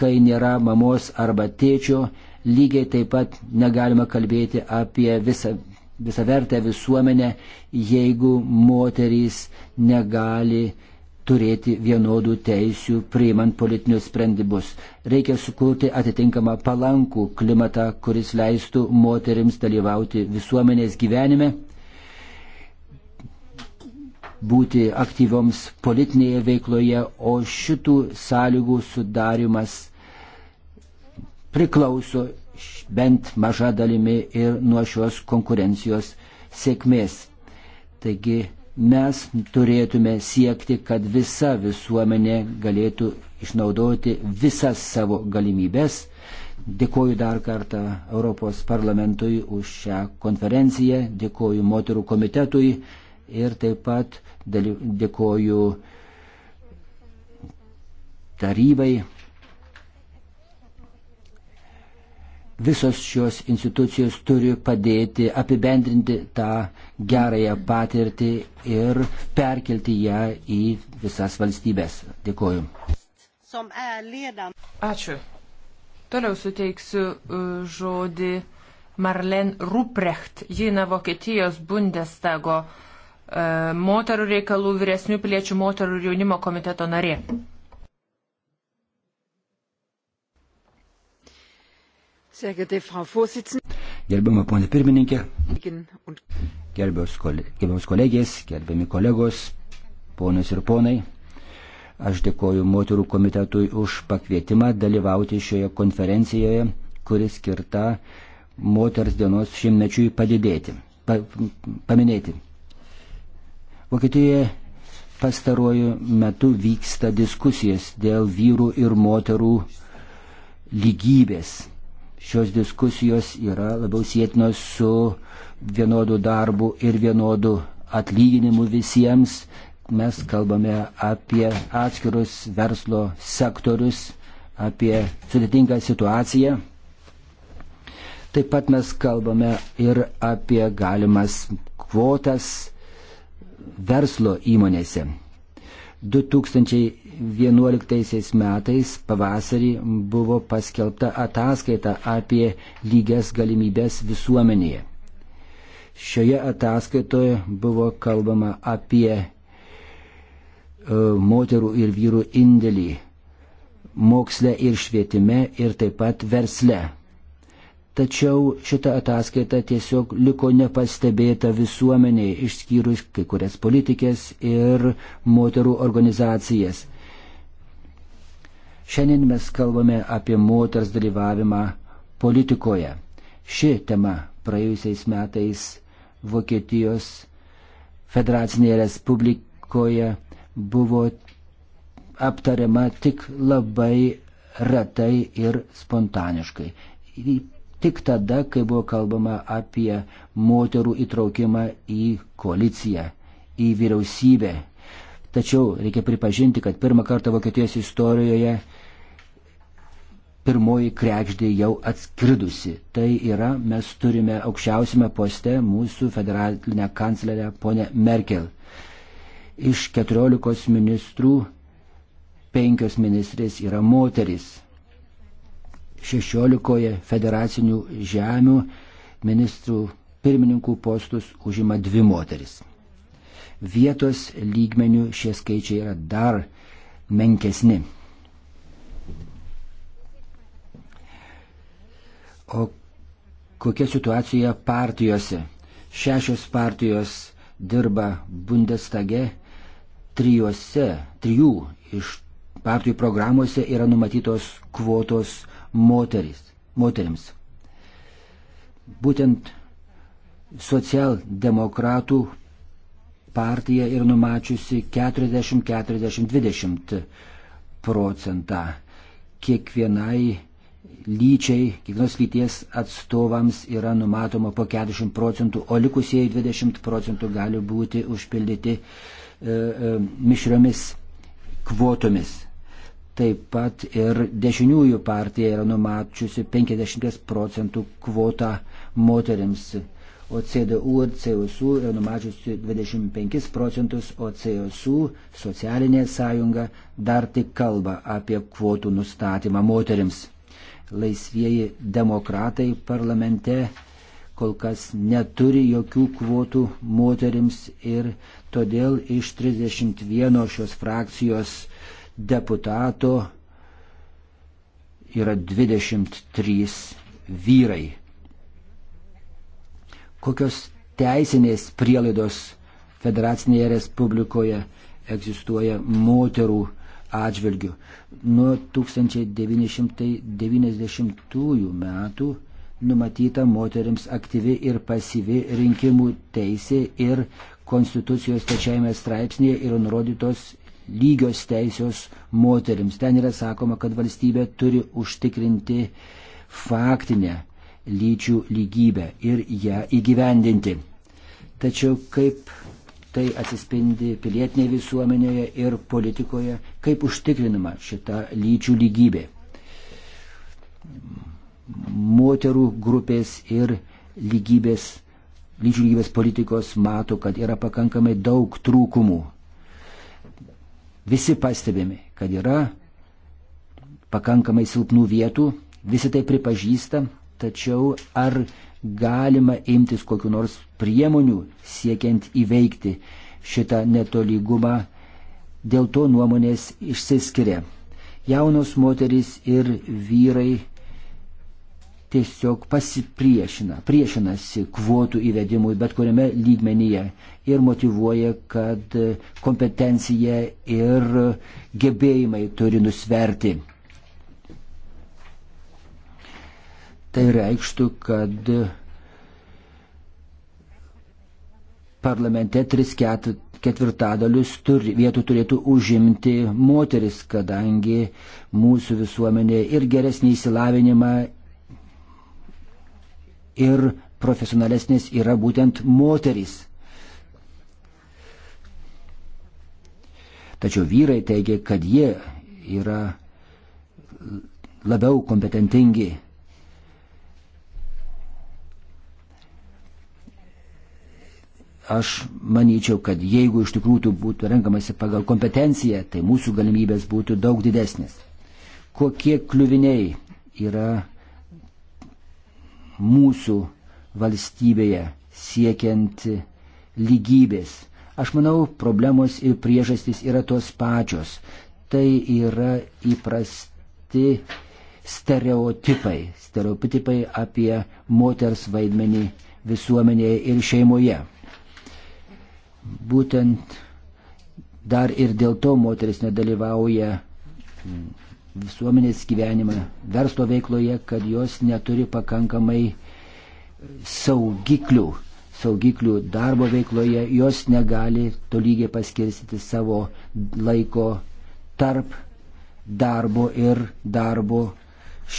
kai nėra mamos arba tėčio, lygiai taip pat negalima kalbėti apie visą visavertę visuomenę, jeigu moterys negali turėti vienodų teisių priimant politinius sprendimus. Reikia sukurti atitinkamą palankų klimatą, kuris leistų moterims dalyvauti visuomenės gyvenime, būti aktyvioms politinėje veikloje, o šitų sąlygų sudarimas priklauso bent maža dalimi ir nuo šios konkurencijos sėkmės. Taigi mes turėtume siekti, kad visa visuomenė galėtų išnaudoti visas savo galimybės. Dėkoju dar kartą Europos parlamentui už šią konferenciją, dėkoju moterų komitetui ir taip pat dėkoju tarybai visos šios institucijos turi padėti apibendrinti tą gerąją patirtį ir perkelti ją į visas valstybės. Dėkoju. Ačiū. Toliau suteiksiu uh, žodį Marlen Ruprecht. Ji yra Vokietijos Bundestago uh, moterų reikalų vyresnių piliečių moterų ir jaunimo komiteto narė. Gerbiama ponė pirmininkė, gerbiamas kolegės, gerbiami kolegos, ponios ir ponai, aš dėkoju moterų komitetui už pakvietimą dalyvauti šioje konferencijoje, kuri skirta moters dienos šimtmečiui padidėti, pa, paminėti. Vokietijoje pastaruoju metu vyksta diskusijas dėl vyrų ir moterų lygybės šios diskusijos yra labiau sėtinos su vienodu darbu ir vienodu atlyginimu visiems. Mes kalbame apie atskirus verslo sektorius, apie sudėtingą situaciją. Taip pat mes kalbame ir apie galimas kvotas verslo įmonėse. 2000 2011 metais pavasarį buvo paskelbta ataskaita apie lygias galimybės visuomenėje. Šioje ataskaitoje buvo kalbama apie e, moterų ir vyrų indėlį moksle ir švietime ir taip pat versle. Tačiau šita ataskaita tiesiog liko nepastebėta visuomeniai, išskyrus kai kurias politikės ir moterų organizacijas. Šiandien mes kalbame apie moters dalyvavimą politikoje. Ši tema praėjusiais metais Vokietijos Federacinėje Respublikoje buvo aptariama tik labai retai ir spontaniškai. Tik tada, kai buvo kalbama apie moterų įtraukimą į koaliciją, į vyriausybę. Tačiau reikia pripažinti, kad pirmą kartą Vokietijos istorijoje pirmoji krekždė jau atskridusi. Tai yra, mes turime aukščiausiame poste mūsų federalinę kanclerę ponę Merkel. Iš 14 ministrų penkios ministrės yra moteris. 16 federacinių žemių ministrų pirmininkų postus užima dvi moteris. Vietos lygmenių šie skaičiai yra dar menkesni. O kokia situacija partijose? Šešios partijos dirba Bundestage, trijuose, trijų iš partijų programuose yra numatytos kvotos moteris, moterims. Būtent socialdemokratų partija ir numačiusi 40-40-20 procentą kiekvienai lyčiai, kiekvienos lyties atstovams yra numatoma po 40 procentų, o likusieji 20 procentų gali būti užpildyti e, e, mišriomis kvotomis. Taip pat ir dešiniųjų partija yra numačiusi 50 procentų kvotą moteriams, o CDU ir CSU yra numačiusi 25 procentus, o CSU socialinė sąjunga dar tik kalba apie kvotų nustatymą moteriams laisvieji demokratai parlamente kol kas neturi jokių kvotų moterims ir todėl iš 31 šios frakcijos deputato yra 23 vyrai. Kokios teisinės prielaidos Federacinėje Respublikoje egzistuoja moterų atžvilgių. Nuo 1990 metų numatyta moteriams aktyvi ir pasyvi rinkimų teisė ir Konstitucijos trečiajame straipsnėje yra nurodytos lygios teisės moteriams. Ten yra sakoma, kad valstybė turi užtikrinti faktinę lyčių lygybę ir ją įgyvendinti. Tačiau kaip tai atsispindi pilietinėje visuomenėje ir politikoje, kaip užtikrinama šita lyčių lygybė. Moterų grupės ir lygybės, lyčių lygybės politikos mato, kad yra pakankamai daug trūkumų. Visi pastebėme, kad yra pakankamai silpnų vietų, visi tai pripažįsta, tačiau ar galima imtis kokiu nors priemonių siekiant įveikti šitą netolygumą, dėl to nuomonės išsiskiria. Jaunos moteris ir vyrai tiesiog pasipriešina, priešinasi kvotų įvedimui bet kuriame lygmenyje ir motivuoja, kad kompetencija ir gebėjimai turi nusverti Tai reikštų, kad parlamente 3 ketvirtadalius turi, vietų turėtų užimti moteris, kadangi mūsų visuomenė ir geresnį įsilavinimą, ir profesionalesnės yra būtent moterys. Tačiau vyrai teigia, kad jie yra labiau kompetentingi Aš manyčiau, kad jeigu iš tikrųjų būtų renkamasi pagal kompetenciją, tai mūsų galimybės būtų daug didesnės. Kokie kliuviniai yra mūsų valstybėje siekiant lygybės. Aš manau, problemos ir priežastys yra tos pačios. Tai yra įprasti stereotipai, stereotipai apie moters vaidmenį visuomenėje ir šeimoje būtent dar ir dėl to moteris nedalyvauja visuomenės gyvenime, verslo veikloje, kad jos neturi pakankamai saugiklių, saugiklių darbo veikloje, jos negali tolygiai paskirstyti savo laiko tarp darbo ir darbo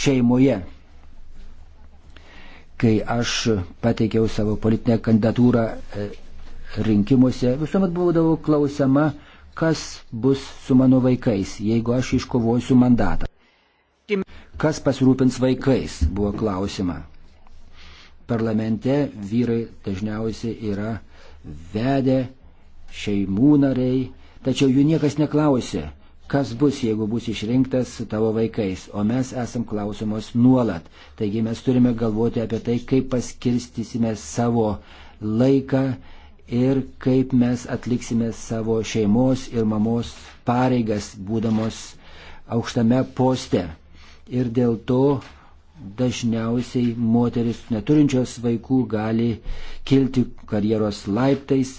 šeimoje. Kai aš pateikiau savo politinę kandidatūrą e, rinkimuose visuomet būdavau klausama, kas bus su mano vaikais, jeigu aš iškovosiu mandatą. Kas pasirūpins vaikais, buvo klausima. Parlamente vyrai dažniausiai yra vedę šeimų nariai, tačiau jų niekas neklausė, kas bus, jeigu bus išrinktas su tavo vaikais, o mes esam klausimos nuolat. Taigi mes turime galvoti apie tai, kaip paskirstysime savo laiką, ir kaip mes atliksime savo šeimos ir mamos pareigas, būdamos aukštame poste. Ir dėl to dažniausiai moteris neturinčios vaikų gali kilti karjeros laiptais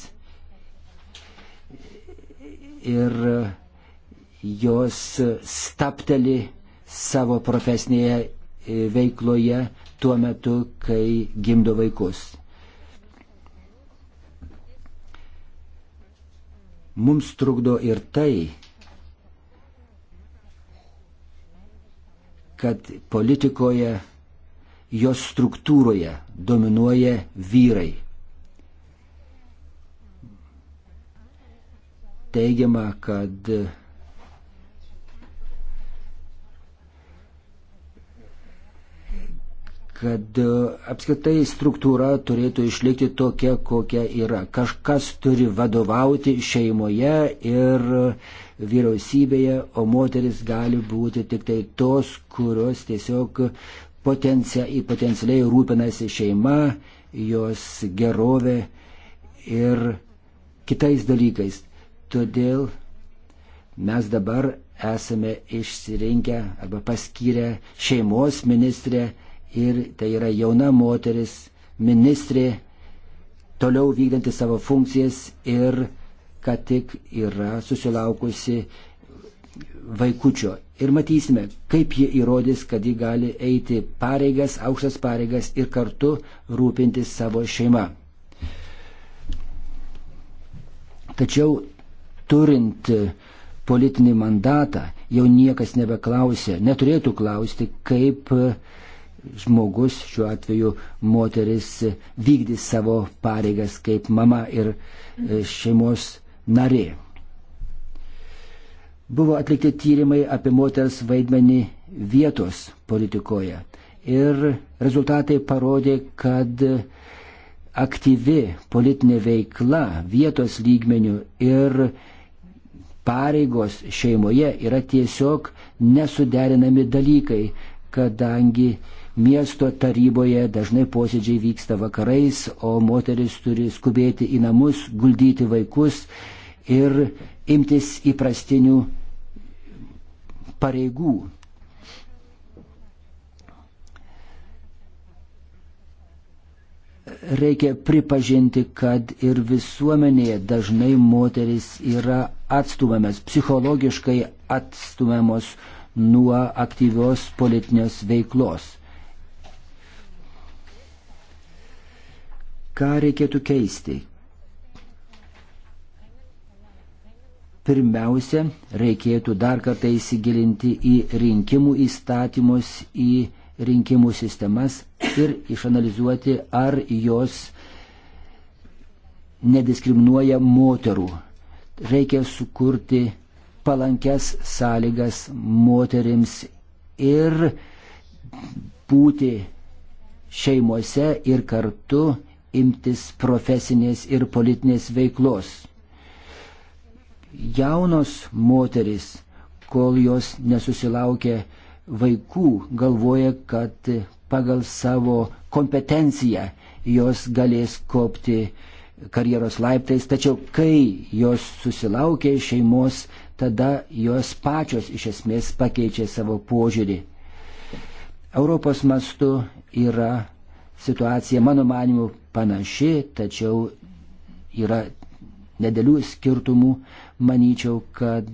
ir jos stapteli savo profesinėje veikloje tuo metu, kai gimdo vaikus. Mums trukdo ir tai, kad politikoje, jos struktūroje dominuoja vyrai. Teigiama, kad kad e, apskritai struktūra turėtų išlikti tokia, kokia yra. Kažkas turi vadovauti šeimoje ir vyriausybėje, o moteris gali būti tik tai tos, kurios tiesiog potencia, potencialiai rūpinasi šeima, jos gerovė ir kitais dalykais. Todėl mes dabar esame išsirinkę arba paskyrę šeimos ministrę ir tai yra jauna moteris, ministrė, toliau vykdanti savo funkcijas ir kad tik yra susilaukusi vaikučio. Ir matysime, kaip ji įrodys, kad ji gali eiti pareigas, aukštas pareigas ir kartu rūpintis savo šeima. Tačiau turint politinį mandatą, jau niekas nebeklausė, neturėtų klausti, kaip uh, žmogus, šiuo atveju moteris, vykdys savo pareigas kaip mama ir e, šeimos narė. Buvo atlikti tyrimai apie moters vaidmenį vietos politikoje ir rezultatai parodė, kad aktyvi politinė veikla vietos lygmenių ir pareigos šeimoje yra tiesiog nesuderinami dalykai, kadangi Miesto taryboje dažnai posėdžiai vyksta vakarais, o moteris turi skubėti į namus, guldyti vaikus ir imtis įprastinių pareigų. Reikia pripažinti, kad ir visuomenėje dažnai moteris yra atstumamas, psichologiškai atstumiamos nuo aktyvios politinės veiklos. Ką reikėtų keisti? Pirmiausia, reikėtų dar kartą įsigilinti į rinkimų įstatymus, į rinkimų sistemas ir išanalizuoti, ar jos nediskriminuoja moterų. Reikia sukurti palankias sąlygas moterims ir būti šeimose ir kartu imtis profesinės ir politinės veiklos. Jaunos moteris, kol jos nesusilaukia vaikų, galvoja, kad pagal savo kompetenciją jos galės kopti karjeros laiptais, tačiau kai jos susilaukia šeimos, tada jos pačios iš esmės pakeičia savo požiūrį. Europos mastu yra situacija, mano manimu, panaši, tačiau yra nedėlių skirtumų. Manyčiau, kad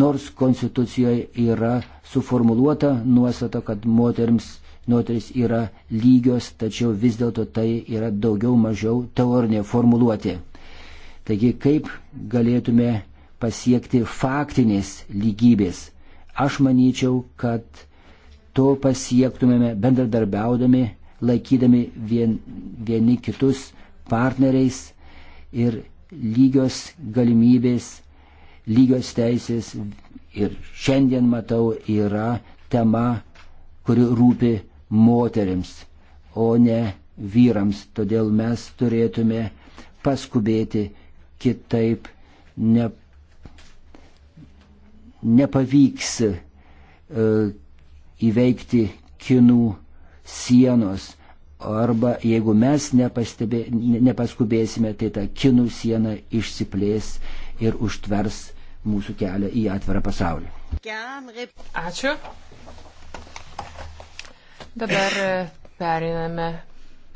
nors konstitucijoje yra suformuluota nuostata, kad moterims, moteris yra lygios, tačiau vis dėlto tai yra daugiau mažiau teorinė formuluotė. Taigi kaip galėtume pasiekti faktinės lygybės? Aš manyčiau, kad to pasiektumėme bendradarbiaudami laikydami vien, vieni kitus partneriais ir lygios galimybės, lygios teisės ir šiandien matau yra tema, kuri rūpi moteriams, o ne vyrams. Todėl mes turėtume paskubėti kitaip ne, nepavyks uh, įveikti kinų sienos arba jeigu mes nepastebė, nepaskubėsime, tai ta kinų siena išsiplės ir užtvers mūsų kelią į atvirą pasaulį. Ačiū. Dabar e, periname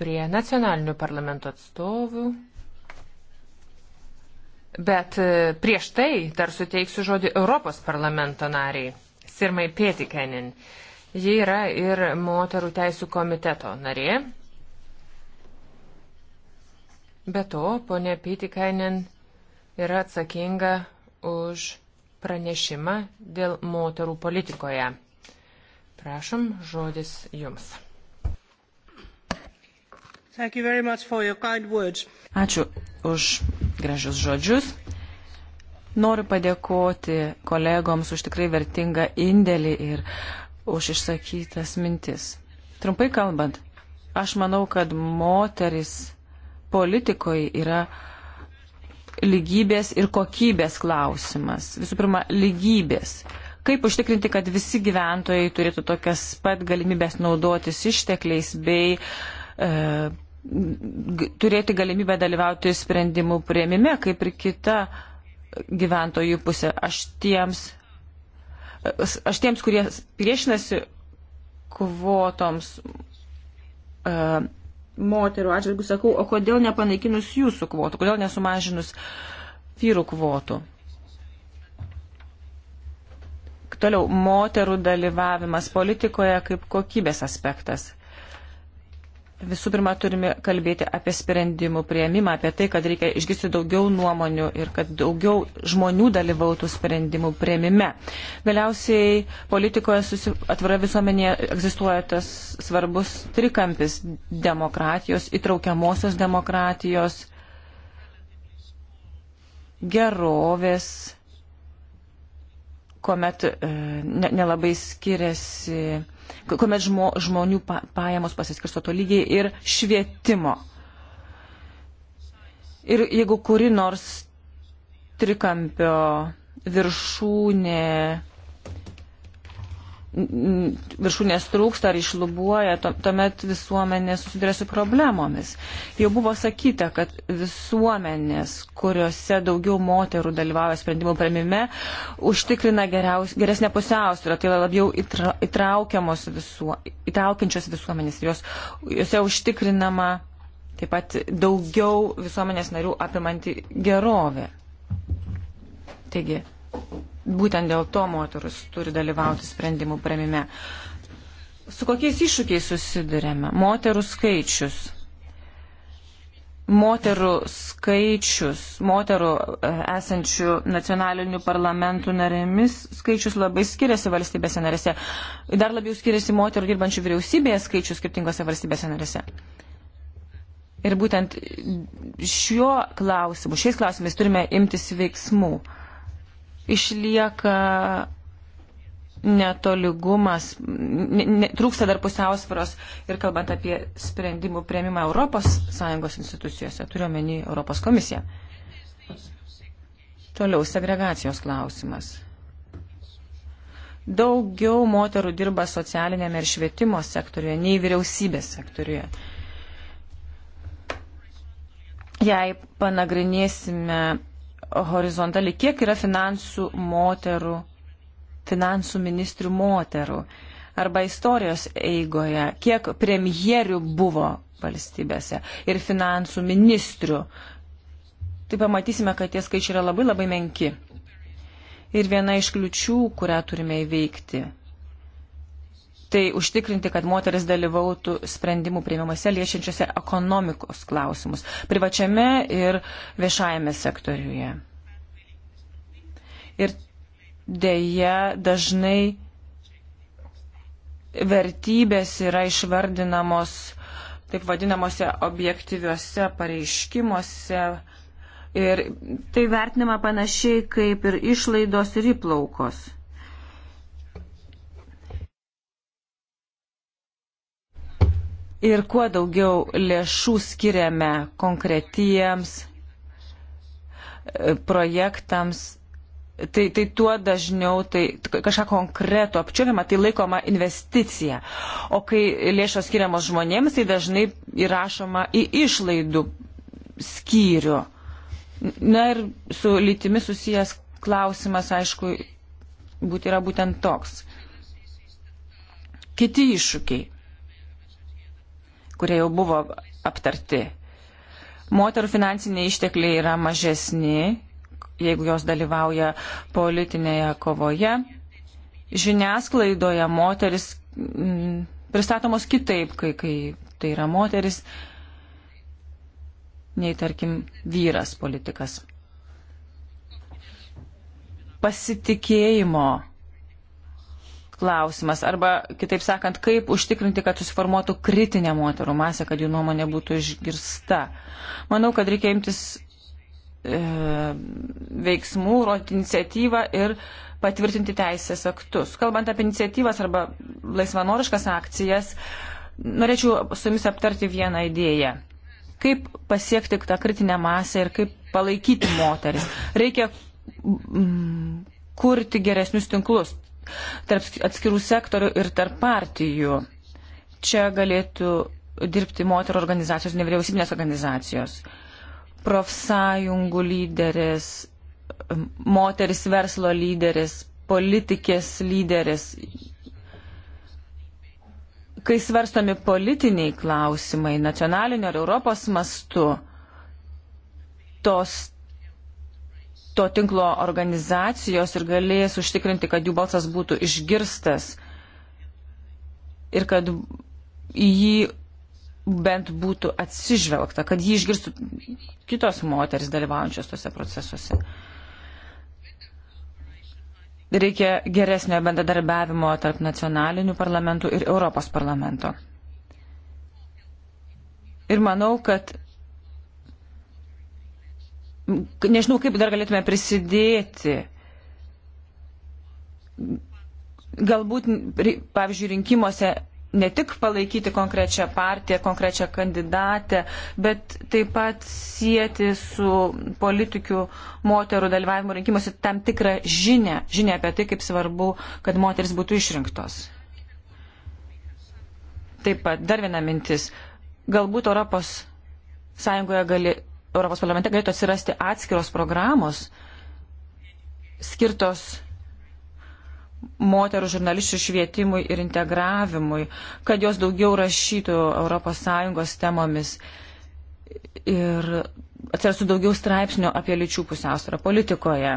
prie nacionalinių parlamento atstovų. Bet e, prieš tai dar suteiksiu žodį Europos parlamento nariai, Sirmai Pietikenin. Uh, Ji yra ir moterų teisų komiteto narė. Be to, ponė Pytikainen yra atsakinga už pranešimą dėl moterų politikoje. Prašom, žodis jums. Ačiū už gražius žodžius. Noriu padėkoti kolegoms už tikrai vertingą indėlį ir uh, už išsakytas mintis. Trumpai kalbant, aš manau, kad moteris politikoje yra lygybės ir kokybės klausimas. Visų pirma, lygybės. Kaip užtikrinti, kad visi gyventojai turėtų tokias pat galimybės naudotis ištekliais bei e, turėti galimybę dalyvauti sprendimų prieimime, kaip ir kita gyventojų pusė. Aš tiems Aš tiems, kurie priešinasi kvotoms uh, moterų atžvilgių, sakau, o kodėl nepanaikinus jūsų kvotų, kodėl nesumažinus vyrų kvotų? Toliau, moterų dalyvavimas politikoje kaip kokybės aspektas visų pirma turime kalbėti apie sprendimų prieimimą, apie tai, kad reikia išgirsti daugiau nuomonių ir kad daugiau žmonių dalyvautų sprendimų prieimime. Galiausiai politikoje atvira visuomenėje egzistuoja tas svarbus trikampis demokratijos, įtraukiamosios demokratijos, gerovės kuomet e, ne, nelabai skiriasi, kuomet žmo, žmonių pajamos pasiskirsto to lygiai ir švietimo. Ir jeigu kuri nors trikampio viršūnė viršūnės trūksta ar išlubuoja, tuomet visuomenė susiduria su problemomis. Jau buvo sakyta, kad visuomenės, kuriuose daugiau moterų dalyvauja sprendimų prieimime, užtikrina geriaus, geresnę pusiausvyrą, tai yra labiau įtra, įtraukiamos visuo, įtraukiančios visuomenės, jos, jose užtikrinama taip pat daugiau visuomenės narių apimanti gerovė. Taigi, būtent dėl to moteris turi dalyvauti sprendimų prieimime. Su kokiais iššūkiais susidurėme? Moterų skaičius. Moterų skaičius, moterų e, esančių nacionalinių parlamentų narėmis skaičius labai skiriasi valstybėse narėse. Dar labiau skiriasi moterų dirbančių vyriausybėje skaičius skirtingose valstybėse narėse. Ir būtent šiuo klausimu, šiais klausimais turime imtis veiksmų. Uh, išlieka netoligumas, ne, ne, trūksta dar pusiausvėros ir kalbant apie sprendimų prieimimą ES institucijose, turiuomenį Europos komisiją. Toliau segregacijos klausimas. Daugiau moterų dirba socialinėme ir švietimo sektoriuje nei vyriausybės sektoriuje. Jei panagrinėsime horizontaliai, kiek yra finansų moterų, finansų ministrių moterų, arba istorijos eigoje, kiek premjerių buvo valstybėse ir finansų ministrių. Tai pamatysime, kad tie skaičiai yra labai labai menki. Ir viena iš kliučių, kurią turime įveikti tai užtikrinti, kad moteris dalyvautų sprendimų prieimimuose liečiančiuose ekonomikos klausimus privačiame ir viešajame sektoriuje. Ir dėja dažnai vertybės yra išvardinamos taip vadinamosi objektyviuose pareiškimuose. Ir tai vertinama panašiai kaip ir išlaidos ir įplaukos. ir kuo daugiau lėšų skiriame konkretiems e, projektams, tai, tai tuo dažniau tai kažką konkreto apčiuopiama, tai laikoma investicija. O kai lėšos skiriamos žmonėms, tai dažnai įrašoma į išlaidų skyrių. Na ir su lytimi susijęs klausimas, aišku, būt, yra būtent toks. Kiti iššūkiai kurie jau buvo aptarti. Moterų finansiniai ištekliai yra mažesni, jeigu jos dalyvauja politinėje kovoje. Žiniasklaidoje moteris m, mm, pristatomos kitaip, kai, kai tai yra moteris, nei tarkim vyras politikas. Pasitikėjimo klausimas. Arba, kitaip sakant, kaip užtikrinti, kad susiformuotų kritinė moterų masė, kad jų nuomonė būtų išgirsta. Manau, kad reikia imtis e, veiksmų, rodyti iniciatyvą ir patvirtinti teisės aktus. Kalbant apie iniciatyvas arba laisvanoriškas akcijas, norėčiau su jumis aptarti vieną idėją. Kaip pasiekti tą kritinę masę ir kaip palaikyti moteris. Reikia mm, kurti geresnius tinklus, tarp atskirų sektorių ir tarp partijų. Čia galėtų dirbti moterų organizacijos, nevyriausybinės organizacijos, profsąjungų lyderis, moteris verslo lyderis, politikės lyderis. Kai svarstomi politiniai klausimai nacionalinio ir Europos mastu, tos to tinklo organizacijos ir galės užtikrinti, kad jų balsas būtų išgirstas ir kad į jį bent būtų atsižvelgta, kad jį išgirstų kitos moteris dalyvaujančios tose procesuose. Reikia geresnio bendradarbiavimo tarp nacionalinių parlamentų ir Europos parlamento. Ir manau, kad nežinau, kaip dar galėtume prisidėti. Galbūt, pavyzdžiui, rinkimuose ne tik palaikyti konkrečią partiją, konkrečią kandidatę, bet taip pat sieti su politikių moterų dalyvavimu rinkimuose tam tikrą žinę, žinę apie tai, kaip svarbu, kad moteris būtų išrinktos. Taip pat dar viena mintis. Galbūt Europos Sąjungoje gali, Europos parlamente galėtų atsirasti atskiros programos skirtos moterų žurnalisčių švietimui ir integravimui, kad jos daugiau rašytų ES temomis ir atsirastų daugiau straipsnio apie lyčių pusiausvyrą politikoje.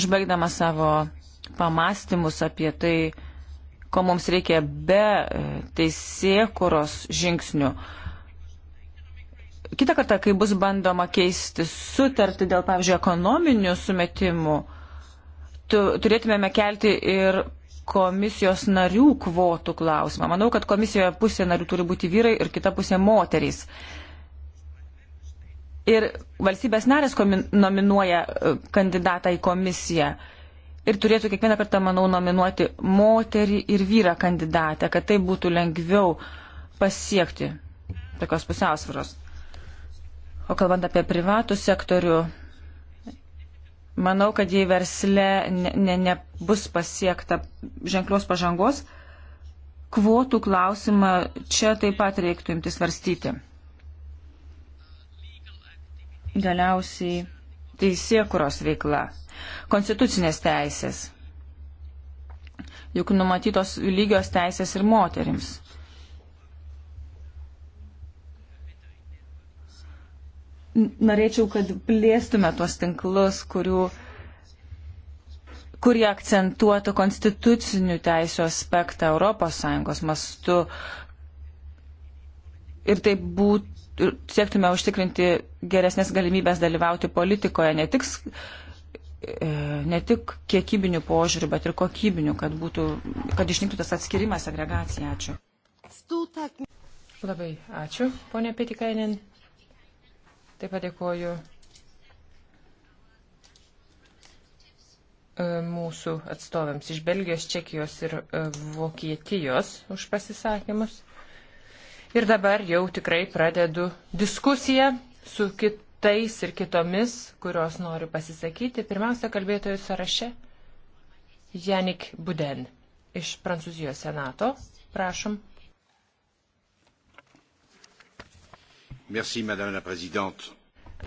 Užbaigdama savo pamastymus apie tai, ko mums reikia be e, teisėkuros žingsnių. Kita kartą, kai bus bandoma keisti sutartį dėl, pavyzdžiui, ekonominių sumetimų, tu, turėtumėme kelti ir komisijos narių kvotų klausimą. Manau, kad komisijoje pusė narių turi būti vyrai ir kita pusė moterys. Ir valstybės narės nominuoja e, kandidatą į komisiją ir turėtų kiekvieną kartą, manau, nominuoti moterį ir vyrą kandidatę, kad tai būtų lengviau pasiekti tokios pusiausvėros. O kalbant apie privatų sektorių, manau, kad jei versle nebus ne, ne pasiekta ženklios pažangos, kvotų klausimą čia taip pat reiktų imti svarstyti. Galiausiai teisėkuros veikla, konstitucinės teisės. Juk numatytos lygios teisės ir moterims. Norėčiau, kad plėstume tuos tinklus, kurių, kurie akcentuotų konstitucinių teisų aspektą ES mastu. Ir tai būtų siektume užtikrinti geresnės galimybės dalyvauti politikoje, ne tik, e, ne tik kiekybinių požiūrių, bet ir kokybinių, kad, būtų, kad išnyktų tas atskirimas, agregacija. Ačiū. Labai ačiū, ponė Pitikainin. Taip pat dėkoju e, mūsų atstovams iš Belgijos, Čekijos ir e, Vokietijos už pasisakymus. Ir dabar jau tikrai pradedu diskusiją su kitais ir kitomis, kurios noriu pasisakyti. Pirmiausia, kalbėtojų sąraše Janik Buden iš Prancūzijos Senato. Prašom. Merci, Madame la Présidente.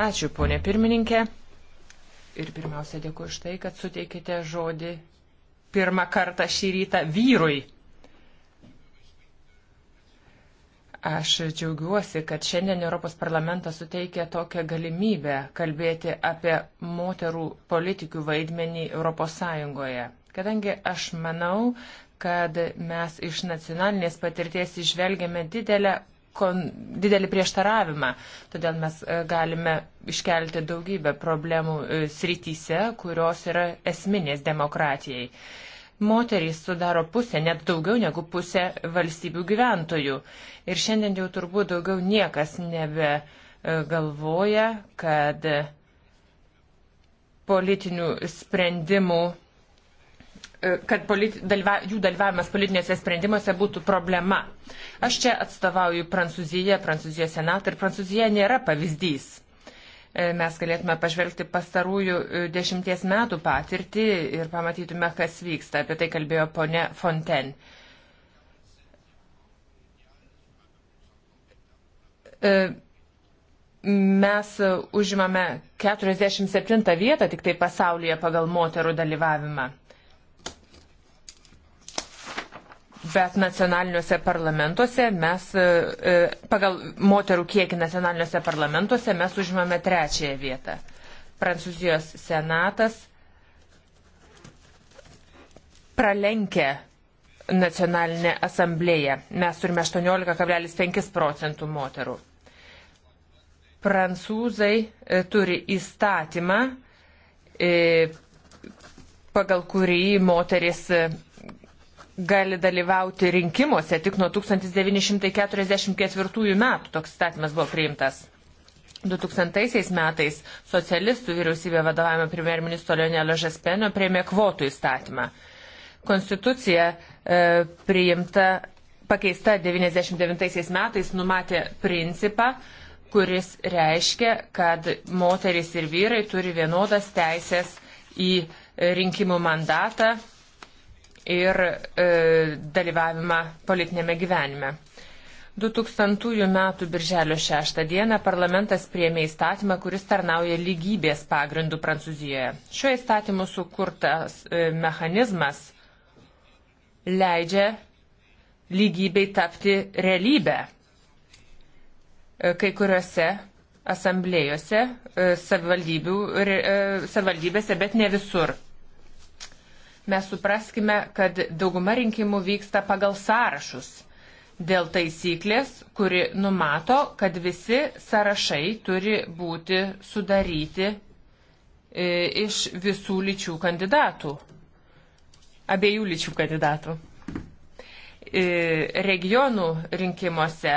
Ačiū, ponė pirmininkė. Ir pirmiausia, dėkuoju už tai, kad suteikite žodį pirmą kartą šį rytą vyrui. Aš džiaugiuosi, kad šiandien Europos parlamentas suteikia tokią galimybę kalbėti apie moterų politikių vaidmenį Europos Sąjungoje. Kadangi aš manau, kad mes iš nacionalinės patirties išvelgiame didelę kon, didelį prieštaravimą. Todėl mes e, galime iškelti daugybę problemų e, srityse, kurios yra esminės demokratijai. Moterys sudaro pusę, net daugiau negu pusę valstybių gyventojų. Ir šiandien jau turbūt daugiau niekas nebe galvoja, kad politinių sprendimų kad politi, dalyva, jų dalyvavimas politinėse sprendimuose būtų problema. Aš čia atstovauju Prancūziją, Prancūzijos senatą ir Prancūzija nėra pavyzdys. E, mes galėtume pažvelgti pastarųjų e, dešimties metų patirtį ir pamatytume, kas vyksta. Apie tai kalbėjo ponė Fonten. E, mes užimame 47 vietą tik tai pasaulyje pagal moterų dalyvavimą. Bet nacionaliniuose parlamentuose mes, e, e, pagal moterų kiekį nacionaliniuose parlamentuose mes užimame trečiąją vietą. Prancūzijos senatas pralenkia nacionalinę asamblėją. Mes turime 18,5 procentų moterų. Prancūzai e, turi įstatymą, pagal kurį moteris gali dalyvauti rinkimuose tik nuo 1944 metų toks statymas buvo priimtas. 2000 metais socialistų vyriausybė vadovavimo premjerministro Leonelio Žaspenio priėmė kvotų įstatymą. Konstitucija e, priimta, pakeista 99 metais numatė principą, kuris reiškia, kad moteris ir vyrai turi vienodas teisės į rinkimų mandatą ir e, dalyvavimą politinėme gyvenime. 2000 m. birželio 6 d. parlamentas priėmė įstatymą, kuris tarnauja lygybės pagrindų Prancūzijoje. Šiuo įstatymu sukurtas e, mechanizmas leidžia lygybei tapti realybę. E, kai kuriuose asamblėjose, e, savivaldybių, e, savivaldybėse, bet ne visur mes supraskime, kad dauguma rinkimų vyksta pagal sąrašus. Dėl taisyklės, kuri numato, kad visi sąrašai turi būti sudaryti e, iš visų lyčių kandidatų. Abiejų lyčių kandidatų. E, regionų rinkimuose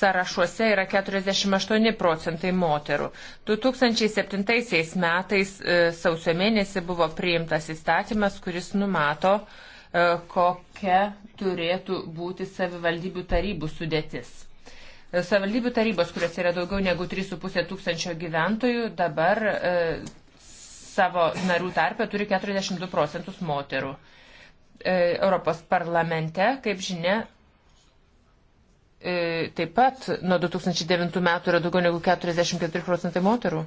sąrašuose yra 48 procentai moterų. 2007 metais e, sausio mėnesį buvo priimtas įstatymas, kuris numato, e, kokia turėtų būti savivaldybių tarybų sudėtis. E, savivaldybių tarybos, kuriuose yra daugiau negu 3,5 tūkstančio gyventojų, dabar savo narių tarpę turi 42 procentus moterų. Europos parlamente, kaip žinia, E, taip pat nuo 2009 metų yra daugiau negu 44 procentai moterų.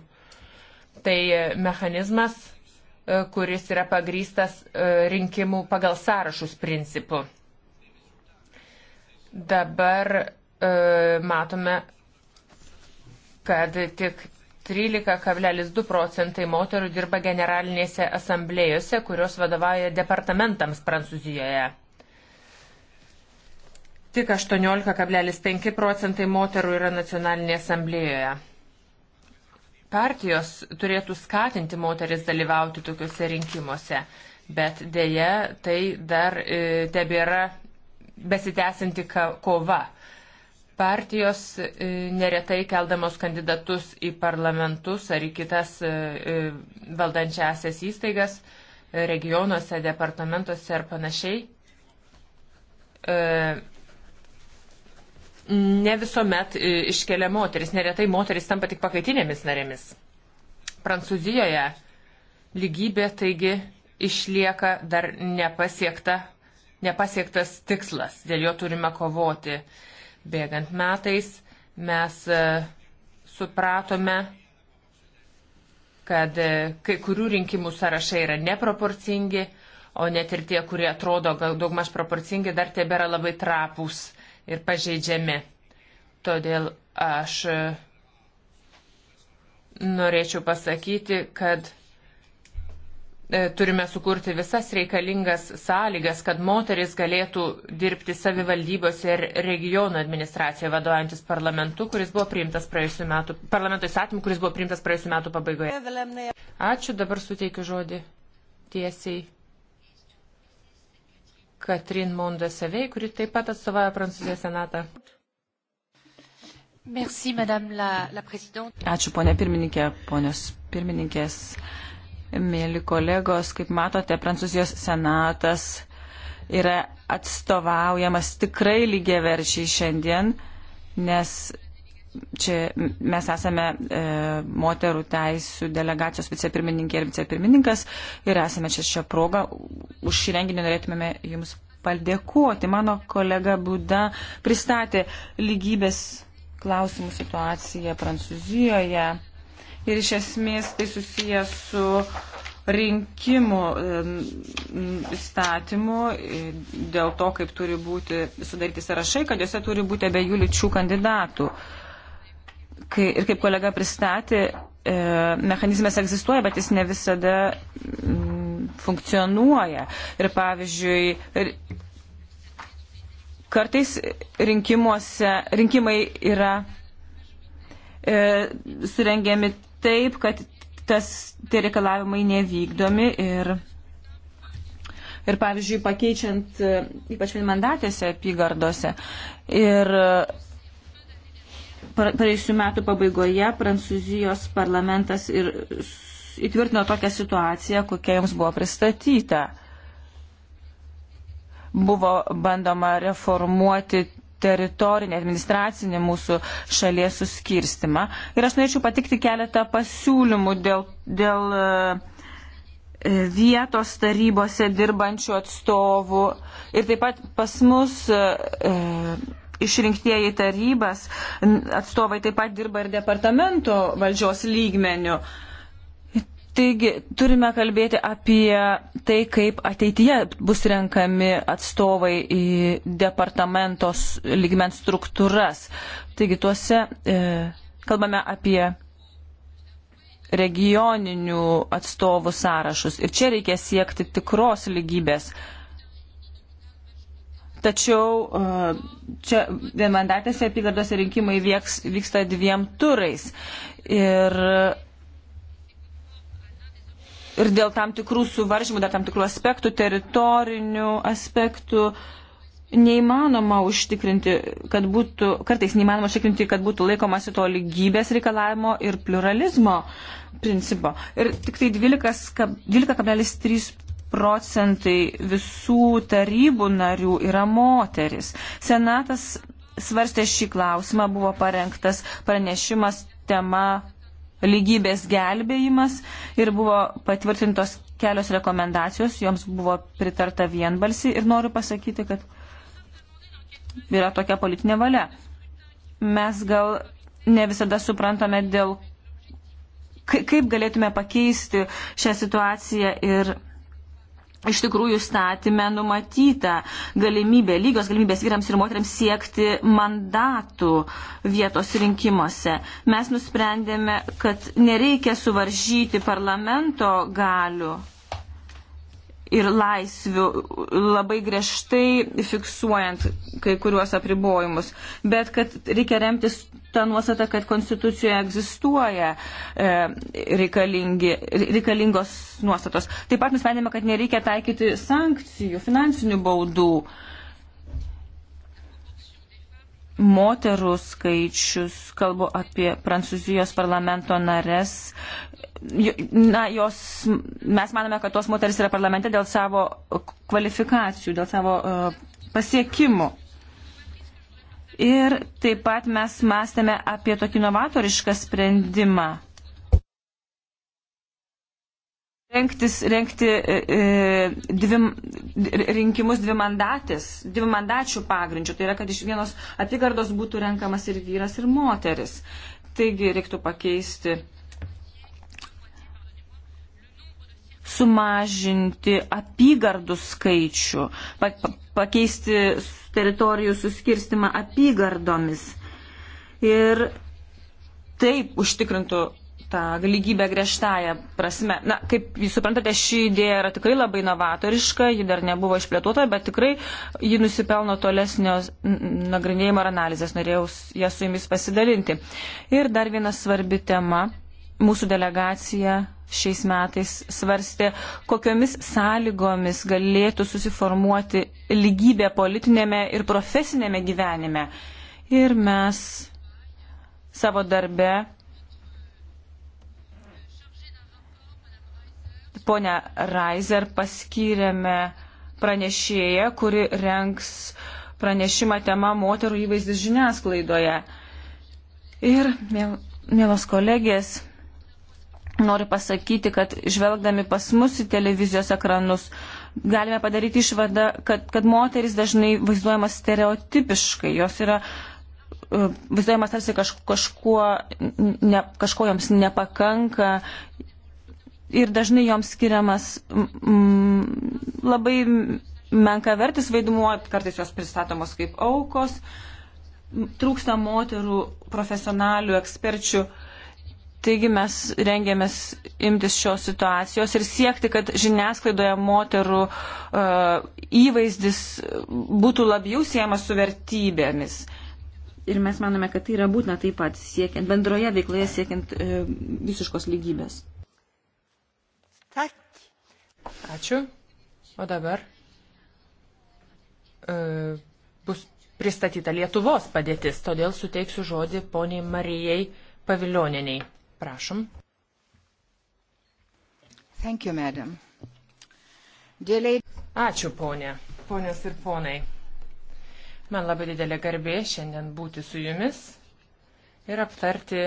Tai e, mechanizmas, e, kuris yra pagrystas rinkimų pagal sąrašus principu. Dabar matome, kad tik 13,2 procentai moterų dirba generalinėse asamblėjose, kurios vadovauja departamentams Prancūzijoje. Tik 18,5 procentai moterų yra nacionalinėje asamblėjoje. Partijos turėtų skatinti moteris dalyvauti tokiuose rinkimuose, bet dėje tai dar e, tebėra besitęsinti kova partijos e, neretai keldamos kandidatus į parlamentus ar į kitas e, valdančiasias įstaigas regionuose, departamentuose ar panašiai ne visuomet e, iškelia moteris, neretai moteris tampa tik pakaitinėmis narėmis. Prancūzijoje lygybė taigi išlieka dar nepasiekta, nepasiektas tikslas, dėl jo turime kovoti. Bėgant metais mes e, supratome, kad e, kai kurių rinkimų sąrašai yra neproporcingi, o net ir tie, kurie atrodo daugmaž proporcingi, dar tebėra labai trapūs ir pažeidžiami. Todėl aš e, norėčiau pasakyti, kad e, turime sukurti visas reikalingas sąlygas, kad moteris galėtų dirbti savivaldybos ir regionų administracijoje vadovaujantis parlamentu, kuris buvo priimtas praėjusiu metu, parlamento įstatymu, kuris buvo priimtas praėjusiu metu pabaigoje. Ačiū, dabar suteikiu žodį tiesiai Katrin Monde Savei, kuri taip pat atstovauja Prancūzijos senatą. Merci, madame la, la présidente. Ačiū, ponė pirmininkė, ponios pirmininkės, mėly kolegos. Kaip matote, Prancūzijos senatas yra atstovaujamas tikrai lygiaverčiai šiandien, nes čia mes esame e, moterų teisų delegacijos vicepirmininkė ir vicepirmininkas ir esame čia šią progą. Už šį renginį norėtumėme Jums padėkoti. Mano kolega Buda pristatė lygybės klausimų situaciją Prancūzijoje ir iš esmės tai susijęs su rinkimų įstatymų e, dėl to, kaip turi būti sudaryti sąrašai, kad juose turi būti abiejų lyčių kandidatų. E, kai, ir kaip kolega pristatė, e, mechanizmas egzistuoja, bet jis ne visada m, mm, funkcionuoja. Ir pavyzdžiui, ir kartais rinkimuose, rinkimai yra e, surengiami taip, kad tas, tie reikalavimai nevykdomi ir ir pavyzdžiui pakeičiant e, ypač vienmandatėse apygardose. Ir praėjusiu metu pabaigoje Prancūzijos parlamentas ir įtvirtino tokią situaciją, kokia jums buvo pristatyta. Buvo bandoma reformuoti teritorinį administracinį mūsų šalies suskirstimą. Ir aš norėčiau patikti keletą pasiūlymų dėl, dėl e, vietos tarybose dirbančių atstovų. Ir taip pat pas mus e, išrinktieji tarybas atstovai taip pat dirba ir departamento valdžios lygmenių. Taigi turime kalbėti apie tai, kaip ateityje bus renkami atstovai į departamentos lygmens struktūras. Taigi tuose e, kalbame apie regioninių atstovų sąrašus. Ir čia reikia siekti tikros lygybės. E, Tačiau e, čia vienmandatėse apygardose rinkimai vyks, vyksta dviem turais. Ir, ir dėl tam tikrų suvaržymų, dar tam tikrų aspektų, teritorinių aspektų, neįmanoma užtikrinti, kad būtų, kartais neįmanoma užtikrinti, kad būtų laikomasi to lygybės reikalavimo ir pluralizmo principo. Ir tik tai 12,3 12, 12 procentai visų tarybų narių yra moteris. Senatas svarstė šį klausimą, buvo parengtas pranešimas tema lygybės gelbėjimas ir buvo patvirtintos kelios rekomendacijos, joms buvo pritarta vienbalsi ir noriu pasakyti, kad yra tokia politinė valia. Mes gal ne visada suprantame, dėl kaip galėtume pakeisti šią situaciją ir iš tikrųjų statime numatyta galimybė, lygios galimybės vyrams ir moteriams siekti mandatų vietos rinkimuose. Mes nusprendėme, kad nereikia suvaržyti parlamento galių ir laisvių labai griežtai fiksuojant kai kuriuos apribojimus, bet kad reikia remtis ta nuostata, kad konstitucijoje egzistuoja e, reikalingos nuostatos. Taip pat nusprendėme, kad nereikia taikyti sankcijų, finansinių baudų. Moterų skaičius, kalbu apie Prancūzijos parlamento nares, na, jos, mes manome, kad tos moteris yra parlamente dėl savo kvalifikacijų, dėl savo uh, pasiekimų. Ir taip pat mes mąstėme apie tokį novatorišką sprendimą. Renktis, renkti e, e dvi, rinkimus dvimandatis, dvimandačių pagrindžių. Tai yra, kad iš vienos apygardos būtų renkamas ir vyras, ir moteris. Taigi reiktų pakeisti sumažinti apygardų skaičių, pakeisti teritorijų suskirstimą apygardomis. Ir taip užtikrintų tą lygybę griežtąją prasme. Na, kaip jūs suprantate, ši idėja yra tikrai labai novatoriška, ji dar nebuvo išplėtota, bet tikrai ji nusipelno tolesnio nagrinėjimo ir analizės. Norėjau ją su jumis pasidalinti. Ir dar viena svarbi tema. Mūsų delegacija šiais metais svarstė, kokiomis sąlygomis galėtų susiformuoti lygybė politinėme ir profesinėme gyvenime. Ir mes savo darbe ponę Reiser paskyrėme pranešėją, kuri renks pranešimą tema moterų įvaizdis žiniasklaidoje. Ir, mielos kolegės, noriu pasakyti, kad žvelgdami pas mus į televizijos ekranus, galime padaryti išvadą, kad, kad moteris dažnai vaizduojamas stereotipiškai, jos yra e, vaizduojamas tarsi kaž, kažkuo, ne, kažko joms nepakanka ir dažnai joms skiriamas mm, labai menka vertis vaidmuo, kartais jos pristatomos kaip aukos, trūksta moterų profesionalių eksperčių Taigi mes rengiamės imtis šios situacijos ir siekti, kad žiniasklaidoje moterų uh, įvaizdis būtų labiau siejamas su vertybėmis. Ir mes manome, kad tai yra būtina taip pat siekiant, bendroje veikloje siekiant uh, visiškos lygybės. Tak. Ačiū. O dabar uh, bus pristatyta Lietuvos padėtis, todėl suteiksiu žodį poniai Marijai Paviljoniniai. Prašom. Thank you, madam. Dėliai. Ačiū, ponė. Ponės ir ponai. Man labai didelė garbė šiandien būti su jumis ir aptarti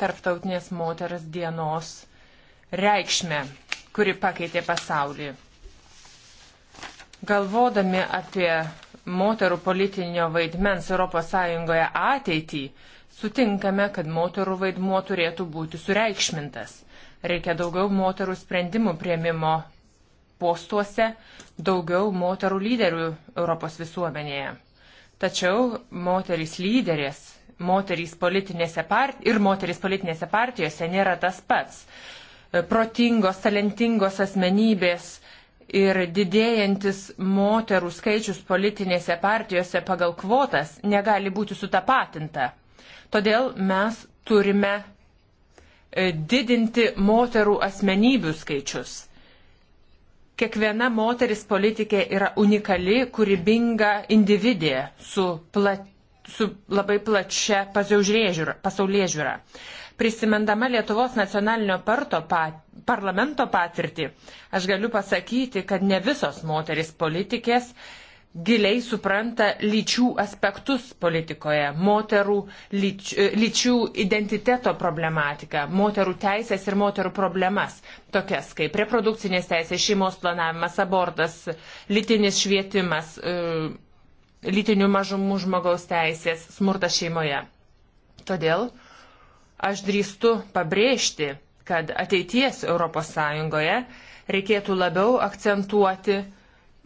Tarptautinės moters dienos reikšmę, kuri pakeitė pasaulį. Galvodami apie moterų politinio vaidmens ES ateitį, sutinkame, kad moterų vaidmuo turėtų būti sureikšmintas. Reikia daugiau moterų sprendimų prieimimo postuose, daugiau moterų lyderių Europos visuomenėje. Tačiau moterys lyderės moterys politinėse part... ir moterys politinėse partijose nėra tas pats. Protingos, talentingos asmenybės ir didėjantis moterų skaičius politinėse partijose pagal kvotas negali būti sutapatinta. Todėl mes turime e, didinti moterų asmenybių skaičius. Kiekviena moteris politikė yra unikali, kūrybinga individė su, pla, su labai plačia pasaulyje žiūra. Prisimendama Lietuvos nacionalinio parto pat, parlamento patirtį, aš galiu pasakyti, kad ne visos moteris politikės giliai supranta lyčių aspektus politikoje, moterų lyč, e, lyčių identiteto problematiką, moterų teisės ir moterų problemas, tokias kaip reprodukcinės teisės, šeimos planavimas, abortas, lytinis švietimas, e, lytinių mažumų žmogaus teisės, smurtas šeimoje. Todėl aš drįstu pabrėžti, kad ateities ES reikėtų labiau akcentuoti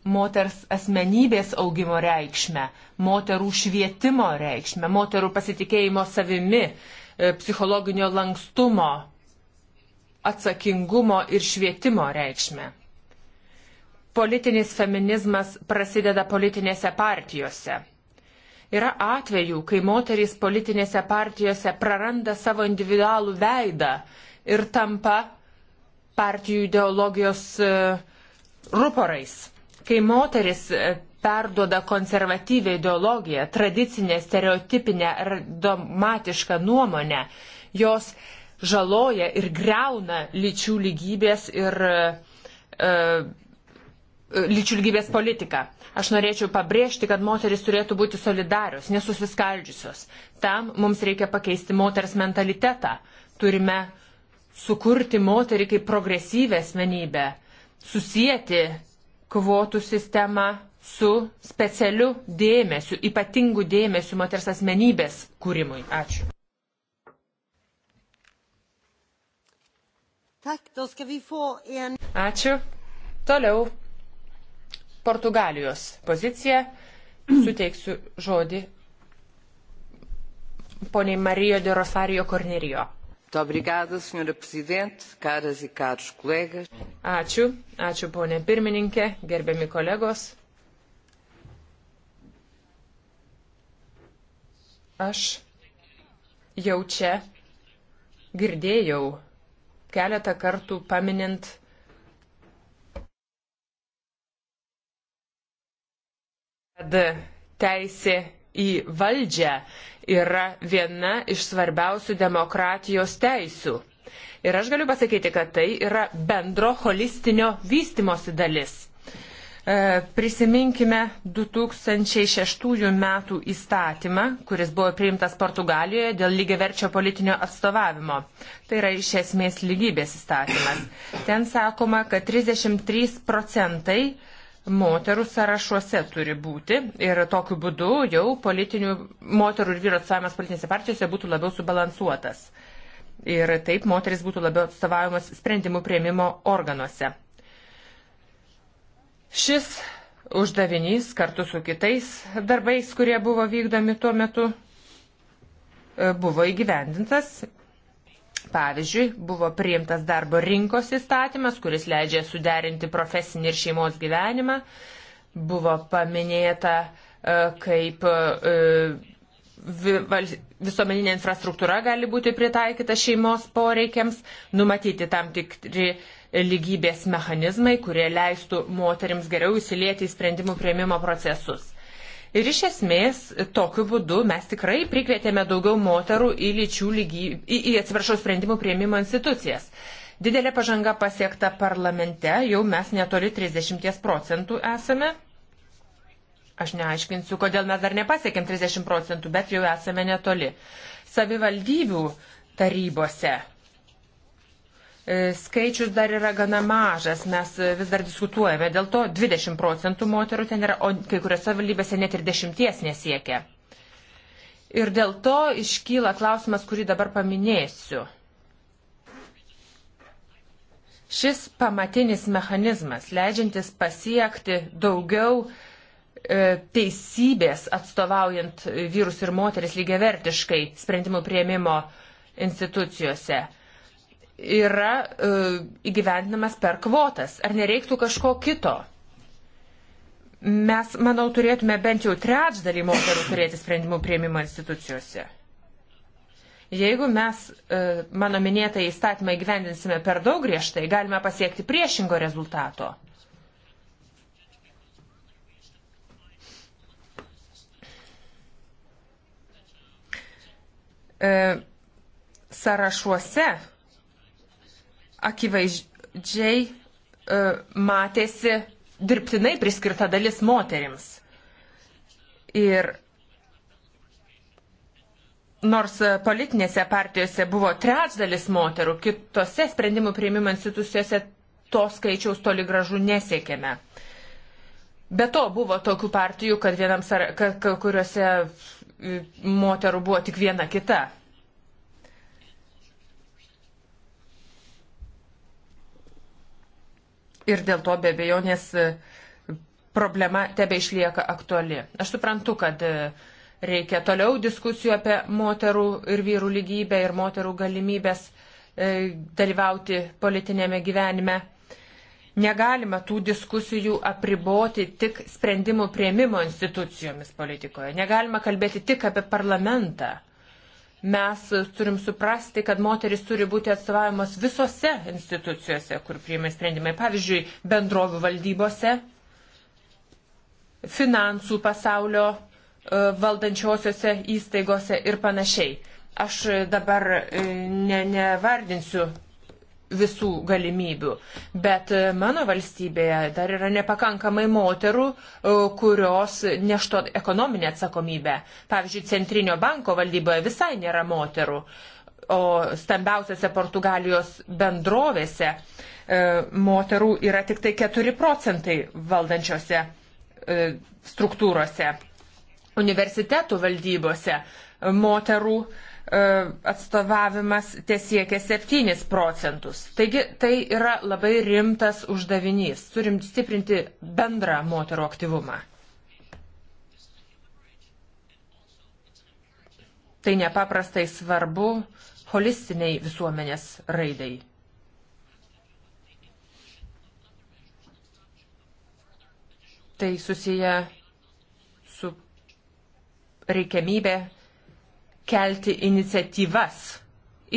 moters asmenybės augimo reikšmę, moterų švietimo reikšmę, moterų pasitikėjimo savimi, e, psichologinio lankstumo, atsakingumo ir švietimo reikšmę. Politinis feminizmas prasideda politinėse partijose. Yra atvejų, kai moterys politinėse partijose praranda savo individualų veidą ir tampa partijų ideologijos e, ruporais Kai moteris e, perduoda konservatyvę ideologiją, tradicinę, stereotipinę ar dogmatišką nuomonę, jos žaloja ir greuna lyčių lygybės ir e, e, lyčių lygybės politiką. Aš norėčiau pabrėžti, kad moteris turėtų būti solidarios, nesusiskaldžiusios. Tam mums reikia pakeisti moters mentalitetą. Turime sukurti moterį kaip progresyvę asmenybę, susijęti kvotų sistemą su specialiu dėmesiu, ypatingu dėmesiu moters asmenybės kūrimui. Ačiū. Ačiū. Toliau Portugalijos poziciją. Suteiksiu žodį poniai Marijo de Rosario Cornerijo. E ačiū, ačiū ponė pirmininkė, gerbiami kolegos. Aš jau čia girdėjau keletą kartų paminint kad teisė į valdžią yra viena iš svarbiausių demokratijos teisių. Ir aš galiu pasakyti, kad tai yra bendro holistinio vystimosi dalis. E, prisiminkime 2006 metų įstatymą, kuris buvo priimtas Portugalijoje dėl lygiaverčio politinio atstovavimo. Tai yra iš esmės lygybės įstatymas. Ten sakoma, kad 33 procentai moterų sąrašuose turi būti ir tokiu būdu jau politinių moterų ir vyrų atstovavimas politinėse partijose būtų labiau subalansuotas. Ir taip moteris būtų labiau atstovavimas sprendimų prieimimo organuose. Šis uždavinys kartu su kitais darbais, kurie buvo vykdomi tuo metu, e, buvo įgyvendintas Pavyzdžiui, buvo priimtas darbo rinkos įstatymas, kuris leidžia suderinti profesinį ir šeimos gyvenimą. Buvo paminėta e, kaip e, visuomeninė infrastruktūra gali būti pritaikyta šeimos poreikiams, numatyti tam tikri lygybės mechanizmai, kurie leistų moteriams geriau įsilieti į sprendimų prieimimo procesus. Ir iš esmės tokiu būdu mes tikrai prikvietėme daugiau moterų į lyčių lygy, į, į atsiprašau sprendimų prieimimo institucijas. Didelė pažanga pasiekta parlamente, jau mes netoli 30 procentų esame. Aš neaiškinsiu, kodėl mes dar nepasiekėm 30 procentų, bet jau esame netoli. Savivaldybių tarybose E, skaičius dar yra gana mažas, mes e, vis dar diskutuojame, dėl to 20 procentų moterų ten yra, o kai kuriuose valdybėse net ir dešimties nesiekia. Ir dėl to iškyla klausimas, kurį dabar paminėsiu. Šis pamatinis mechanizmas, leidžiantis pasiekti daugiau e, teisybės atstovaujant vyrus ir moteris lygiavertiškai sprendimų prieimimo institucijose yra e, įgyvendinamas per kvotas. Ar nereiktų kažko kito? Mes, manau, turėtume bent jau trečdalį moterų turėti sprendimų prieimimo institucijose. Jeigu mes e, mano minėtą įstatymą įgyvendinsime per daug griežtai, galime pasiekti priešingo rezultato. E, Sarašuose akivaizdžiai e, matėsi dirbtinai priskirta dalis moterims. Ir nors politinėse partijose buvo trečdalis moterų, kitose sprendimų prieimimo institucijose to skaičiaus toli gražu nesiekėme. Be to buvo tokių partijų, kad, kad kuriuose moterų buvo tik viena kita. ir dėl to be abejonės e, problema tebe išlieka aktuali. Aš suprantu, kad e, reikia toliau diskusijų apie moterų ir vyrų lygybę ir moterų galimybės e, dalyvauti politinėme gyvenime. Negalima tų diskusijų apriboti tik sprendimų prieimimo institucijomis politikoje. Negalima kalbėti tik apie parlamentą. Mes turim suprasti, kad moteris turi būti atstovavimas visose institucijose, kur priimė sprendimai. Pavyzdžiui, bendrovių valdybose, finansų pasaulio e, valdančiosiose įstaigose ir panašiai. Aš dabar e, ne, nevardinsiu visų galimybių. Bet e, mano valstybėje dar yra nepakankamai moterų, e, kurios nešto ekonominę atsakomybę. Pavyzdžiui, Centrinio banko valdyboje visai nėra moterų, o stambiausiose Portugalijos bendrovėse e, moterų yra tik tai 4 procentai valdančiose e, struktūrose. Universitetų valdybose moterų e, E, atstovavimas tiesiekia 7 procentus. Taigi tai yra labai rimtas uždavinys. Turim stiprinti bendrą moterų aktyvumą. Tai nepaprastai svarbu holistiniai visuomenės raidai. Tai susiję su reikiamybė kelti iniciatyvas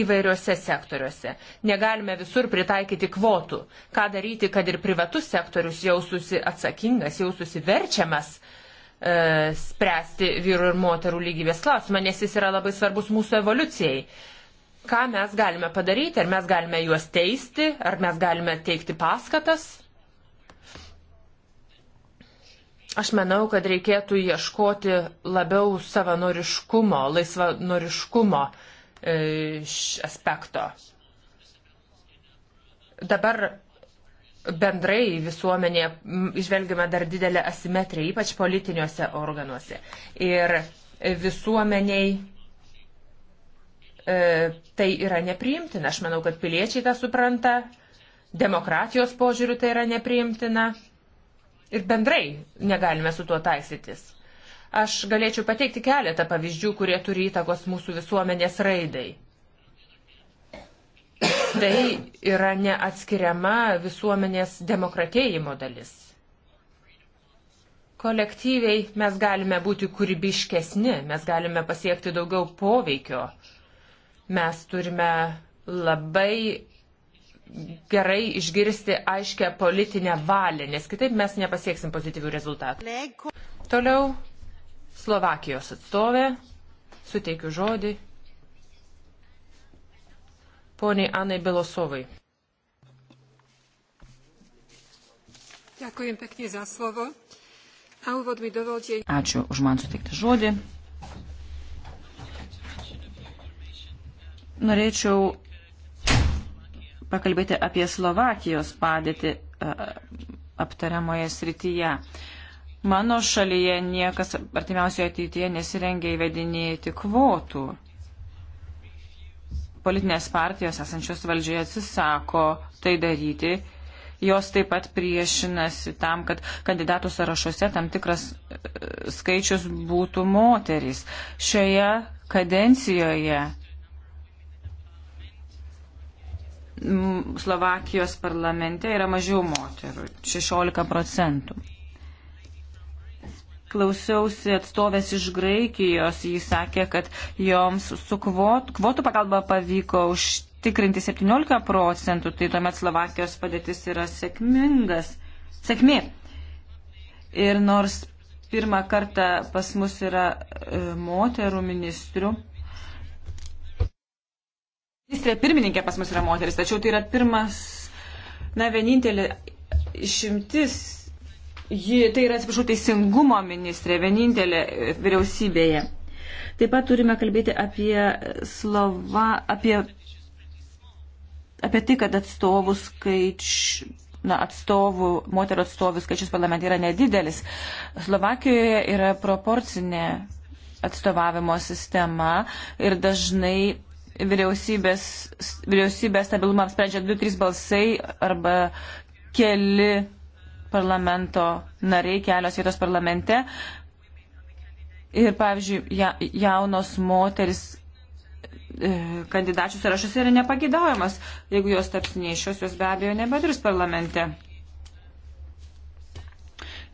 įvairiuose sektoriuose. Negalime visur pritaikyti kvotų. Ką daryti, kad ir privatus sektorius jaustųsi atsakingas, jaustųsi verčiamas e, spręsti vyrų ir moterų lygybės klausimą, nes jis yra labai svarbus mūsų evoliucijai. Ką mes galime padaryti? Ar mes galime juos teisti? Ar mes galime teikti paskatas? Aš manau, kad reikėtų ieškoti labiau savanoriškumo, laisvanoriškumo e, aspekto. Dabar bendrai visuomenėje išvelgiame dar didelę asimetriją, ypač politiniuose organuose. Ir visuomeniai e, tai yra nepriimtina. Aš manau, kad piliečiai tą supranta, demokratijos požiūrių tai yra nepriimtina ir bendrai negalime su tuo taisytis. Aš galėčiau pateikti keletą pavyzdžių, kurie turi įtakos mūsų visuomenės raidai. Tai yra neatskiriama visuomenės demokratėjimo dalis. Kolektyviai mes galime būti kūrybiškesni, mes galime pasiekti daugiau poveikio. Mes turime labai gerai išgirsti aiškę politinę valią, nes kitaip mes nepasieksim pozityvių rezultatų. Toliau Slovakijos atstovė, suteikiu žodį poniai Anai Belosovai. Ďakujem pekne za slovo. A úvod mi dovolte... Ačiū už man suteiktą žodį. Norėčiau pakalbėti apie Slovakijos padėtį aptariamoje srityje. Mano šalyje niekas artimiausioje ateityje nesirengia įvedinėti kvotų. Politinės partijos esančios valdžioje atsisako tai daryti. Jos taip pat priešinasi tam, kad kandidatų sąrašuose tam tikras e, skaičius būtų moterys. Šioje kadencijoje Slovakijos parlamente yra mažiau moterų - 16 procentų. Klausiausi atstovės iš Graikijos, jis sakė, kad joms su kvot, kvotų pagalba pavyko užtikrinti 17 procentų, tai tuomet Slovakijos padėtis yra sėkmingas. Sėkmė. Ir nors pirmą kartą pas mus yra e, moterų ministrių, Ministrė pirmininkė pas mus yra moteris, tačiau tai yra pirmas, na, vienintelė išimtis. Ji, tai yra, atsiprašau, teisingumo ministrė, vienintelė vyriausybėje. Taip pat turime kalbėti apie slova, apie, apie tai, kad atstovų skaičius. Na, atstovų, moterų atstovų skaičius parlamente yra nedidelis. Slovakijoje yra proporcinė atstovavimo sistema ir dažnai vyriausybės, vyriausybės stabilumą apsprendžia 2-3 balsai arba keli parlamento nariai, kelios vietos parlamente. Ir, pavyzdžiui, ja, jaunos moteris e, kandidačių sąrašas yra nepagidaujamas. Jeigu jos taps neišios, jos be abejo nebedirbs parlamente.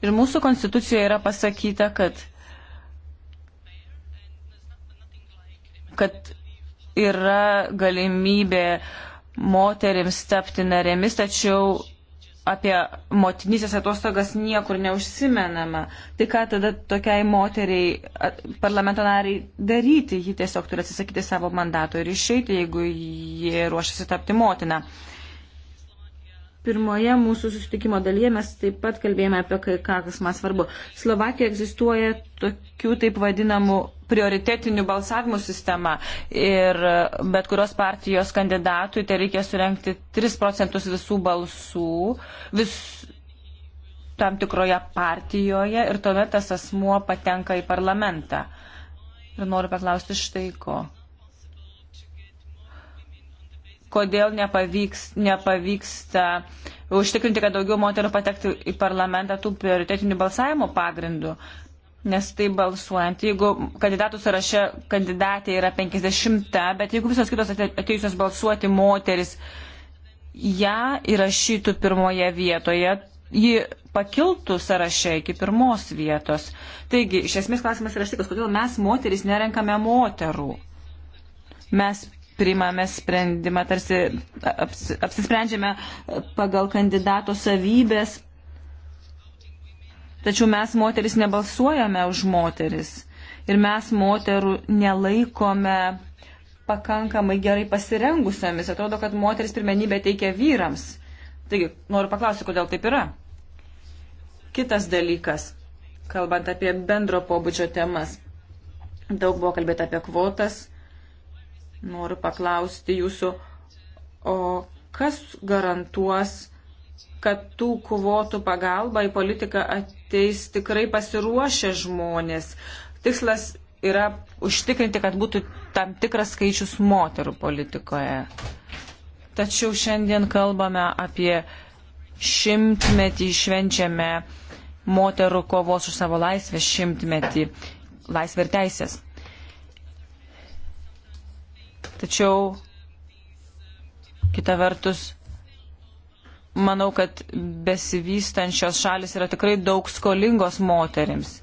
Ir mūsų konstitucijoje yra pasakyta, kad, kad yra galimybė moterims tapti narėmis, tačiau apie motinysės atostogas niekur neužsimenama. Tai ką tada tokiai moteriai parlamentariai daryti? Ji tiesiog turi atsisakyti savo mandato ir išeiti, jeigu jie ruošiasi tapti motiną. Pirmoje mūsų susitikimo dalyje mes taip pat kalbėjome apie kai ką, kas man svarbu. Slovakijoje egzistuoja tokių taip vadinamų prioritetinių balsavimų sistema ir bet kurios partijos kandidatui tai reikia surenkti 3 procentus visų balsų vis tam tikroje partijoje ir tuomet tas asmuo patenka į parlamentą. Ir noriu paklausti štai ko. Kodėl nepavyks, nepavyksta užtikrinti, kad daugiau moterų patektų į parlamentą tų prioritetinių balsavimo pagrindų? nes tai balsuojant, jeigu kandidatų sąraše kandidatė yra 50, bet jeigu visos kitos atėjusios balsuoti moteris ją įrašytų pirmoje vietoje, ji pakiltų sąraše iki pirmos vietos. Taigi, iš esmės klausimas yra štai, kodėl mes moteris nerenkame moterų. Mes priimame sprendimą, tarsi apsisprendžiame pagal kandidato savybės Tačiau mes moteris nebalsuojame už moteris ir mes moterų nelaikome pakankamai gerai pasirengusiamis. Atrodo, kad moteris pirmenybę teikia vyrams. Taigi, noriu paklausyti, kodėl taip yra. Kitas dalykas, kalbant apie bendro pobūdžio temas. Daug buvo kalbėta apie kvotas. Noriu paklausti jūsų, o kas garantuos, kad tų kvotų pagalba į politiką atėjo? ateis tikrai pasiruošę žmonės. Tikslas yra užtikrinti, kad būtų tam tikras skaičius moterų politikoje. Tačiau šiandien kalbame apie šimtmetį, švenčiame moterų kovos už savo laisvę šimtmetį, laisvę ir teisės. Tačiau kita vertus manau, kad besivystančios šalis yra tikrai daug skolingos moterims.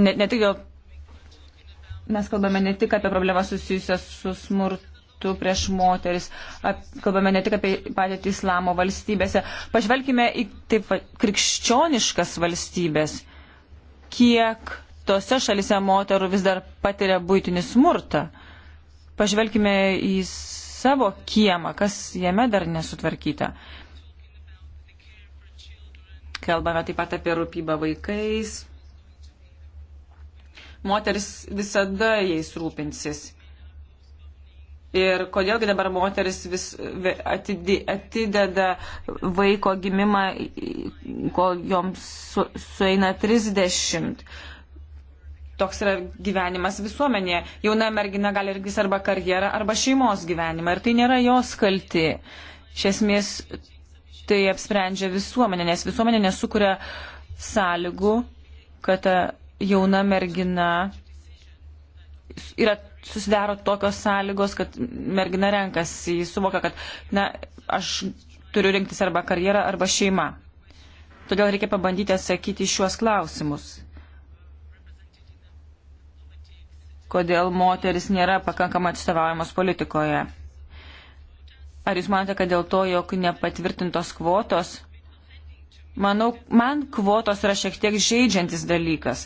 Ne, ne tik dėl. Mes kalbame ne tik apie problemas susijusias su smurtu prieš moteris, ap, kalbame ne tik apie patį islamo valstybėse. Pažvelkime į taip krikščioniškas valstybės, kiek tose šalise moterų vis dar patiria būtinį smurtą. Pažvelkime į savo kiemą, kas jame dar nesutvarkyta. Kalbame taip pat apie rūpybą vaikais. Moteris visada jais rūpinsis. Ir kodėlgi dabar moteris vis atidė, atideda vaiko gimimą, kol joms su, sueina 30 toks yra gyvenimas visuomenėje. Jauna mergina gali irgi arba karjerą, arba šeimos gyvenimą ir tai nėra jos kalti. Iš esmės tai apsprendžia visuomenė, nes visuomenė nesukuria sąlygų, kad ta jauna mergina yra susidaro tokios sąlygos, kad mergina renkasi, jis suvoka, kad na, aš turiu rinktis arba karjerą, arba šeimą. Todėl reikia pabandyti atsakyti šiuos klausimus. kodėl moteris nėra pakankamai atstovaujamos politikoje. Ar jūs manote, kad dėl to, jog nepatvirtintos kvotos, manau, man kvotos yra šiek tiek žaidžiantis dalykas.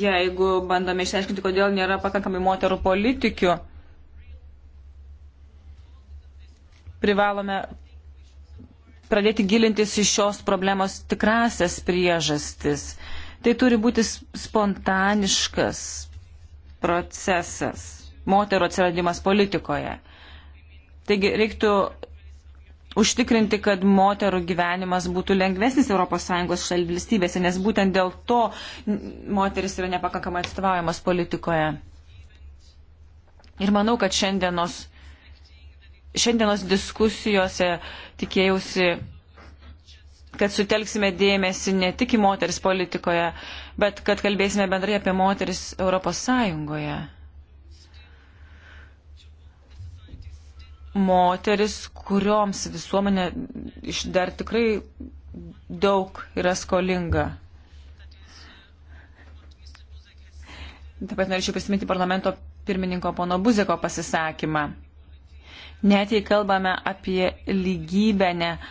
Jeigu bandome išsiaiškinti, kodėl nėra pakankamai moterų politikių, privalome pradėti gilintis į šios problemos tikrasias priežastis. Tai turi būti spontaniškas, procesas, moterų atsiradimas politikoje. Taigi reiktų užtikrinti, kad moterų gyvenimas būtų lengvesnis ES valstybėse, nes būtent dėl to moteris yra nepakankamai atstovaujamas politikoje. Ir manau, kad šiandienos, šiandienos diskusijose tikėjausi kad sutelksime dėmesį ne tik į moteris politikoje, bet kad kalbėsime bendrai apie moteris Europos Sąjungoje. Moteris, kurioms visuomenė iš dar tikrai daug yra skolinga. Taip pat norėčiau prisiminti parlamento pirmininko pono Buzeko pasisakymą. Net jei kalbame apie lygybę, ne, uh,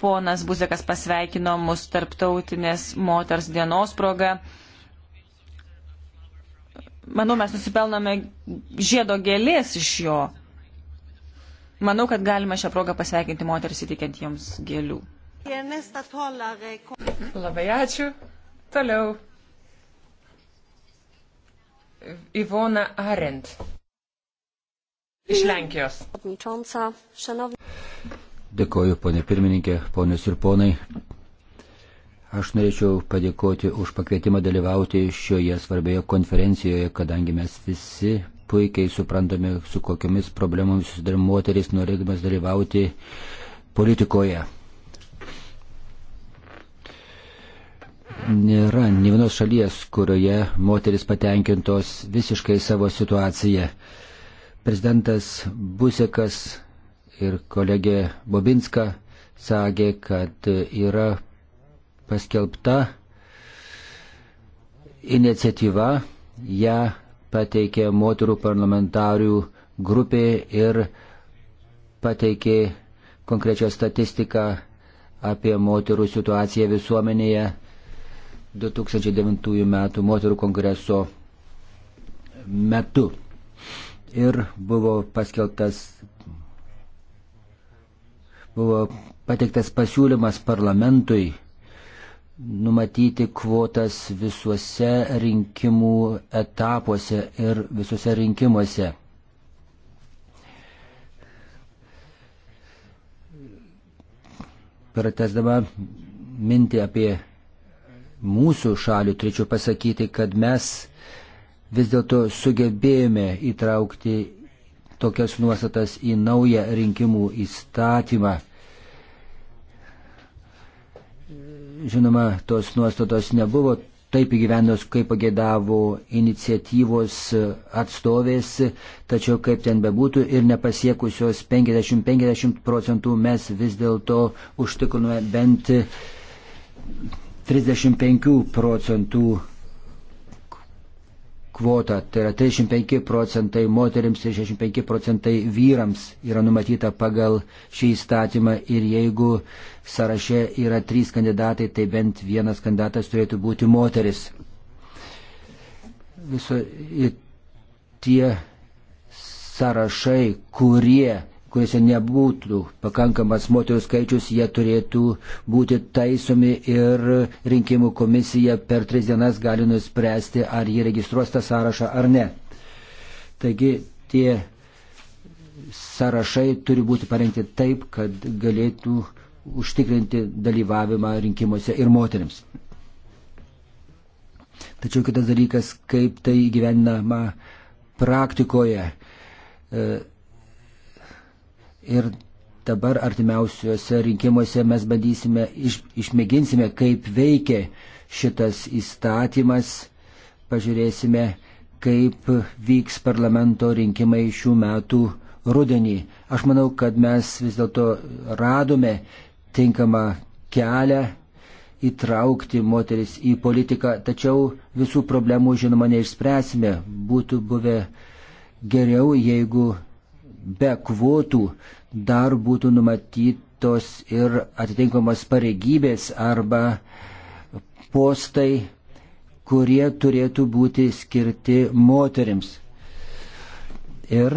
Ponas Buzekas pasveikino mus tarptautinės moters dienos proga. Manau, mes nusipelnome žiedo gėlės iš jo. Manau, kad galime šią progą pasveikinti moteris įtikiant joms gėlių. Labai ačiū. Toliau. Ivona Arendt. Iš Lenkijos. Dėkoju, ponė pirmininkė, ponės ir ponai. Aš norėčiau padėkoti už pakvietimą dalyvauti šioje svarbioje konferencijoje, kadangi mes visi puikiai suprantame, su kokiamis problemomis susidarė moteris, norėdamas dalyvauti politikoje. Nėra ne vienos šalies, kurioje moteris patenkintos visiškai savo situaciją. Prezidentas Busekas ir kolegė Bobinska sakė, kad yra paskelbta iniciatyva, ją pateikė moterų parlamentarių grupė ir pateikė konkrečią statistiką apie moterų situaciją visuomenėje 2009 m. moterų kongreso metu. Ir buvo paskelbtas buvo pateiktas pasiūlymas parlamentui numatyti kvotas visuose rinkimų etapuose ir visuose rinkimuose. Pratesdama mintį apie mūsų šalių, turėčiau pasakyti, kad mes vis dėlto sugebėjome įtraukti tokias nuostatas į naują rinkimų įstatymą. Žinoma, tos nuostatos nebuvo taip įgyvendos, kaip pagėdavo iniciatyvos atstovės, tačiau kaip ten bebūtų ir nepasiekusios 50-50 procentų mes vis dėlto užtikrinome bent 35 procentų kvotą, tai yra 35 procentai moteriams ir 65 procentai vyrams yra numatyta pagal šį įstatymą ir jeigu sąraše yra trys kandidatai, tai bent vienas kandidatas turėtų būti moteris. Viso tie sąrašai, kurie kuriuose nebūtų pakankamas moterų skaičius, jie turėtų būti taisomi ir rinkimų komisija per tris dienas gali nuspręsti, ar jie registruos tą sąrašą ar ne. Taigi tie sąrašai turi būti parengti taip, kad galėtų užtikrinti dalyvavimą rinkimuose ir moteriams. Tačiau kitas dalykas, kaip tai gyvenama praktikoje. E, Ir dabar artimiausiuose rinkimuose mes bandysime, iš, išmėginsime, kaip veikia šitas įstatymas, pažiūrėsime, kaip vyks parlamento rinkimai šių metų rudenį. Aš manau, kad mes vis dėlto radome tinkamą kelią įtraukti moteris į politiką, tačiau visų problemų, žinoma, neišspręsime. Būtų buvę geriau, jeigu be kvotų dar būtų numatytos ir atitinkamos pareigybės arba postai, kurie turėtų būti skirti moterims. Ir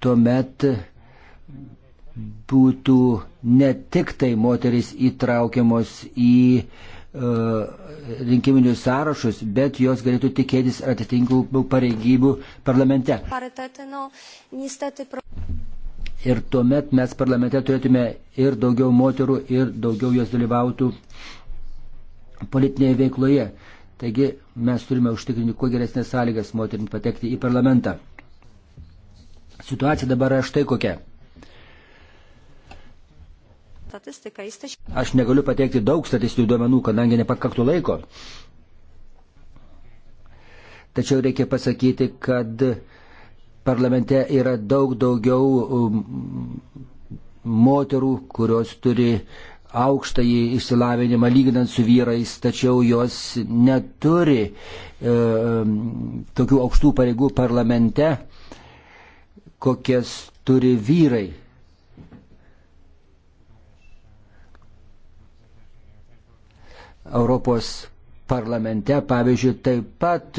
tuomet būtų ne tik tai moteris įtraukiamos į uh, E, rinkiminius sąrašus, bet jos galėtų tikėtis atitinkamų pareigybių parlamente. Ir tuomet mes parlamente turėtume ir daugiau moterų, ir daugiau jos dalyvautų politinėje veikloje. Taigi mes turime užtikrinti kuo geresnės sąlygas moterim patekti į parlamentą. Situacija dabar štai kokia. Tai Aš negaliu pateikti daug statistinių duomenų, kadangi nepakaktų laiko. Tačiau reikia pasakyti, kad parlamente yra daug daugiau um, moterų, kurios turi aukštąjį išsilavinimą lyginant su vyrais, tačiau jos neturi e, um, tokių aukštų pareigų parlamente, kokias turi vyrai. Europos parlamente, pavyzdžiui, taip pat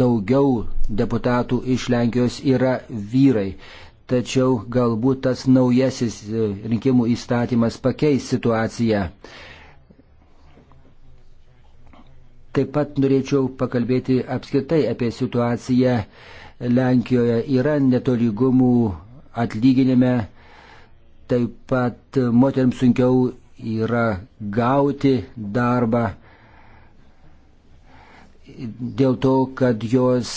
daugiau deputatų iš Lenkijos yra vyrai. Tačiau galbūt tas naujasis rinkimų įstatymas pakeis situaciją. Taip pat norėčiau pakalbėti apskritai apie situaciją Lenkijoje. Yra netolygumų atlyginime, taip pat moteriams sunkiau yra gauti darbą dėl to, kad jos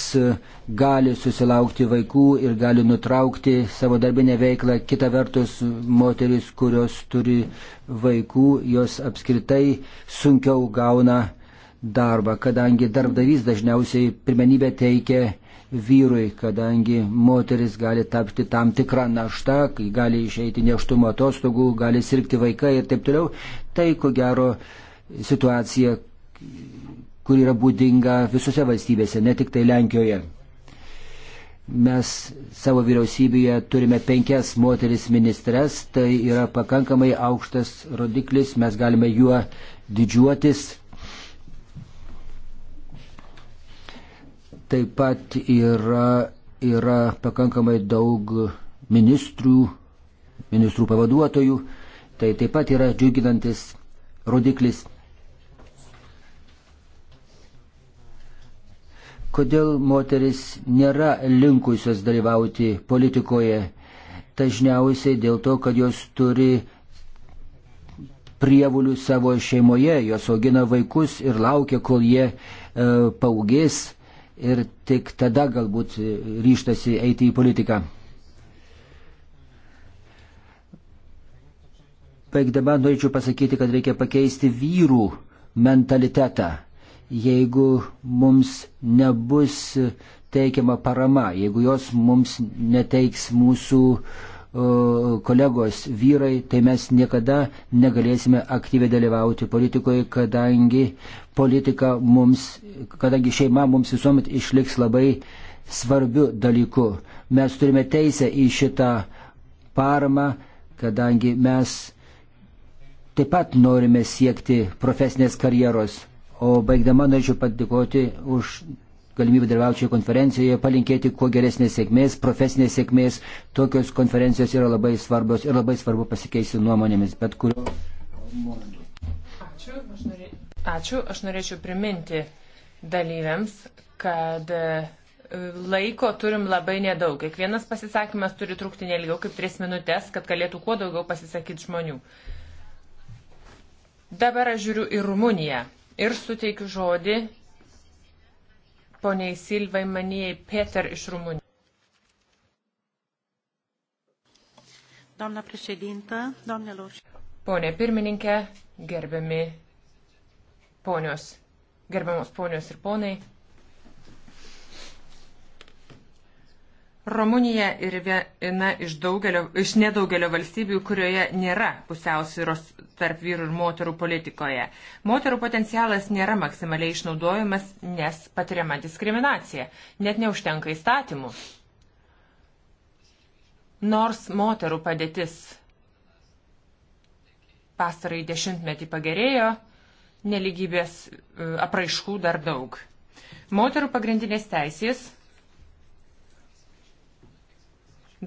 gali susilaukti vaikų ir gali nutraukti savo darbinę veiklą. Kita vertus, moteris, kurios turi vaikų, jos apskritai sunkiau gauna darbą, kadangi darbdavys dažniausiai pirmenybę teikia vyrui, kadangi moteris gali tapti tam tikrą naštą, kai gali išeiti neštumo atostogų, gali sirgti vaikai ir taip toliau. Tai ko gero situacija, kur yra būdinga visose valstybėse, ne tik tai Lenkijoje. Mes savo vyriausybėje turime penkias moteris ministres, tai yra pakankamai aukštas rodiklis, mes galime juo didžiuotis Taip pat yra, yra pakankamai daug ministrų, ministrų pavaduotojų. Tai taip pat yra džiuginantis rodiklis. Kodėl moteris nėra linkusios dalyvauti politikoje? Dažniausiai dėl to, kad jos turi prievulių savo šeimoje, jos augina vaikus ir laukia, kol jie e, paugės ir tik tada galbūt ryštasi eiti į politiką. Baigdama norėčiau pasakyti, kad reikia pakeisti vyrų mentalitetą. Jeigu mums nebus teikiama parama, jeigu jos mums neteiks mūsų uh, kolegos vyrai, tai mes niekada negalėsime aktyviai dalyvauti politikoje, kadangi politika mums, kadangi šeima mums visuomet išliks labai svarbiu dalyku. Mes turime teisę į šitą paramą, kadangi mes taip pat norime siekti profesinės karjeros. O baigdama norėčiau padėkoti už galimybę dalyvauti šioje konferencijoje, palinkėti kuo geresnės sėkmės, profesinės sėkmės. Tokios konferencijos yra labai svarbios ir labai svarbu pasikeisti nuomonėmis, bet kurio. Ačiū, aš, norė... Ačiū, aš norėčiau priminti dalyviams, kad e, laiko turim labai nedaug. Kiekvienas pasisakymas turi trukti nelgiau kaip 3 minutės, kad galėtų kuo daugiau pasisakyti žmonių. Dabar aš žiūriu į Rumuniją ir suteikiu žodį poniai Silvai Manijai Peter iš Rumunijos. Doamna președintă, doamnelor. Pone pirmininkė, gerbiami ponios, gerbiamos ponios ir ponai. Rumunija ir viena iš, daugelio, iš nedaugelio valstybių, kurioje nėra pusiausvyros tarp vyrų ir moterų politikoje. Moterų potencialas nėra maksimaliai išnaudojamas, nes patiriama diskriminacija. Net neužtenka įstatymų. Nors moterų padėtis pastarai dešimtmetį pagerėjo, neligybės e, apraiškų dar daug. Moterų pagrindinės teisės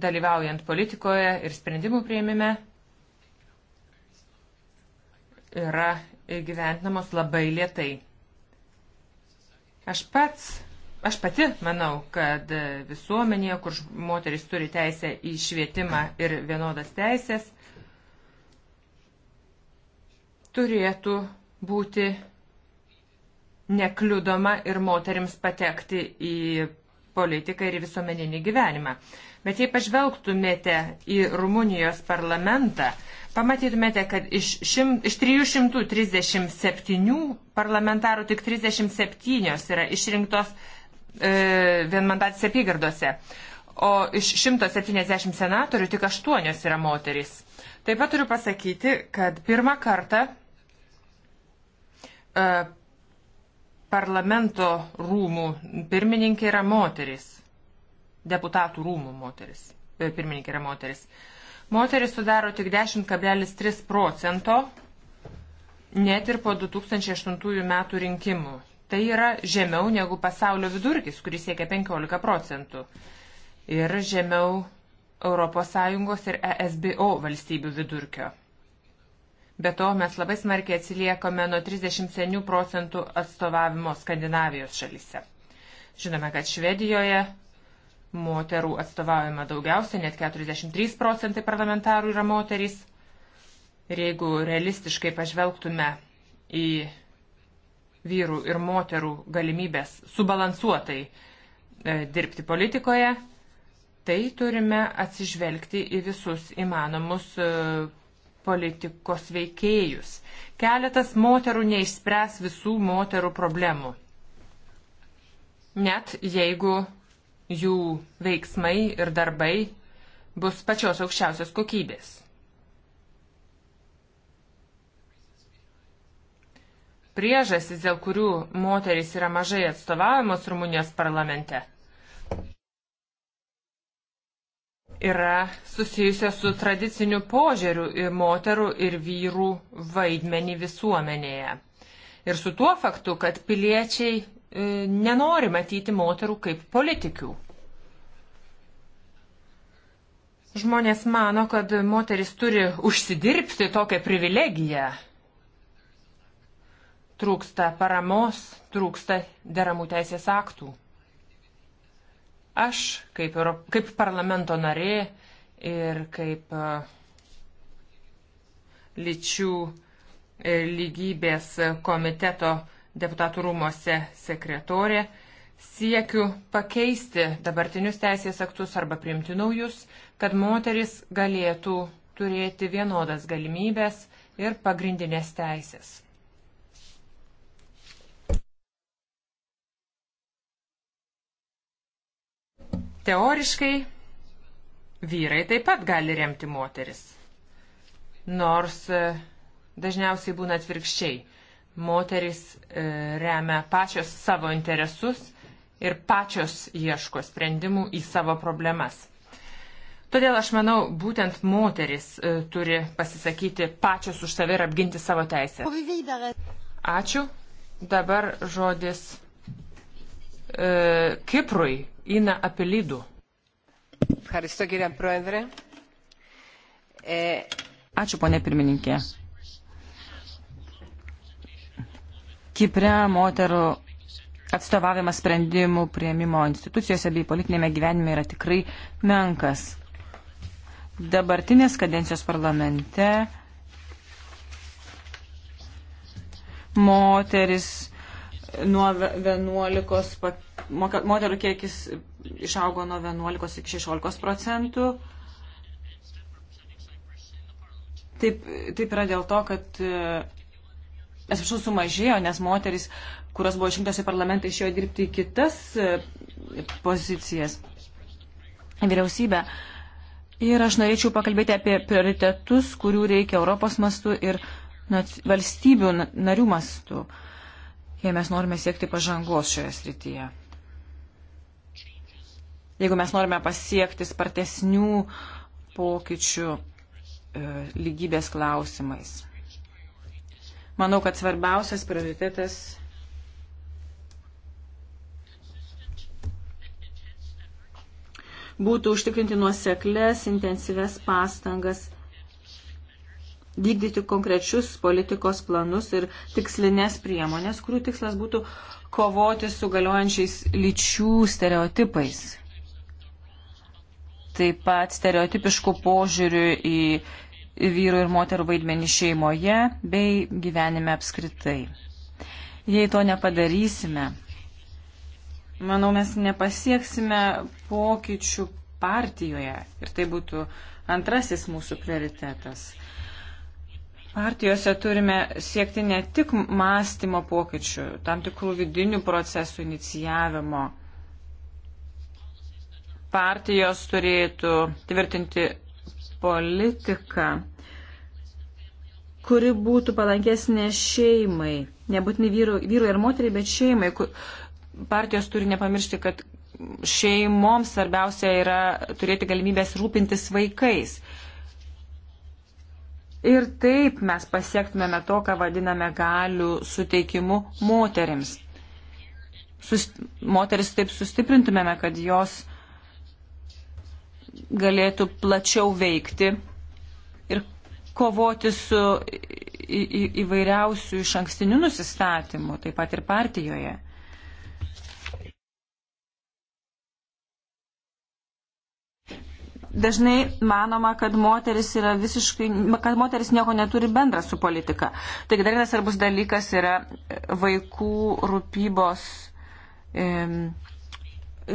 dalyvaujant politikoje ir sprendimų prieimime, yra įgyventinamos labai lietai. Aš pats, aš pati manau, kad visuomenėje, kur moteris turi teisę į švietimą ir vienodas teisės, turėtų būti nekliudoma ir moteriams patekti į politiką ir į visuomeninį gyvenimą. Bet jei pažvelgtumėte į Rumunijos parlamentą, pamatytumėte, kad iš, šim, iš 337 parlamentarų tik 37 yra išrinktos e, vienmandatėse apygardose, o iš 170 senatorių tik 8 yra moterys. Taip pat turiu pasakyti, kad pirmą kartą e, parlamento rūmų pirmininkė yra moteris deputatų rūmų moteris, e, pirmininkė yra moteris. Moteris sudaro tik 10,3 procento net ir po 2008 metų rinkimų. Tai yra žemiau negu pasaulio vidurkis, kuris siekia 15 procentų. Ir žemiau ES ir ESBO valstybių vidurkio. Be to, mes labai smarkiai atsiliekame nuo 37 procentų atstovavimo Skandinavijos šalyse. Žinome, kad Švedijoje moterų atstovaujama daugiausia, net 43 procentai parlamentarų yra moterys. Ir jeigu realistiškai pažvelgtume į vyrų ir moterų galimybės subalansuotai e, dirbti politikoje, tai turime atsižvelgti į visus įmanomus e, politikos veikėjus. Keletas moterų neišspręs visų moterų problemų. Net jeigu jų veiksmai ir darbai bus pačios aukščiausios kokybės. Priežasis, dėl kurių moterys yra mažai atstovaujamos Rumunijos parlamente, yra susijusios su tradiciniu požiūriu į moterų ir vyrų vaidmenį visuomenėje. Ir su tuo faktu, kad piliečiai e, nenori matyti moterų kaip politikių. Žmonės mano, kad moteris turi užsidirbti tokią privilegiją. Trūksta paramos, trūksta deramų teisės aktų. Aš, kaip, Europ... kaip parlamento narė ir kaip uh, lyčių e, lygybės komiteto deputatų rūmose sekretorė, siekiu pakeisti dabartinius teisės aktus arba priimti naujus, kad moteris galėtų turėti vienodas galimybės ir pagrindinės teisės. Teoriškai vyrai taip pat gali remti moteris. Nors e, dažniausiai būna atvirkščiai. Moteris e, remia pačios savo interesus ir pačios ieško sprendimų į savo problemas. Todėl aš manau, būtent moteris e, turi pasisakyti pačios už save ir apginti savo teisę. Ačiū. Dabar žodis e, Kiprui, Ina Apelidų. Ačiū, ponė pirmininkė. Kipre moterų atstovavimas sprendimų prieimimo institucijose bei politinėme gyvenime yra tikrai menkas dabartinės kadencijos parlamente moteris nuo 11, moterų kiekis išaugo nuo 11 iki 16 procentų. Taip, taip yra dėl to, kad, e, atsiprašau, sumažėjo, nes moteris, kurios buvo išrinktos į parlamentą, išėjo dirbti į kitas e, pozicijas. Vyriausybė uh, Ir aš norėčiau pakalbėti apie prioritetus, kurių reikia Europos mastu ir valstybių narių mastu, jei mes norime siekti pažangos šioje srityje. Jeigu mes norime pasiekti spartesnių pokyčių e, lygybės klausimais. Manau, kad svarbiausias prioritetas būtų užtikrinti nuoseklės, intensyves pastangas vykdyti konkrečius politikos planus ir tikslinės priemonės, kurių tikslas būtų kovoti su galiojančiais lyčių stereotipais. Taip pat stereotipiškų požiūrių į vyrų ir moterų vaidmenį šeimoje bei gyvenime apskritai. Jei to nepadarysime, manau, mes nepasieksime pokyčių partijoje. Ir tai būtų antrasis mūsų prioritetas. Partijose turime siekti ne tik mąstymo pokyčių, tam tikrų vidinių procesų inicijavimo. Partijos turėtų tvirtinti politiką, kuri būtų palankesnė šeimai, nebūtinai vyrui, vyrui ir moteriai, bet šeimai, kur, partijos turi nepamiršti, kad šeimoms svarbiausia yra turėti galimybės rūpintis vaikais. Ir taip mes pasiektumėme to, ką vadiname galių suteikimu moterims. Sus, moteris taip sustiprintumėme, kad jos galėtų plačiau veikti ir kovoti su į, į, įvairiausių iš ankstinių nusistatymų, taip pat ir partijoje. Dažnai manoma, kad moteris, yra visiškai, kad moteris nieko neturi bendra su politika. Taigi dar vienas svarbus dalykas yra vaikų rūpybos e,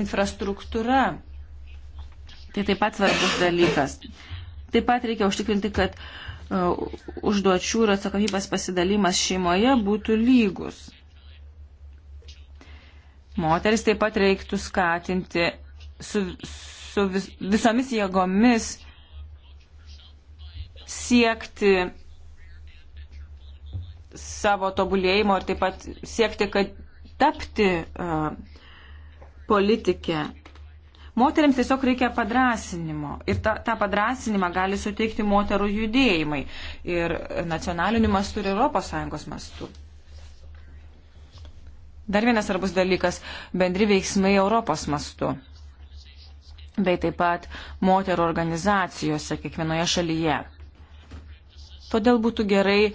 infrastruktūra. Tai taip pat svarbus dalykas. Taip pat reikia užtikrinti, kad e, užduočių ir atsakomybės pasidalimas šeimoje būtų lygus. Moteris taip pat reiktų skatinti su, su su vis, visomis jėgomis siekti savo tobulėjimo ir taip pat siekti, kad tapti uh, politikė. Moteriams tiesiog reikia padrasinimo ir tą, tą padrasinimą gali suteikti moterų judėjimai ir nacionaliniu mastu ir ES mastu. Dar vienas svarbus dalykas - bendri veiksmai Europos mastu bei taip pat moterų organizacijose kiekvienoje šalyje. Todėl būtų gerai e,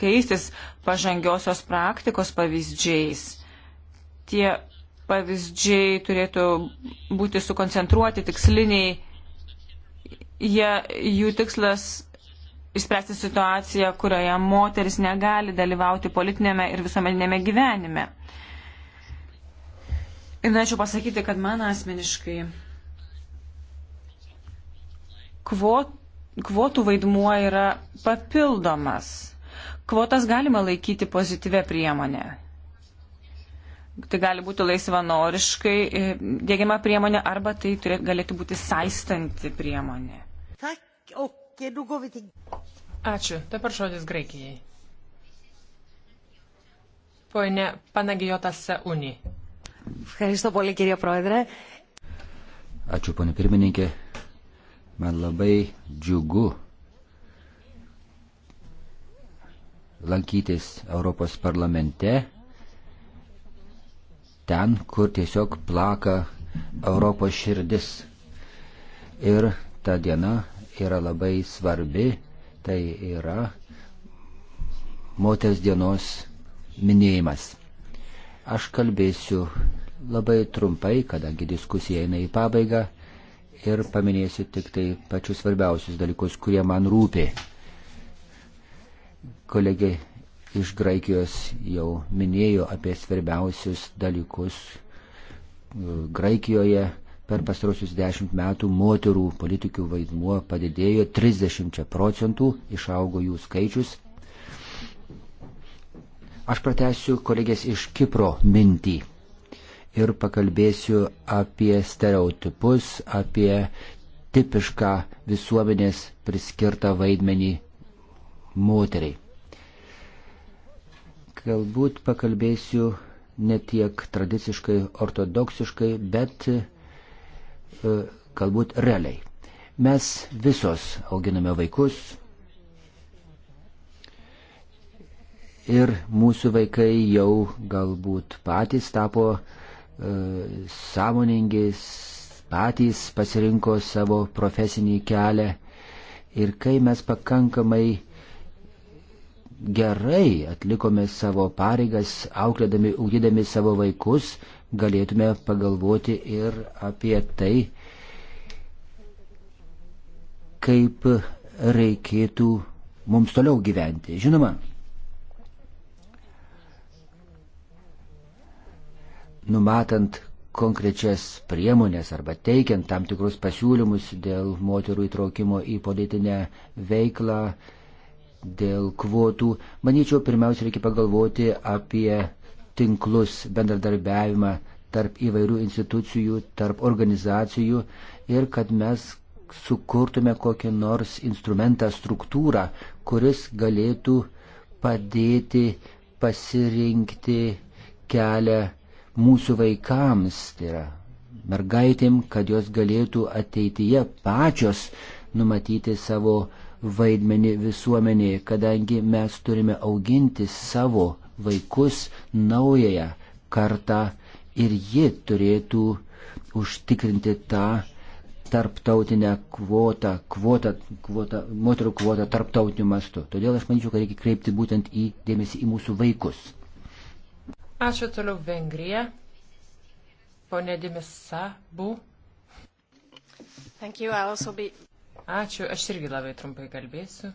keistis pažangiosios praktikos pavyzdžiais. Tie pavyzdžiai turėtų būti sukoncentruoti, tiksliniai. Jie, jų tikslas išspręsti situaciją, kurioje moteris negali dalyvauti politinėme ir visuomeninėme gyvenime. Uh, Ir norėčiau pasakyti, kad man asmeniškai kvot, kvotų vaidmuo yra papildomas. Kvotas galima laikyti pozityvę priemonę. Tai gali būti laisvanoriškai e, dėgiama priemonė arba tai turėt, galėtų būti saistanti priemonė. Ačiū. Dabar žodis Graikijai. Poine Panagijotas Seuni. Ačiū, ponė pirmininkė. Man labai džiugu lankytis Europos parlamente, ten, kur tiesiog plaka Europos širdis. Ir ta diena yra labai svarbi, tai yra moters dienos minėjimas. Aš kalbėsiu labai trumpai, kadangi diskusija eina į pabaigą ir paminėsiu tik tai pačius svarbiausius dalykus, kurie man rūpi. Kolegė iš Graikijos jau minėjo apie svarbiausius dalykus e, Graikijoje. Per pastarosius dešimt metų moterų politikių vaidmuo padidėjo 30 procentų, išaugo jų skaičius Aš pratęsiu kolegės iš Kipro mintį ir pakalbėsiu apie stereotipus, apie tipišką visuomenės priskirtą vaidmenį moteriai. Galbūt pakalbėsiu ne tiek tradiciškai, ortodoksiškai, bet e, galbūt realiai. Mes visos auginame vaikus, ir mūsų vaikai jau galbūt patys tapo e, sąmoningais, patys pasirinko savo profesinį kelią. Ir kai mes pakankamai gerai atlikome savo pareigas, auklėdami, ugdydami savo vaikus, galėtume pagalvoti ir apie tai, kaip reikėtų mums toliau gyventi. Žinoma, numatant konkrečias priemonės arba teikiant tam tikrus pasiūlymus dėl moterų įtraukimo į politinę veiklą, dėl kvotų, manyčiau, pirmiausia reikia pagalvoti apie tinklus bendradarbiavimą tarp įvairių institucijų, tarp organizacijų ir kad mes sukurtume kokį nors instrumentą, struktūrą, kuris galėtų padėti pasirinkti kelią mūsų vaikams, tai yra mergaitėm, kad jos galėtų ateityje pačios numatyti savo vaidmenį visuomenėje, kadangi mes turime auginti savo vaikus naująją kartą ir ji turėtų užtikrinti tą tarptautinę kvotą, kvotą, kvotą moterų kvotą tarptautiniu mastu. Todėl aš manyčiau, kad reikia kreipti būtent į dėmesį į mūsų vaikus. Ačiū toliau Vengrija. Pone Dimisa, bu. Be... Ačiū, aš irgi labai trumpai kalbėsiu,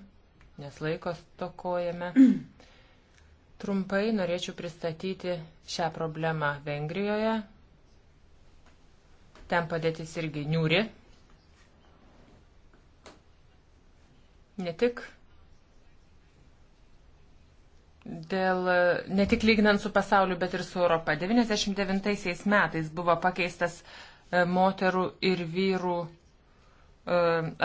nes laikos tokojame. Trumpai norėčiau pristatyti šią problemą Vengrijoje. Ten padėtis irgi niūri. Ne tik dėl, ne tik lyginant su pasauliu, bet ir su Europa. 99 metais buvo pakeistas e, moterų ir vyrų e,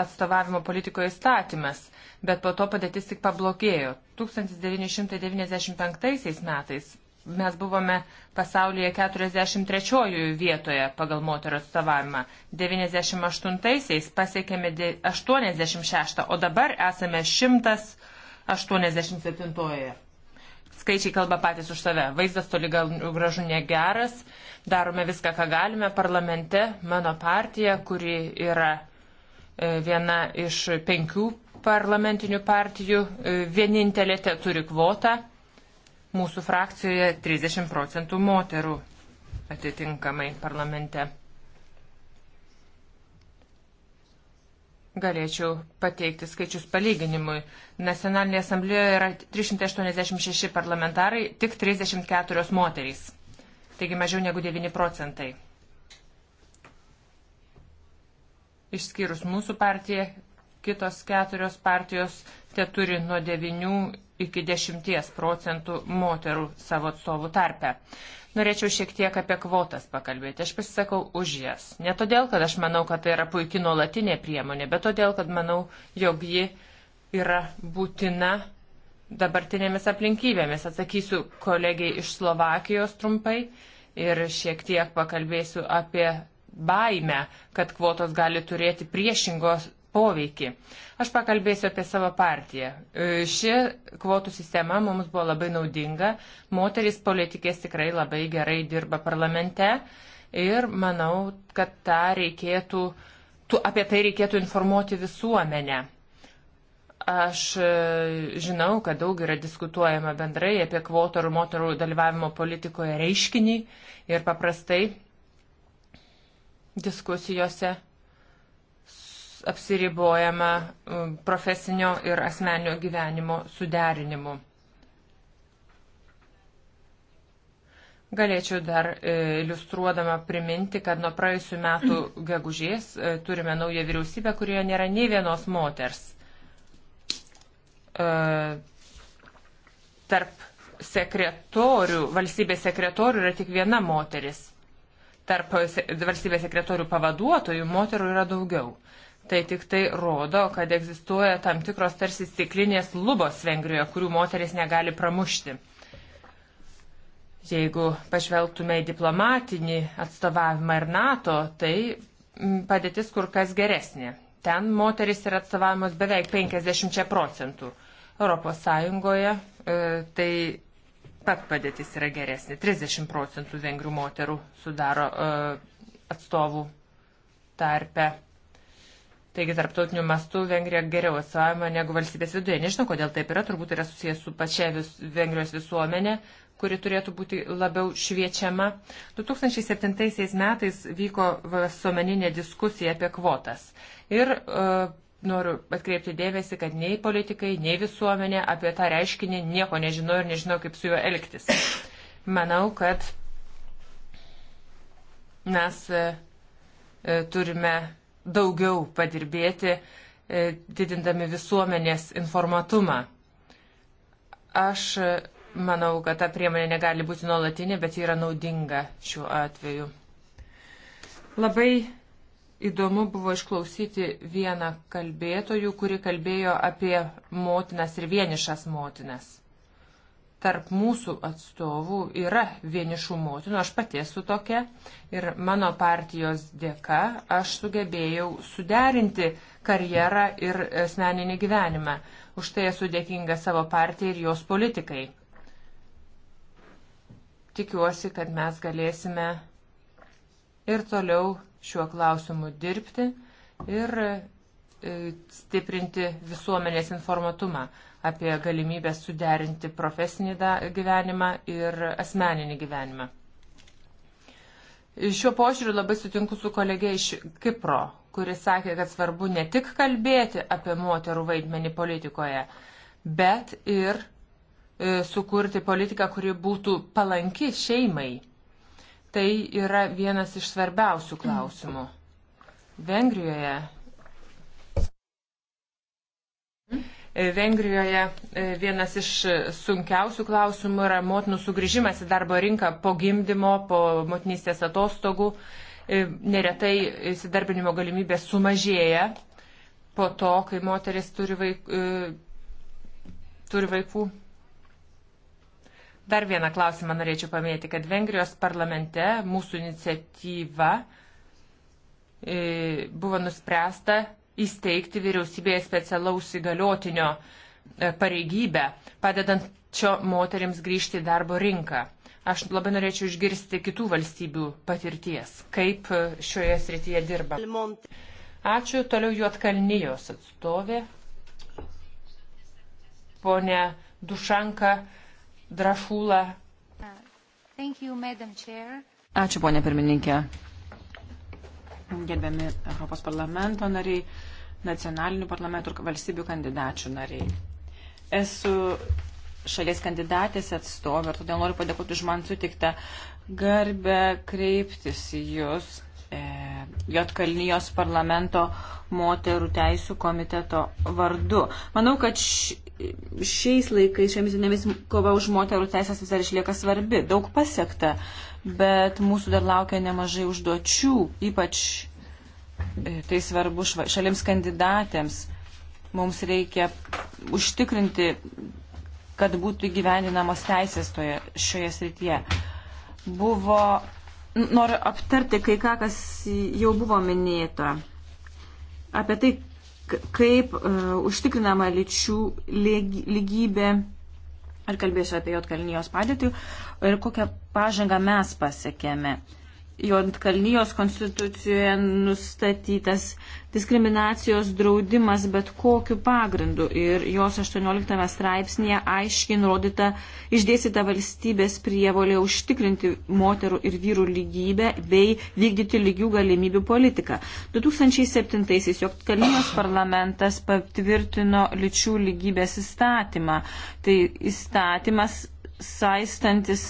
atstovavimo politikoje įstatymas, bet po to padėtis tik pablogėjo. 1995 metais mes buvome pasaulyje 43 vietoje pagal moterų atstovavimą, 98-aisiais pasiekėme 86, o dabar esame 187-oje skaičiai kalba patys už save. Vaizdas toli gražu negeras, darome viską, ką galime. Parlamente mano partija, kuri yra e, viena iš penkių parlamentinių partijų, e, vienintelė te turi kvotą. Mūsų frakcijoje 30 procentų moterų atitinkamai parlamente. Galėčiau pateikti skaičius palyginimui. Nacionalinėje asamblėje yra 386 parlamentarai, tik 34 moterys. Taigi mažiau negu 9 procentai. Išskyrus mūsų partiją, kitos keturios partijos te turi nuo 9 iki 10 procentų moterų savo atstovų tarpe. Norėčiau šiek tiek apie kvotas pakalbėti. Aš pasisakau už jas. Ne todėl, kad aš manau, kad tai yra puikia nuolatinė priemonė, bet todėl, kad manau, jog ji yra būtina dabartinėmis aplinkybėmis. Atsakysiu kolegiai iš Slovakijos trumpai ir šiek tiek pakalbėsiu apie baimę, kad kvotos gali turėti priešingos poveikį. Aš pakalbėsiu apie savo partiją. E, ši kvotų sistema mums buvo labai naudinga. Moterys politikės tikrai labai gerai dirba parlamente ir manau, kad tą reikėtų, tu, apie tai reikėtų informuoti visuomenę. Aš e, žinau, kad daug yra diskutuojama bendrai apie kvotų ir moterų dalyvavimo politikoje reiškinį ir paprastai diskusijose apsiribojama um, profesinio ir asmenio gyvenimo suderinimu. Galėčiau dar e, iliustruodama priminti, kad nuo praėjusių metų gegužės e, turime naują vyriausybę, kurioje nėra nei vienos moters. E, tarp sekretorių, valstybės sekretorių yra tik viena moteris. Tarp valstybės sekretorių pavaduotojų moterų yra daugiau tai tik tai rodo, kad egzistuoja tam tikros tarsi stiklinės lubos Vengrijoje, kurių moteris negali pramušti. Jeigu pažvelgtume į diplomatinį atstovavimą ir NATO, tai padėtis kur kas geresnė. Ten moteris yra atstovavimas beveik 50 procentų. Europos Sąjungoje e, tai pat padėtis yra geresnė. 30 procentų vengrių moterų sudaro e, atstovų tarpe Taigi tarptautiniu mastu Vengrija geriau atstovavima negu valstybės viduje. Nežinau, kodėl taip yra, turbūt yra susijęs su pačia vis, Vengrijos visuomenė, kuri turėtų būti labiau šviečiama. 2007 metais vyko visuomeninė diskusija apie kvotas. Ir uh, noriu atkreipti dėmesį, kad nei politikai, nei visuomenė apie tą reiškinį nieko nežino ir nežino, kaip su juo elgtis. Manau, kad mes uh, turime daugiau padirbėti, e, didindami visuomenės informatumą. Aš manau, kad ta priemonė negali būti nuolatinė, bet ji yra naudinga šiuo atveju. Labai įdomu buvo išklausyti vieną kalbėtojų, kuri kalbėjo apie motinas ir vienišas motinas tarp mūsų atstovų yra vienišų motinų, aš pati esu tokia ir mano partijos dėka aš sugebėjau suderinti karjerą ir asmeninį gyvenimą. Už tai esu dėkinga savo partijai ir jos politikai. Tikiuosi, kad mes galėsime ir toliau šiuo klausimu dirbti ir e, stiprinti visuomenės informatumą apie galimybę suderinti profesinį gyvenimą ir asmeninį gyvenimą. Šiuo požiūriu labai sutinku su kolegė iš Kipro, kuris sakė, kad svarbu ne tik kalbėti apie moterų vaidmenį politikoje, bet ir e, sukurti politiką, kuri būtų palanki šeimai. Tai yra vienas iš svarbiausių klausimų. Vengrijoje Vengrijoje e, vienas iš sunkiausių klausimų yra motinų sugrįžimas į darbo rinką po gimdymo, po motinystės atostogų. E, neretai įsidarbinimo galimybės sumažėja po to, kai moteris turi, vaik, e, turi vaikų. Dar vieną klausimą norėčiau paminėti, kad Vengrijos parlamente mūsų iniciatyva buvo nuspręsta įsteigti vyriausybėje specialaus įgaliotinio e, pareigybę, padedant šio moteriams grįžti į darbo rinką. Aš labai norėčiau išgirsti kitų valstybių patirties, kaip e, šioje srityje dirba. Ačiū, toliau Juotkalnijos atstovė, ponė Dušanka Drašūla. Ačiū, ponė pirmininkė gerbiami Europos parlamento nariai, nacionalinių parlamentų ir valstybių kandidačių nariai. Esu šalies kandidatės atstovė ir todėl noriu padėkoti už man sutiktą garbę kreiptis į jūs E, Jotkalnyjos parlamento moterų teisų komiteto vardu. Manau, kad šiais laikais, šiomis dienomis kova už moterų teisės vis dar išlieka svarbi, daug pasiekta, bet mūsų dar laukia nemažai užduočių, ypač e, tai svarbu šalims kandidatėms. Mums reikia užtikrinti, kad būtų įgyvendinamos teisės toje, šioje srityje. Buvo noriu aptarti kai ką, kas jau buvo minėta. Apie tai, kaip uh, užtikrinama lyčių lygybė. Ar kalbėsiu apie Jotkalnyjos padėtį ir kokią pažangą mes pasiekėme. Uh, Jontkalnyjos konstitucijoje nustatytas diskriminacijos draudimas bet kokiu pagrindu ir jos 18 straipsnėje aiškiai nurodyta išdėstyta valstybės prievolė užtikrinti moterų ir vyrų lygybę bei vykdyti lygių galimybių politiką. 2007-aisiais Jontkalnyjos parlamentas patvirtino lyčių lygybės įstatymą. Tai įstatymas saistantis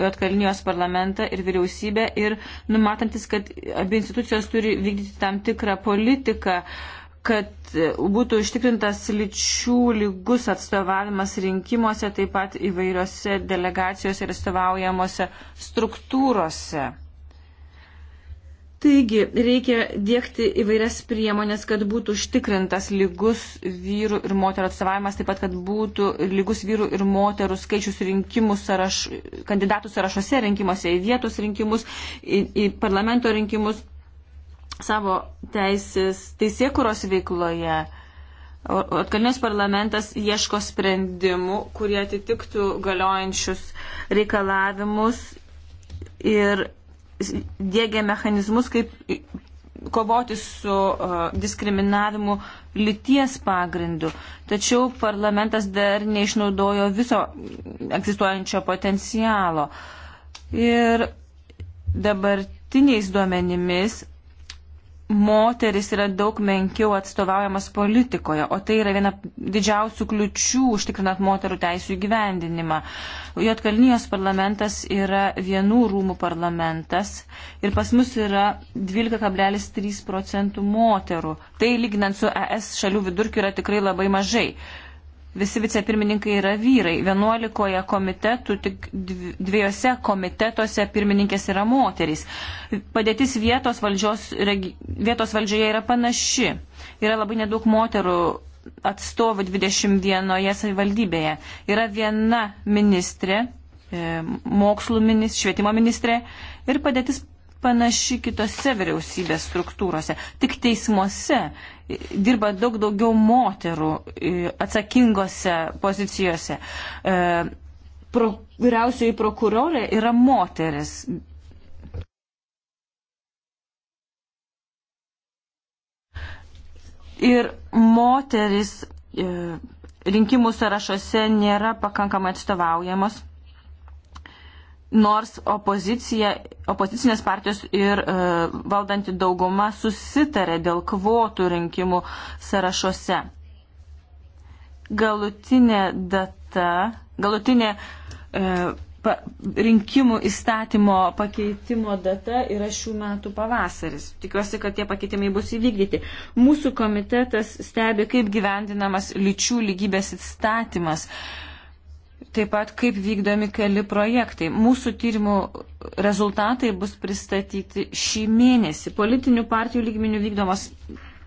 Juotkalnijos e, parlamentą ir vyriausybę ir numatantis, kad abi institucijos turi vykdyti tam tikrą politiką, kad e, būtų užtikrintas lyčių lygus atstovavimas rinkimuose, taip pat įvairiose delegacijose ir atstovaujamuose struktūrose. Taigi, reikia dėkti įvairias priemonės, kad būtų užtikrintas lygus vyrų ir moterų atstovavimas, taip pat, kad būtų lygus vyrų ir moterų skaičius rinkimų sąraš, kandidatų sąrašuose rinkimuose į vietos rinkimus, į, į parlamento rinkimus, savo teisės, teisėkuros veikloje. Atkalnės parlamentas ieško sprendimų, kurie atitiktų galiojančius reikalavimus ir dėgia mechanizmus, kaip kovoti su uh, diskriminavimu lyties pagrindu. Tačiau parlamentas dar neišnaudojo viso egzistuojančio potencialo. Ir dabartiniais duomenimis moteris yra daug menkiau atstovaujamas politikoje, o tai yra viena didžiausių kliučių užtikrinant moterų teisų įgyvendinimą. Jotkalnyjos parlamentas yra vienų rūmų parlamentas ir pas mus yra 12,3 procentų moterų. Tai lyginant su ES šalių vidurkiu yra tikrai labai mažai visi vicepirmininkai yra vyrai. 11 komitetų, tik dviejose komitetuose pirmininkės yra moterys. Padėtis vietos, valdžios, vietos valdžioje yra panaši. Yra labai nedaug moterų atstovų 21 savivaldybėje. Yra viena ministrė, e, mokslų ministrė, švietimo ministrė ir padėtis panaši kitose vyriausybės struktūrose. Tik teismuose dirba daug daugiau moterų e, atsakingose pozicijose. E, pro, vyriausioji prokurorė yra moteris. Ir moteris e, rinkimų sąrašuose nėra pakankamai atstovaujamos nors opozicija, opozicinės partijos ir e, valdanti dauguma susitarė dėl kvotų rinkimų sąrašuose. Galutinė data, galutinė e, pa, rinkimų įstatymo pakeitimo data yra šių metų pavasaris. Tikiuosi, kad tie pakeitimai bus įvykdyti. Mūsų komitetas stebi, kaip gyvendinamas lyčių lygybės įstatymas. E, taip pat kaip vykdomi keli projektai. Mūsų tyrimų rezultatai bus pristatyti šį mėnesį. Politinių partijų lygmenių vykdomos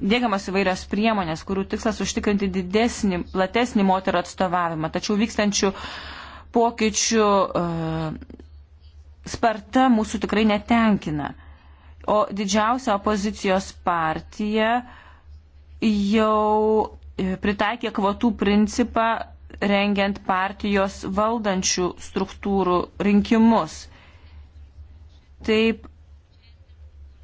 dėgiamas įvairios priemonės, kurių tikslas užtikrinti didesnį, platesnį moterų atstovavimą. Tačiau vykstančių pokyčių uh, sparta mūsų tikrai netenkina. O didžiausia opozicijos partija jau e, pritaikė kvotų principą rengiant partijos valdančių struktūrų rinkimus. Taip,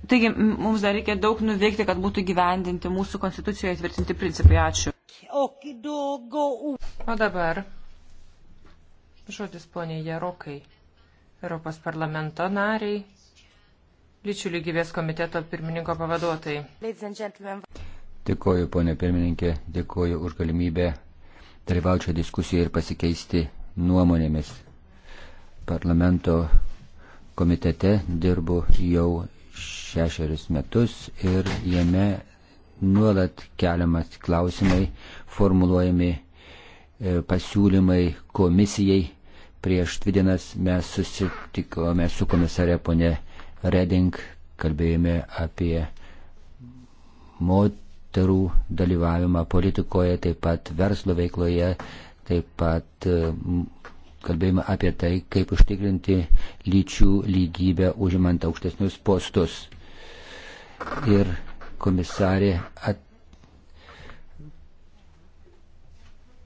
taigi mums dar reikia daug nuveikti, kad būtų gyvendinti mūsų konstitucijoje įtvirtinti principai. Ačiū. O dabar žodis poniai Jarokai, Europos parlamento nariai, lyčių lygybės komiteto pirmininko pavaduotojai. Dėkoju, ponė pirmininkė, dėkoju už galimybę dalyvauti čia diskusijoje ir pasikeisti nuomonėmis. Parlamento komitete dirbu jau šešerius metus ir jame nuolat keliamas klausimai, formuluojami e, pasiūlymai komisijai. Prieš dvi dienas mes susitikome su komisare ponė Reding, kalbėjome apie moterį moterų dalyvavimą politikoje, taip pat verslo veikloje, taip pat e, kalbėjimą apie tai, kaip užtikrinti lyčių lygybę užimant aukštesnius postus. Ir komisarė at...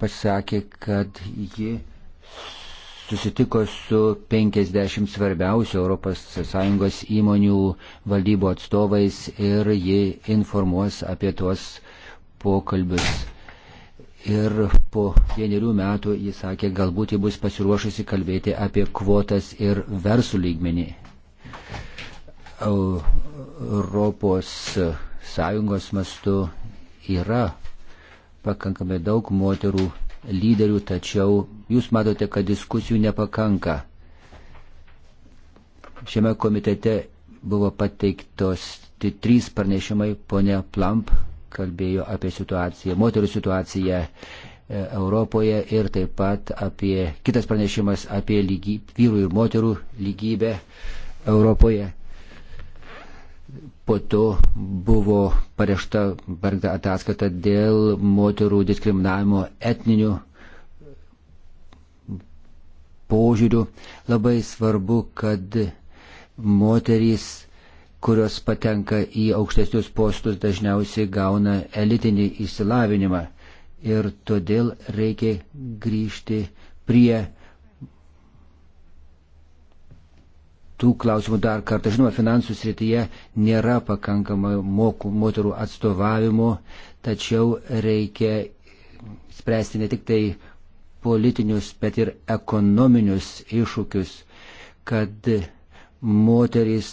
pasakė, kad ji susitiko su 50 svarbiausių ES įmonių valdybo atstovais ir ji informuos apie tuos pokalbius. Ir po vienerių metų jis sakė, galbūt jį bus pasiruošusi kalbėti apie kvotas ir versų lygmenį. Europos Sąjungos mastu yra pakankamai daug moterų lyderių, tačiau Jūs matote, kad diskusijų nepakanka. Šiame komitete buvo pateiktos tai trys pranešimai. Pone Plamp kalbėjo apie situaciją, moterų situaciją e, Europoje ir taip pat apie kitas pranešimas apie lygy, vyrų ir moterų lygybę Europoje. Po to buvo parešta ataskaita dėl moterų diskriminavimo etninių požiūrių. Labai svarbu, kad moterys, kurios patenka į aukštesnius postus, dažniausiai gauna elitinį išsilavinimą. Ir todėl reikia grįžti prie tų klausimų dar kartą. Žinoma, finansų srityje nėra pakankamai mokų, moterų atstovavimo, tačiau reikia spręsti ne tik tai politinius, bet ir ekonominius iššūkius, kad moterys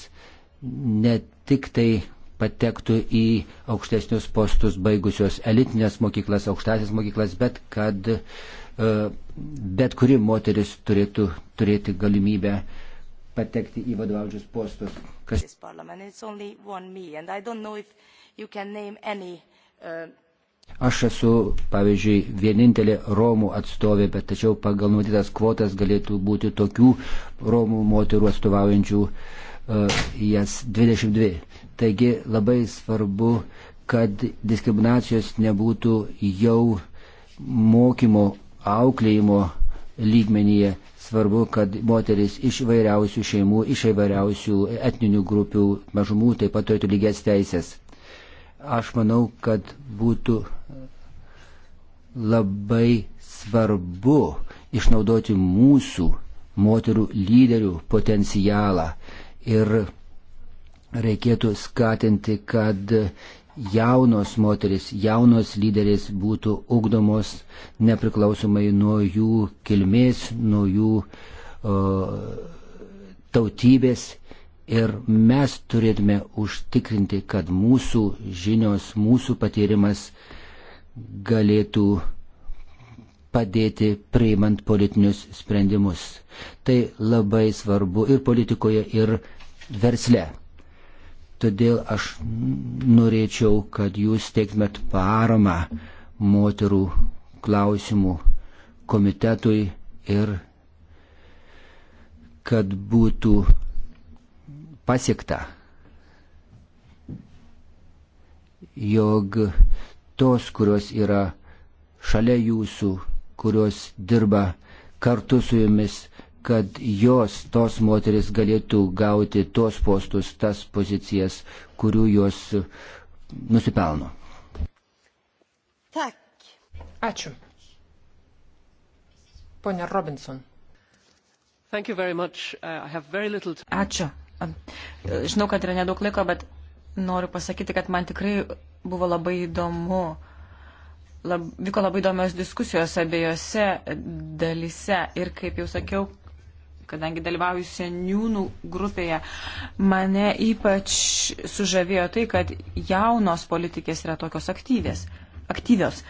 ne tik tai patektų į aukštesnius postus baigusios elitinės mokyklas, aukštasias mokyklas, bet kad e, bet kuri moteris turėtų turėti galimybę patekti į vadovaujančius postus. Kas... Aš esu, pavyzdžiui, vienintelė Romų atstovė, bet tačiau pagal numatytas kvotas galėtų būti tokių Romų moterų atstovaujančių uh, jas 22. Taigi labai svarbu, kad diskriminacijos nebūtų jau mokymo, auklėjimo lygmenyje. Svarbu, kad moteris iš vairiausių šeimų, iš vairiausių etninių grupių, mažumų taip pat turėtų lygias teisės. Aš manau, kad būtų labai svarbu išnaudoti mūsų moterų lyderių potencialą ir reikėtų skatinti, kad jaunos moteris, jaunos lyderės būtų ugdomos nepriklausomai nuo jų kilmės, nuo jų o, tautybės. Ir mes turėtume užtikrinti, kad mūsų žinios, mūsų patyrimas uh, galėtų padėti priimant politinius sprendimus. Tai labai svarbu ir politikoje, ir versle. Todėl aš norėčiau, kad jūs teiktumėt paramą moterų klausimų komitetui ir kad būtų pasiekta, jog tos, kurios yra šalia jūsų, kurios dirba kartu su jumis, kad jos, tos moteris galėtų gauti tos postus, tas pozicijas, kurių jos e, nusipelno. Tak. Ačiū. Pone Robinson. Uh, Ačiū. Žinau, kad yra nedaug laiko, bet noriu pasakyti, kad man tikrai buvo labai įdomu. Lab, vyko labai įdomios diskusijos abiejose dalise ir, kaip jau sakiau, kadangi dalyvauju seniūnų grupėje, mane ypač sužavėjo tai, kad jaunos politikės yra tokios aktyvės, aktyvios.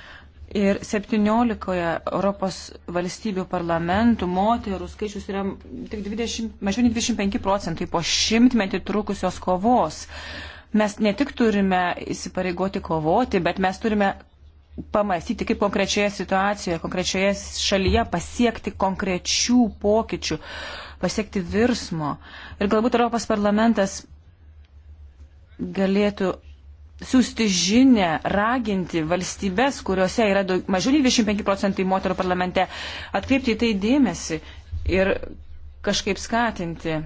Ir 17 Europos valstybių parlamentų moterų skaičius yra tik 20, mažiau nei 25 procentai po šimtmetį trukusios kovos. Uh, mes ne tik turime įsipareigoti kovoti, bet mes turime pamastyti, kaip konkrečioje situacijoje, konkrečioje šalyje pasiekti konkrečių pokyčių, pasiekti virsmo. Ir galbūt Europos parlamentas galėtų siūsti žinę, raginti valstybės, kuriuose yra daug, mažiau nei 25 procentai moterų parlamente, atkreipti į tai dėmesį ir kažkaip skatinti.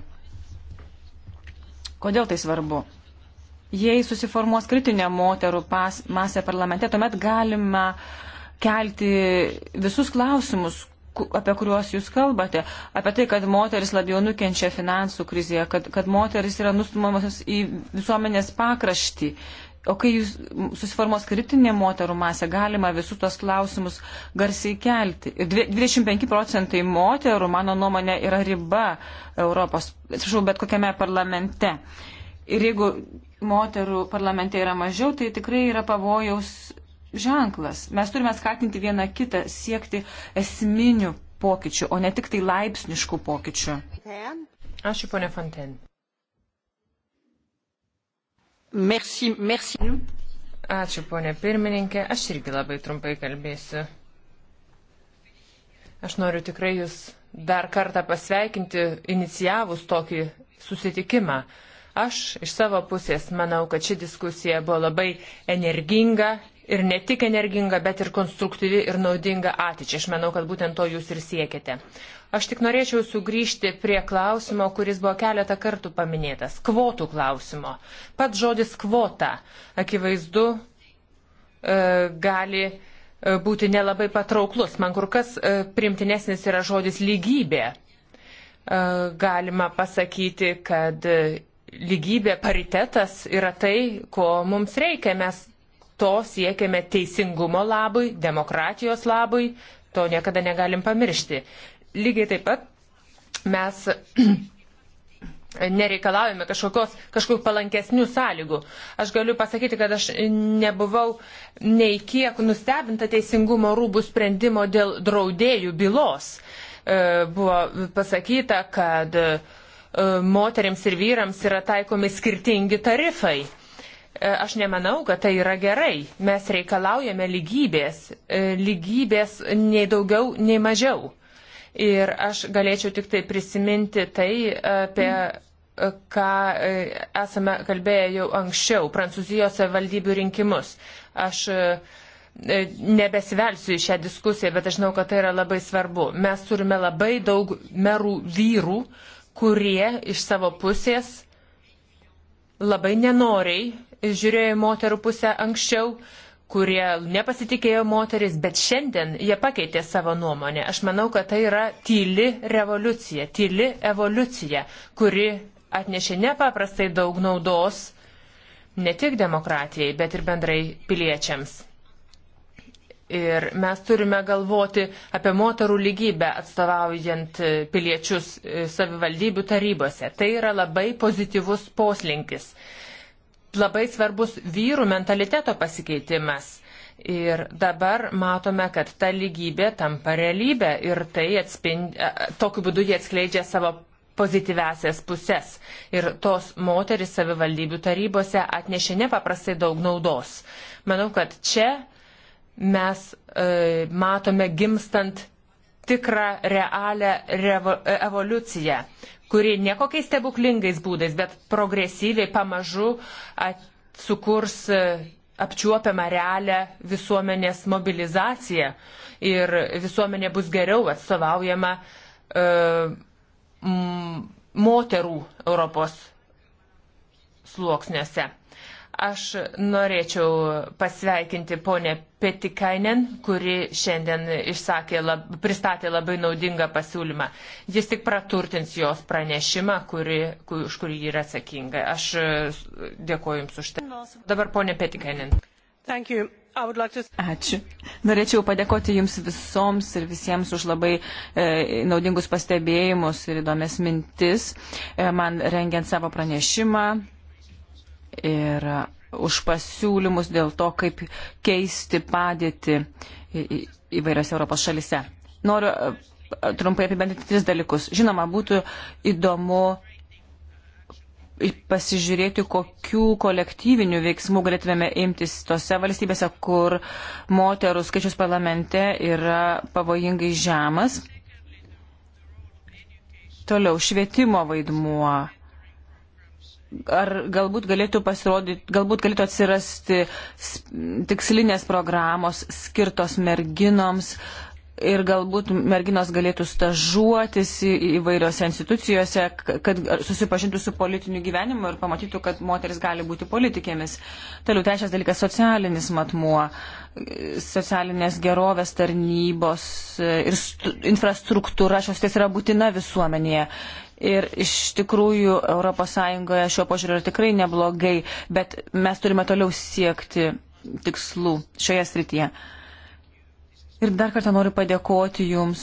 Kodėl tai svarbu? jei susiformuos kritinė moterų pas, masė parlamente, tuomet galima kelti visus klausimus, apie kuriuos jūs kalbate, apie tai, kad moteris labiau nukenčia finansų krizėje, kad, kad moteris yra nustumamos į visuomenės pakraštį. O kai jūs susiformos kritinė moterų masė, galima visus tos klausimus garsiai kelti. 25 procentai moterų, mano nuomonė, yra riba Europos, atsiprašau, bet kokiame parlamente. Ir jeigu moterų parlamente yra mažiau, tai tikrai yra pavojaus ženklas. Mes turime skatinti vieną kitą siekti esminių pokyčių, o ne tik tai laipsniškų pokyčių. Ačiū, ponė Fonten. Merci, merci. Ačiū, ponė pirmininkė. Aš irgi labai trumpai kalbėsiu. Aš noriu tikrai Jūs dar kartą pasveikinti, inicijavus tokį susitikimą. Aš iš savo pusės manau, kad ši diskusija buvo labai energinga ir ne tik energinga, bet ir konstruktyvi ir naudinga ateičiai. Aš manau, kad būtent to jūs ir siekite. Aš tik norėčiau sugrįžti prie klausimo, kuris buvo keletą kartų paminėtas - kvotų klausimo. Pat žodis kvota akivaizdu e, gali e, būti nelabai patrauklus. Man kur kas e, primtinesnis yra žodis lygybė. E, galima pasakyti, kad lygybė, paritetas yra tai, ko mums reikia. Mes to siekiame teisingumo labui, demokratijos labui, to niekada negalim pamiršti. Lygiai taip pat mes nereikalaujame kažkokios, kažkokių palankesnių sąlygų. Aš galiu pasakyti, kad aš nebuvau nei kiek nustebinta teisingumo rūbų sprendimo dėl draudėjų bylos. E, buvo pasakyta, kad uh, E, moteriams ir vyrams yra taikomi skirtingi tarifai e, aš nemanau, kad tai yra gerai. Mes reikalaujame lygybės, e, lygybės nei daugiau, nei mažiau. Ir aš galėčiau tik tai prisiminti tai, apie ką esame kalbėję jau anksčiau, Prancūzijos valdybių rinkimus. Aš nebesivelsiu į šią diskusiją, bet aš žinau, kad tai yra labai svarbu. Mes turime labai daug merų vyrų, kurie iš savo pusės labai nenoriai žiūrėjo į moterų pusę anksčiau, kurie nepasitikėjo moteris, bet šiandien jie pakeitė savo nuomonę. Aš manau, kad tai yra tyli revoliucija, tyli evoliucija, kuri atnešė nepaprastai daug naudos ne tik demokratijai, bet ir bendrai piliečiams. Ir mes turime galvoti apie moterų lygybę atstovaujant e, piliečius e, savivaldybių tarybose. Tai yra labai pozityvus poslinkis. Labai svarbus vyrų mentaliteto pasikeitimas. Ir dabar matome, kad ta lygybė tampa realybė ir tai atspindi, tokiu būdu jie atskleidžia savo pozityvesias puses. Ir tos moteris savivaldybių tarybose atnešė nepaprastai daug naudos. Manau, kad čia mes e, matome gimstant tikrą realią revo, e, evoliuciją, kuri ne kokiais stebuklingais būdais, bet progresyviai pamažu at, sukurs e, apčiuopiamą realią visuomenės mobilizaciją ir visuomenė bus geriau atstovaujama e, m, moterų Europos sluoksniuose. Aš norėčiau pasveikinti ponę Petikainen, kuri šiandien išsakė, lab, pristatė labai naudingą pasiūlymą. Jis tik praturtins jos pranešimą, kuri, kur, už kurį yra atsakinga. Aš e, dėkoju Jums už tai. Dabar ponė Petikainen. Like to... Ačiū. Norėčiau padėkoti Jums visoms ir visiems už labai e, naudingus pastebėjimus ir įdomias mintis e, man rengiant savo pranešimą ir už pasiūlymus dėl to, kaip keisti padėtį įvairiose Europos šalise. Noriu e, trumpai apibendrinti tris dalykus. Žinoma, būtų įdomu pasižiūrėti, kokių kolektyvinių veiksmų galėtumėme imtis tose valstybėse, kur moterų skaičius parlamente yra pavojingai žemas. Toliau švietimo vaidmuo ar galbūt galėtų pasirodyti, galbūt galėtų atsirasti tikslinės programos skirtos merginoms ir galbūt merginos galėtų stažuotis įvairiose institucijose, kad susipažintų su politiniu gyvenimu ir pamatytų, kad moteris gali būti politikėmis. Toliau trečias dalykas - socialinis matmuo, socialinės gerovės tarnybos ir infrastruktūra šios ties yra būtina visuomenėje ir iš tikrųjų ES šio požiūrio yra tikrai neblogai, bet mes turime toliau siekti tikslų šioje srityje. Ir dar kartą noriu padėkoti Jums.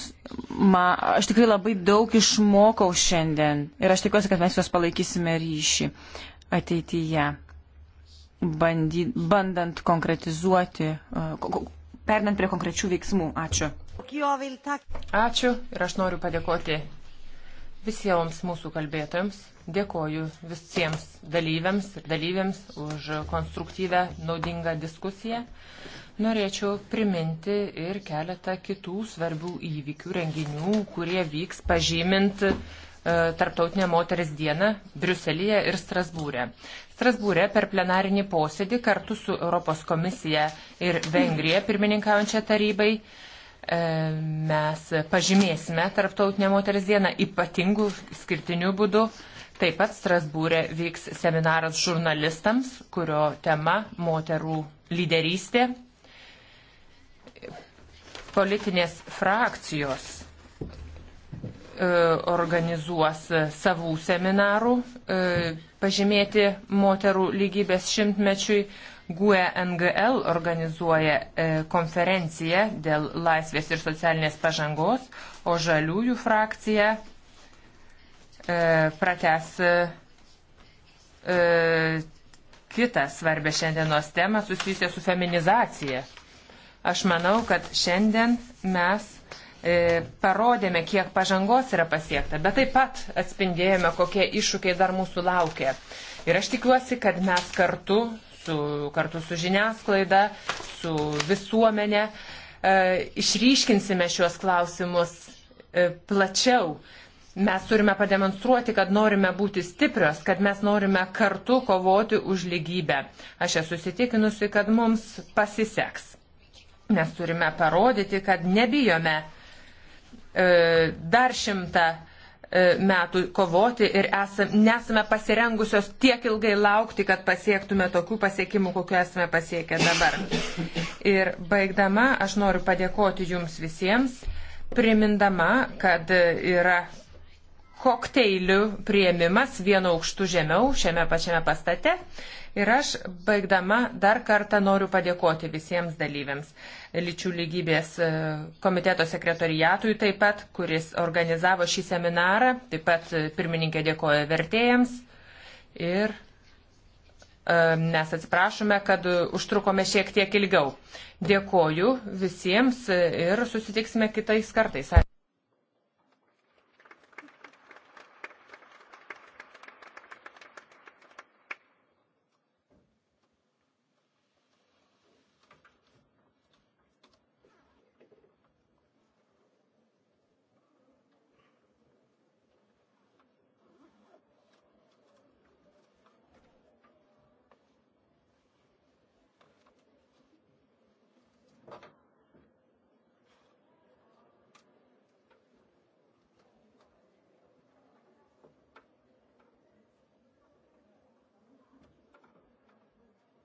Ma, aš tikrai labai daug išmokau šiandien ir aš tikiuosi, kad mes juos palaikysime ryšį ateityje, bandy, bandant konkretizuoti, pernant prie konkrečių veiksmų. Ačiū. Ačiū ir aš noriu padėkoti visiems mūsų kalbėtojams. Dėkoju visiems dalyviams ir dalyviams už konstruktyvę, naudingą diskusiją. Norėčiau priminti ir keletą kitų svarbių įvykių, renginių, kurie vyks pažymint e, Tarptautinę moteris dieną Briuselėje ir Strasbūrė. Strasbūrė per plenarinį posėdį kartu su Europos komisija ir Vengrija pirmininkaujančia tarybai E, mes pažymėsime Tarptautinę moters dieną ypatingų skirtinių būdų. Taip pat Strasbūrė vyks seminaras žurnalistams, kurio tema moterų lyderystė. Politinės frakcijos e, organizuos savų seminarų e, pažymėti moterų lygybės šimtmečiui, GUE NGL organizuoja e, konferenciją dėl laisvės ir socialinės pažangos, o žaliųjų frakcija e, prates e, kitą svarbę šiandienos temą susijusią su feminizacija. Aš manau, kad šiandien mes e, parodėme, kiek pažangos yra pasiekta, bet taip pat atspindėjome, kokie iššūkiai dar mūsų laukia. Ir aš tikiuosi, kad mes kartu su, kartu su žiniasklaida, su visuomenė. E, išryškinsime šiuos klausimus e, plačiau. Mes turime pademonstruoti, kad norime būti stiprios, kad mes norime kartu kovoti už lygybę. Aš esu įsitikinusi, kad mums pasiseks. Mes turime parodyti, kad nebijome e, dar šimtą E, metų kovoti ir esam, nesame pasirengusios tiek ilgai laukti, kad pasiektume tokių pasiekimų, kokiu esame pasiekę dabar. Ir baigdama, aš noriu padėkoti Jums visiems, primindama, kad yra kokteilių prieimimas vienu aukštu žemiau šiame pačiame pastate. Ir aš, baigdama, dar kartą noriu padėkoti visiems dalyviams. Lyčių lygybės e, komiteto sekretoriatui taip pat, kuris organizavo šį seminarą, taip pat e, pirmininkė dėkoja vertėjams. Ir e, mes atsiprašome, kad užtrukome šiek tiek ilgiau. Dėkoju visiems ir susitiksime kitais kartais.